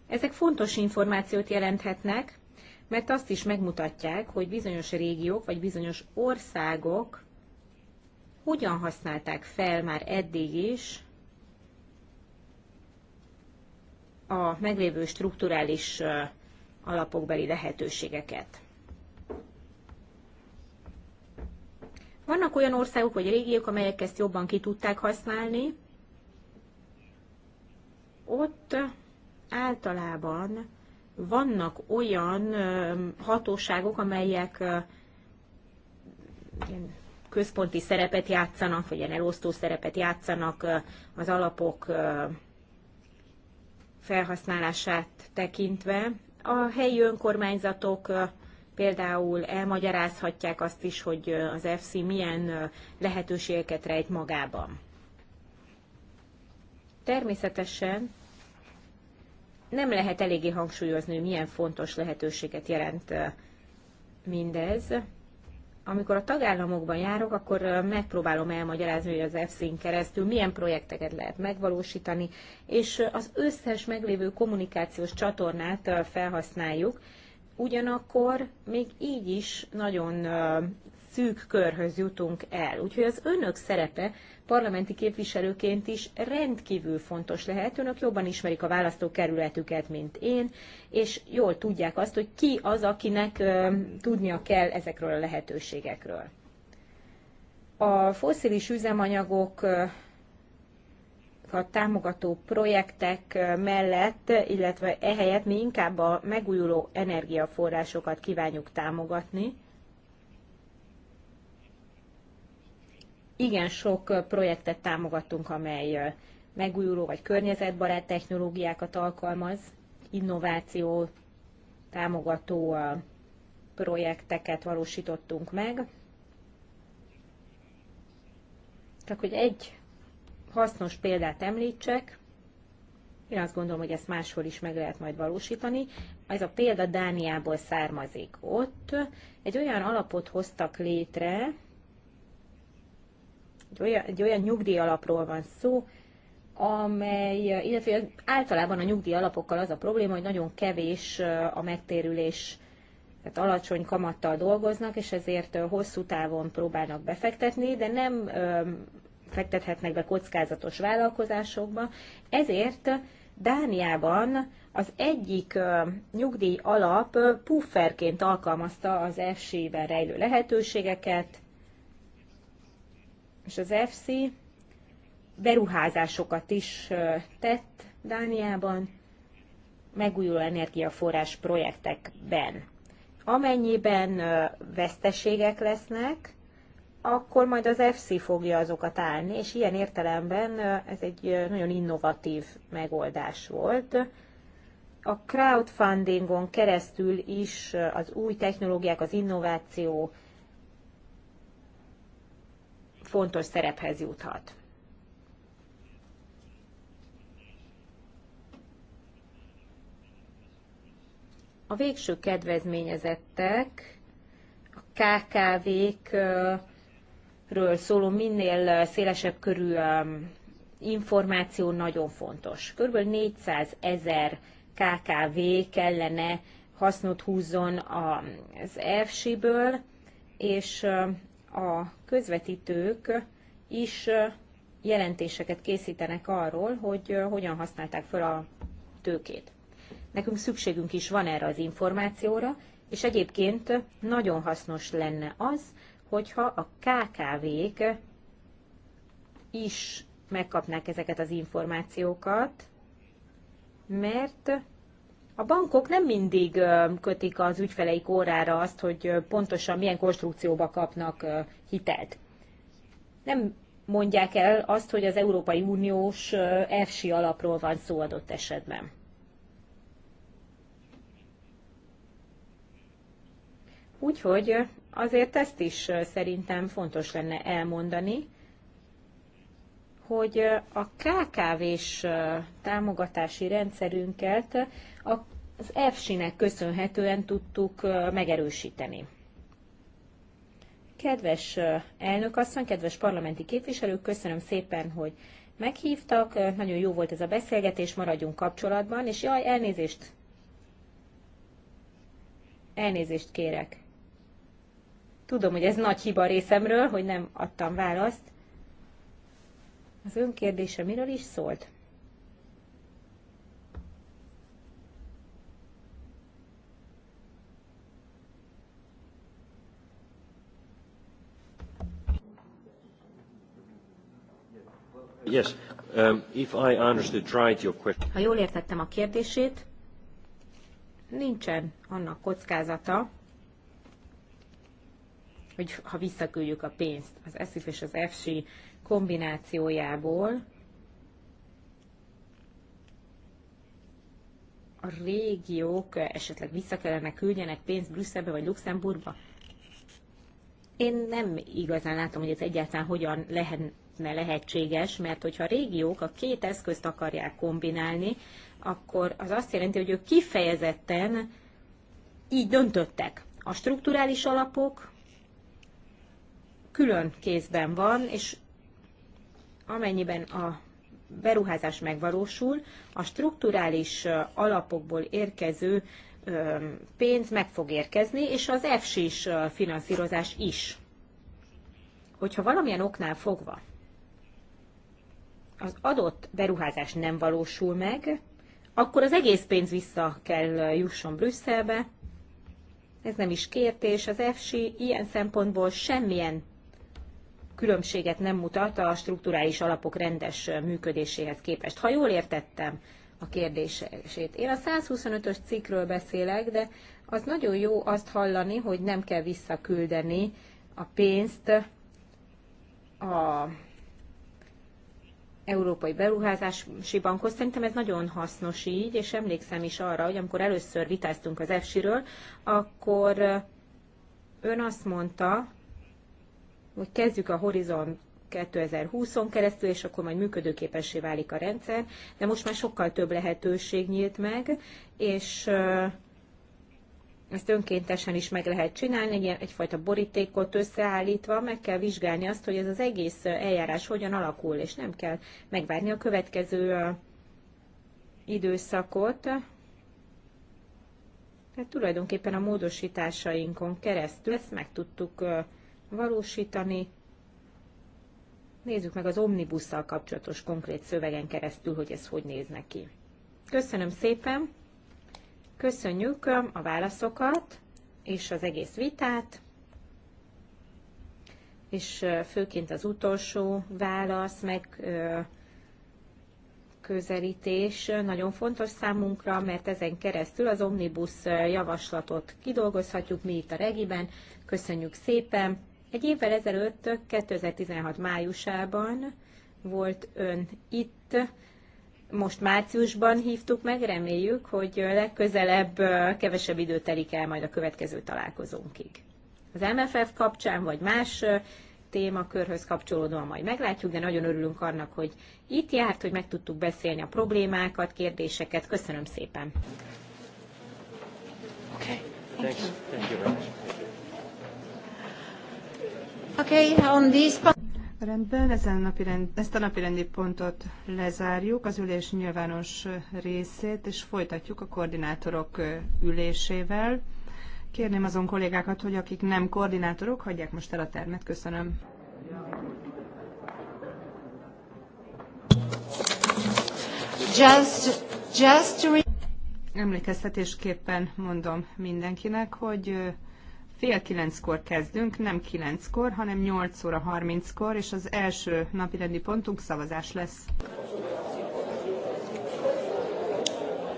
Ezek fontos információt jelenthetnek, mert azt is megmutatják, hogy bizonyos régiók vagy bizonyos országok hogyan használták fel már eddig is a meglévő strukturális alapokbeli lehetőségeket. Vannak olyan országok vagy régiók, amelyek ezt jobban ki tudták használni. Ott általában vannak olyan hatóságok, amelyek központi szerepet játszanak, vagy ilyen elosztó szerepet játszanak az alapok felhasználását tekintve. A helyi önkormányzatok például elmagyarázhatják azt is, hogy az FC milyen lehetőségeket rejt magában. Természetesen nem lehet eléggé hangsúlyozni, hogy milyen fontos lehetőséget jelent mindez. Amikor a tagállamokban járok, akkor megpróbálom elmagyarázni, hogy az EFSZ-n keresztül milyen projekteket lehet megvalósítani, és az összes meglévő kommunikációs csatornát felhasználjuk, ugyanakkor még így is nagyon szűk körhöz jutunk el. Úgyhogy az önök szerepe parlamenti képviselőként is rendkívül fontos lehet. Önök jobban ismerik a választókerületüket, mint én, és jól tudják azt, hogy ki az, akinek tudnia kell ezekről a lehetőségekről. A foszilis üzemanyagok a támogató projektek mellett, illetve ehelyett mi inkább a megújuló energiaforrásokat kívánjuk támogatni, igen sok projektet támogatunk, amely megújuló vagy környezetbarát technológiákat alkalmaz, innováció támogató projekteket valósítottunk meg. Csak hogy egy hasznos példát említsek, én azt gondolom, hogy ezt máshol is meg lehet majd valósítani. Ez a példa Dániából származik. Ott egy olyan alapot hoztak létre, egy olyan, egy olyan nyugdíjalapról van szó, amely, illetve általában a nyugdíjalapokkal az a probléma, hogy nagyon kevés a megtérülés, tehát alacsony kamattal dolgoznak, és ezért hosszú távon próbálnak befektetni, de nem fektethetnek be kockázatos vállalkozásokba. Ezért Dániában az egyik nyugdíj alap pufferként alkalmazta az első rejlő lehetőségeket, és az FC beruházásokat is tett Dániában megújuló energiaforrás projektekben. Amennyiben veszteségek lesznek, akkor majd az FC fogja azokat állni, és ilyen értelemben ez egy nagyon innovatív megoldás volt. A crowdfundingon keresztül is az új technológiák, az innováció fontos szerephez juthat. A végső kedvezményezettek a KKV-kről szóló minél szélesebb körű um, információ nagyon fontos. Körülbelül 400 ezer KKV kellene hasznot húzzon az EFSI-ből, és um, a közvetítők is jelentéseket készítenek arról, hogy hogyan használták fel a tőkét. Nekünk szükségünk is van erre az információra, és egyébként nagyon hasznos lenne az, hogyha a KKV-k is megkapnák ezeket az információkat, mert a bankok nem mindig kötik az ügyfeleik órára azt, hogy pontosan milyen konstrukcióba kapnak hitelt. Nem mondják el azt, hogy az Európai Uniós EFSI alapról van szó adott esetben. Úgyhogy azért ezt is szerintem fontos lenne elmondani, hogy a KKV-s támogatási rendszerünket az EFSI-nek köszönhetően tudtuk megerősíteni. Kedves elnökasszony, kedves parlamenti képviselők, köszönöm szépen, hogy meghívtak, nagyon jó volt ez a beszélgetés, maradjunk kapcsolatban, és jaj, elnézést! Elnézést kérek. Tudom, hogy ez nagy hiba részemről, hogy nem adtam választ. Az önkérdése miről is szólt? Yes. Um, if I understood right your question. Ha jól értettem a kérdését, nincsen annak kockázata, hogy ha visszaküldjük a pénzt az ESZIF és az EFSI kombinációjából, a régiók esetleg vissza kellene küldjenek pénzt Brüsszelbe vagy Luxemburgba? Én nem igazán látom, hogy ez egyáltalán hogyan lehet, lehetne lehetséges, mert hogyha a régiók a két eszközt akarják kombinálni, akkor az azt jelenti, hogy ők kifejezetten így döntöttek. A strukturális alapok külön kézben van, és amennyiben a beruházás megvalósul, a strukturális alapokból érkező pénz meg fog érkezni, és az EFSI-s finanszírozás is. Hogyha valamilyen oknál fogva az adott beruházás nem valósul meg, akkor az egész pénz vissza kell jusson Brüsszelbe. Ez nem is kérdés, Az EFSI ilyen szempontból semmilyen különbséget nem mutat a strukturális alapok rendes működéséhez képest. Ha jól értettem a kérdését. Én a 125-ös cikkről beszélek, de az nagyon jó azt hallani, hogy nem kell visszaküldeni a pénzt a Európai Beruházási Bankhoz. Szerintem ez nagyon hasznos így, és emlékszem is arra, hogy amikor először vitáztunk az EFSI-ről, akkor ön azt mondta, hogy kezdjük a Horizon 2020-on keresztül, és akkor majd működőképessé válik a rendszer, de most már sokkal több lehetőség nyílt meg, és ezt önkéntesen is meg lehet csinálni, egy, egyfajta borítékot összeállítva, meg kell vizsgálni azt, hogy ez az egész eljárás hogyan alakul, és nem kell megvárni a következő időszakot. Tehát tulajdonképpen a módosításainkon keresztül ezt meg tudtuk valósítani. Nézzük meg az omnibusszal kapcsolatos konkrét szövegen keresztül, hogy ez hogy néz neki. Köszönöm szépen! Köszönjük a válaszokat és az egész vitát, és főként az utolsó válasz, meg megközelítés nagyon fontos számunkra, mert ezen keresztül az omnibus javaslatot kidolgozhatjuk mi itt a regiben. Köszönjük szépen! Egy évvel ezelőtt, 2016 májusában volt ön itt, most márciusban hívtuk meg, reméljük, hogy legközelebb kevesebb idő telik el majd a következő találkozónkig. Az MFF kapcsán, vagy más témakörhöz kapcsolódóan majd meglátjuk, de nagyon örülünk annak, hogy itt járt, hogy meg tudtuk beszélni a problémákat, kérdéseket. Köszönöm szépen! Okay. Thank you. Thank you very much. Okay, on this Rendben, ezen napi rend, ezt a napirendi pontot lezárjuk, az ülés nyilvános részét, és folytatjuk a koordinátorok ülésével. Kérném azon kollégákat, hogy akik nem koordinátorok, hagyják most el a termet. Köszönöm. Just, just to... Emlékeztetésképpen mondom mindenkinek, hogy Fél kilenckor kezdünk, nem kilenckor, hanem 8 óra 30-kor, és az első napi rendi pontunk szavazás lesz.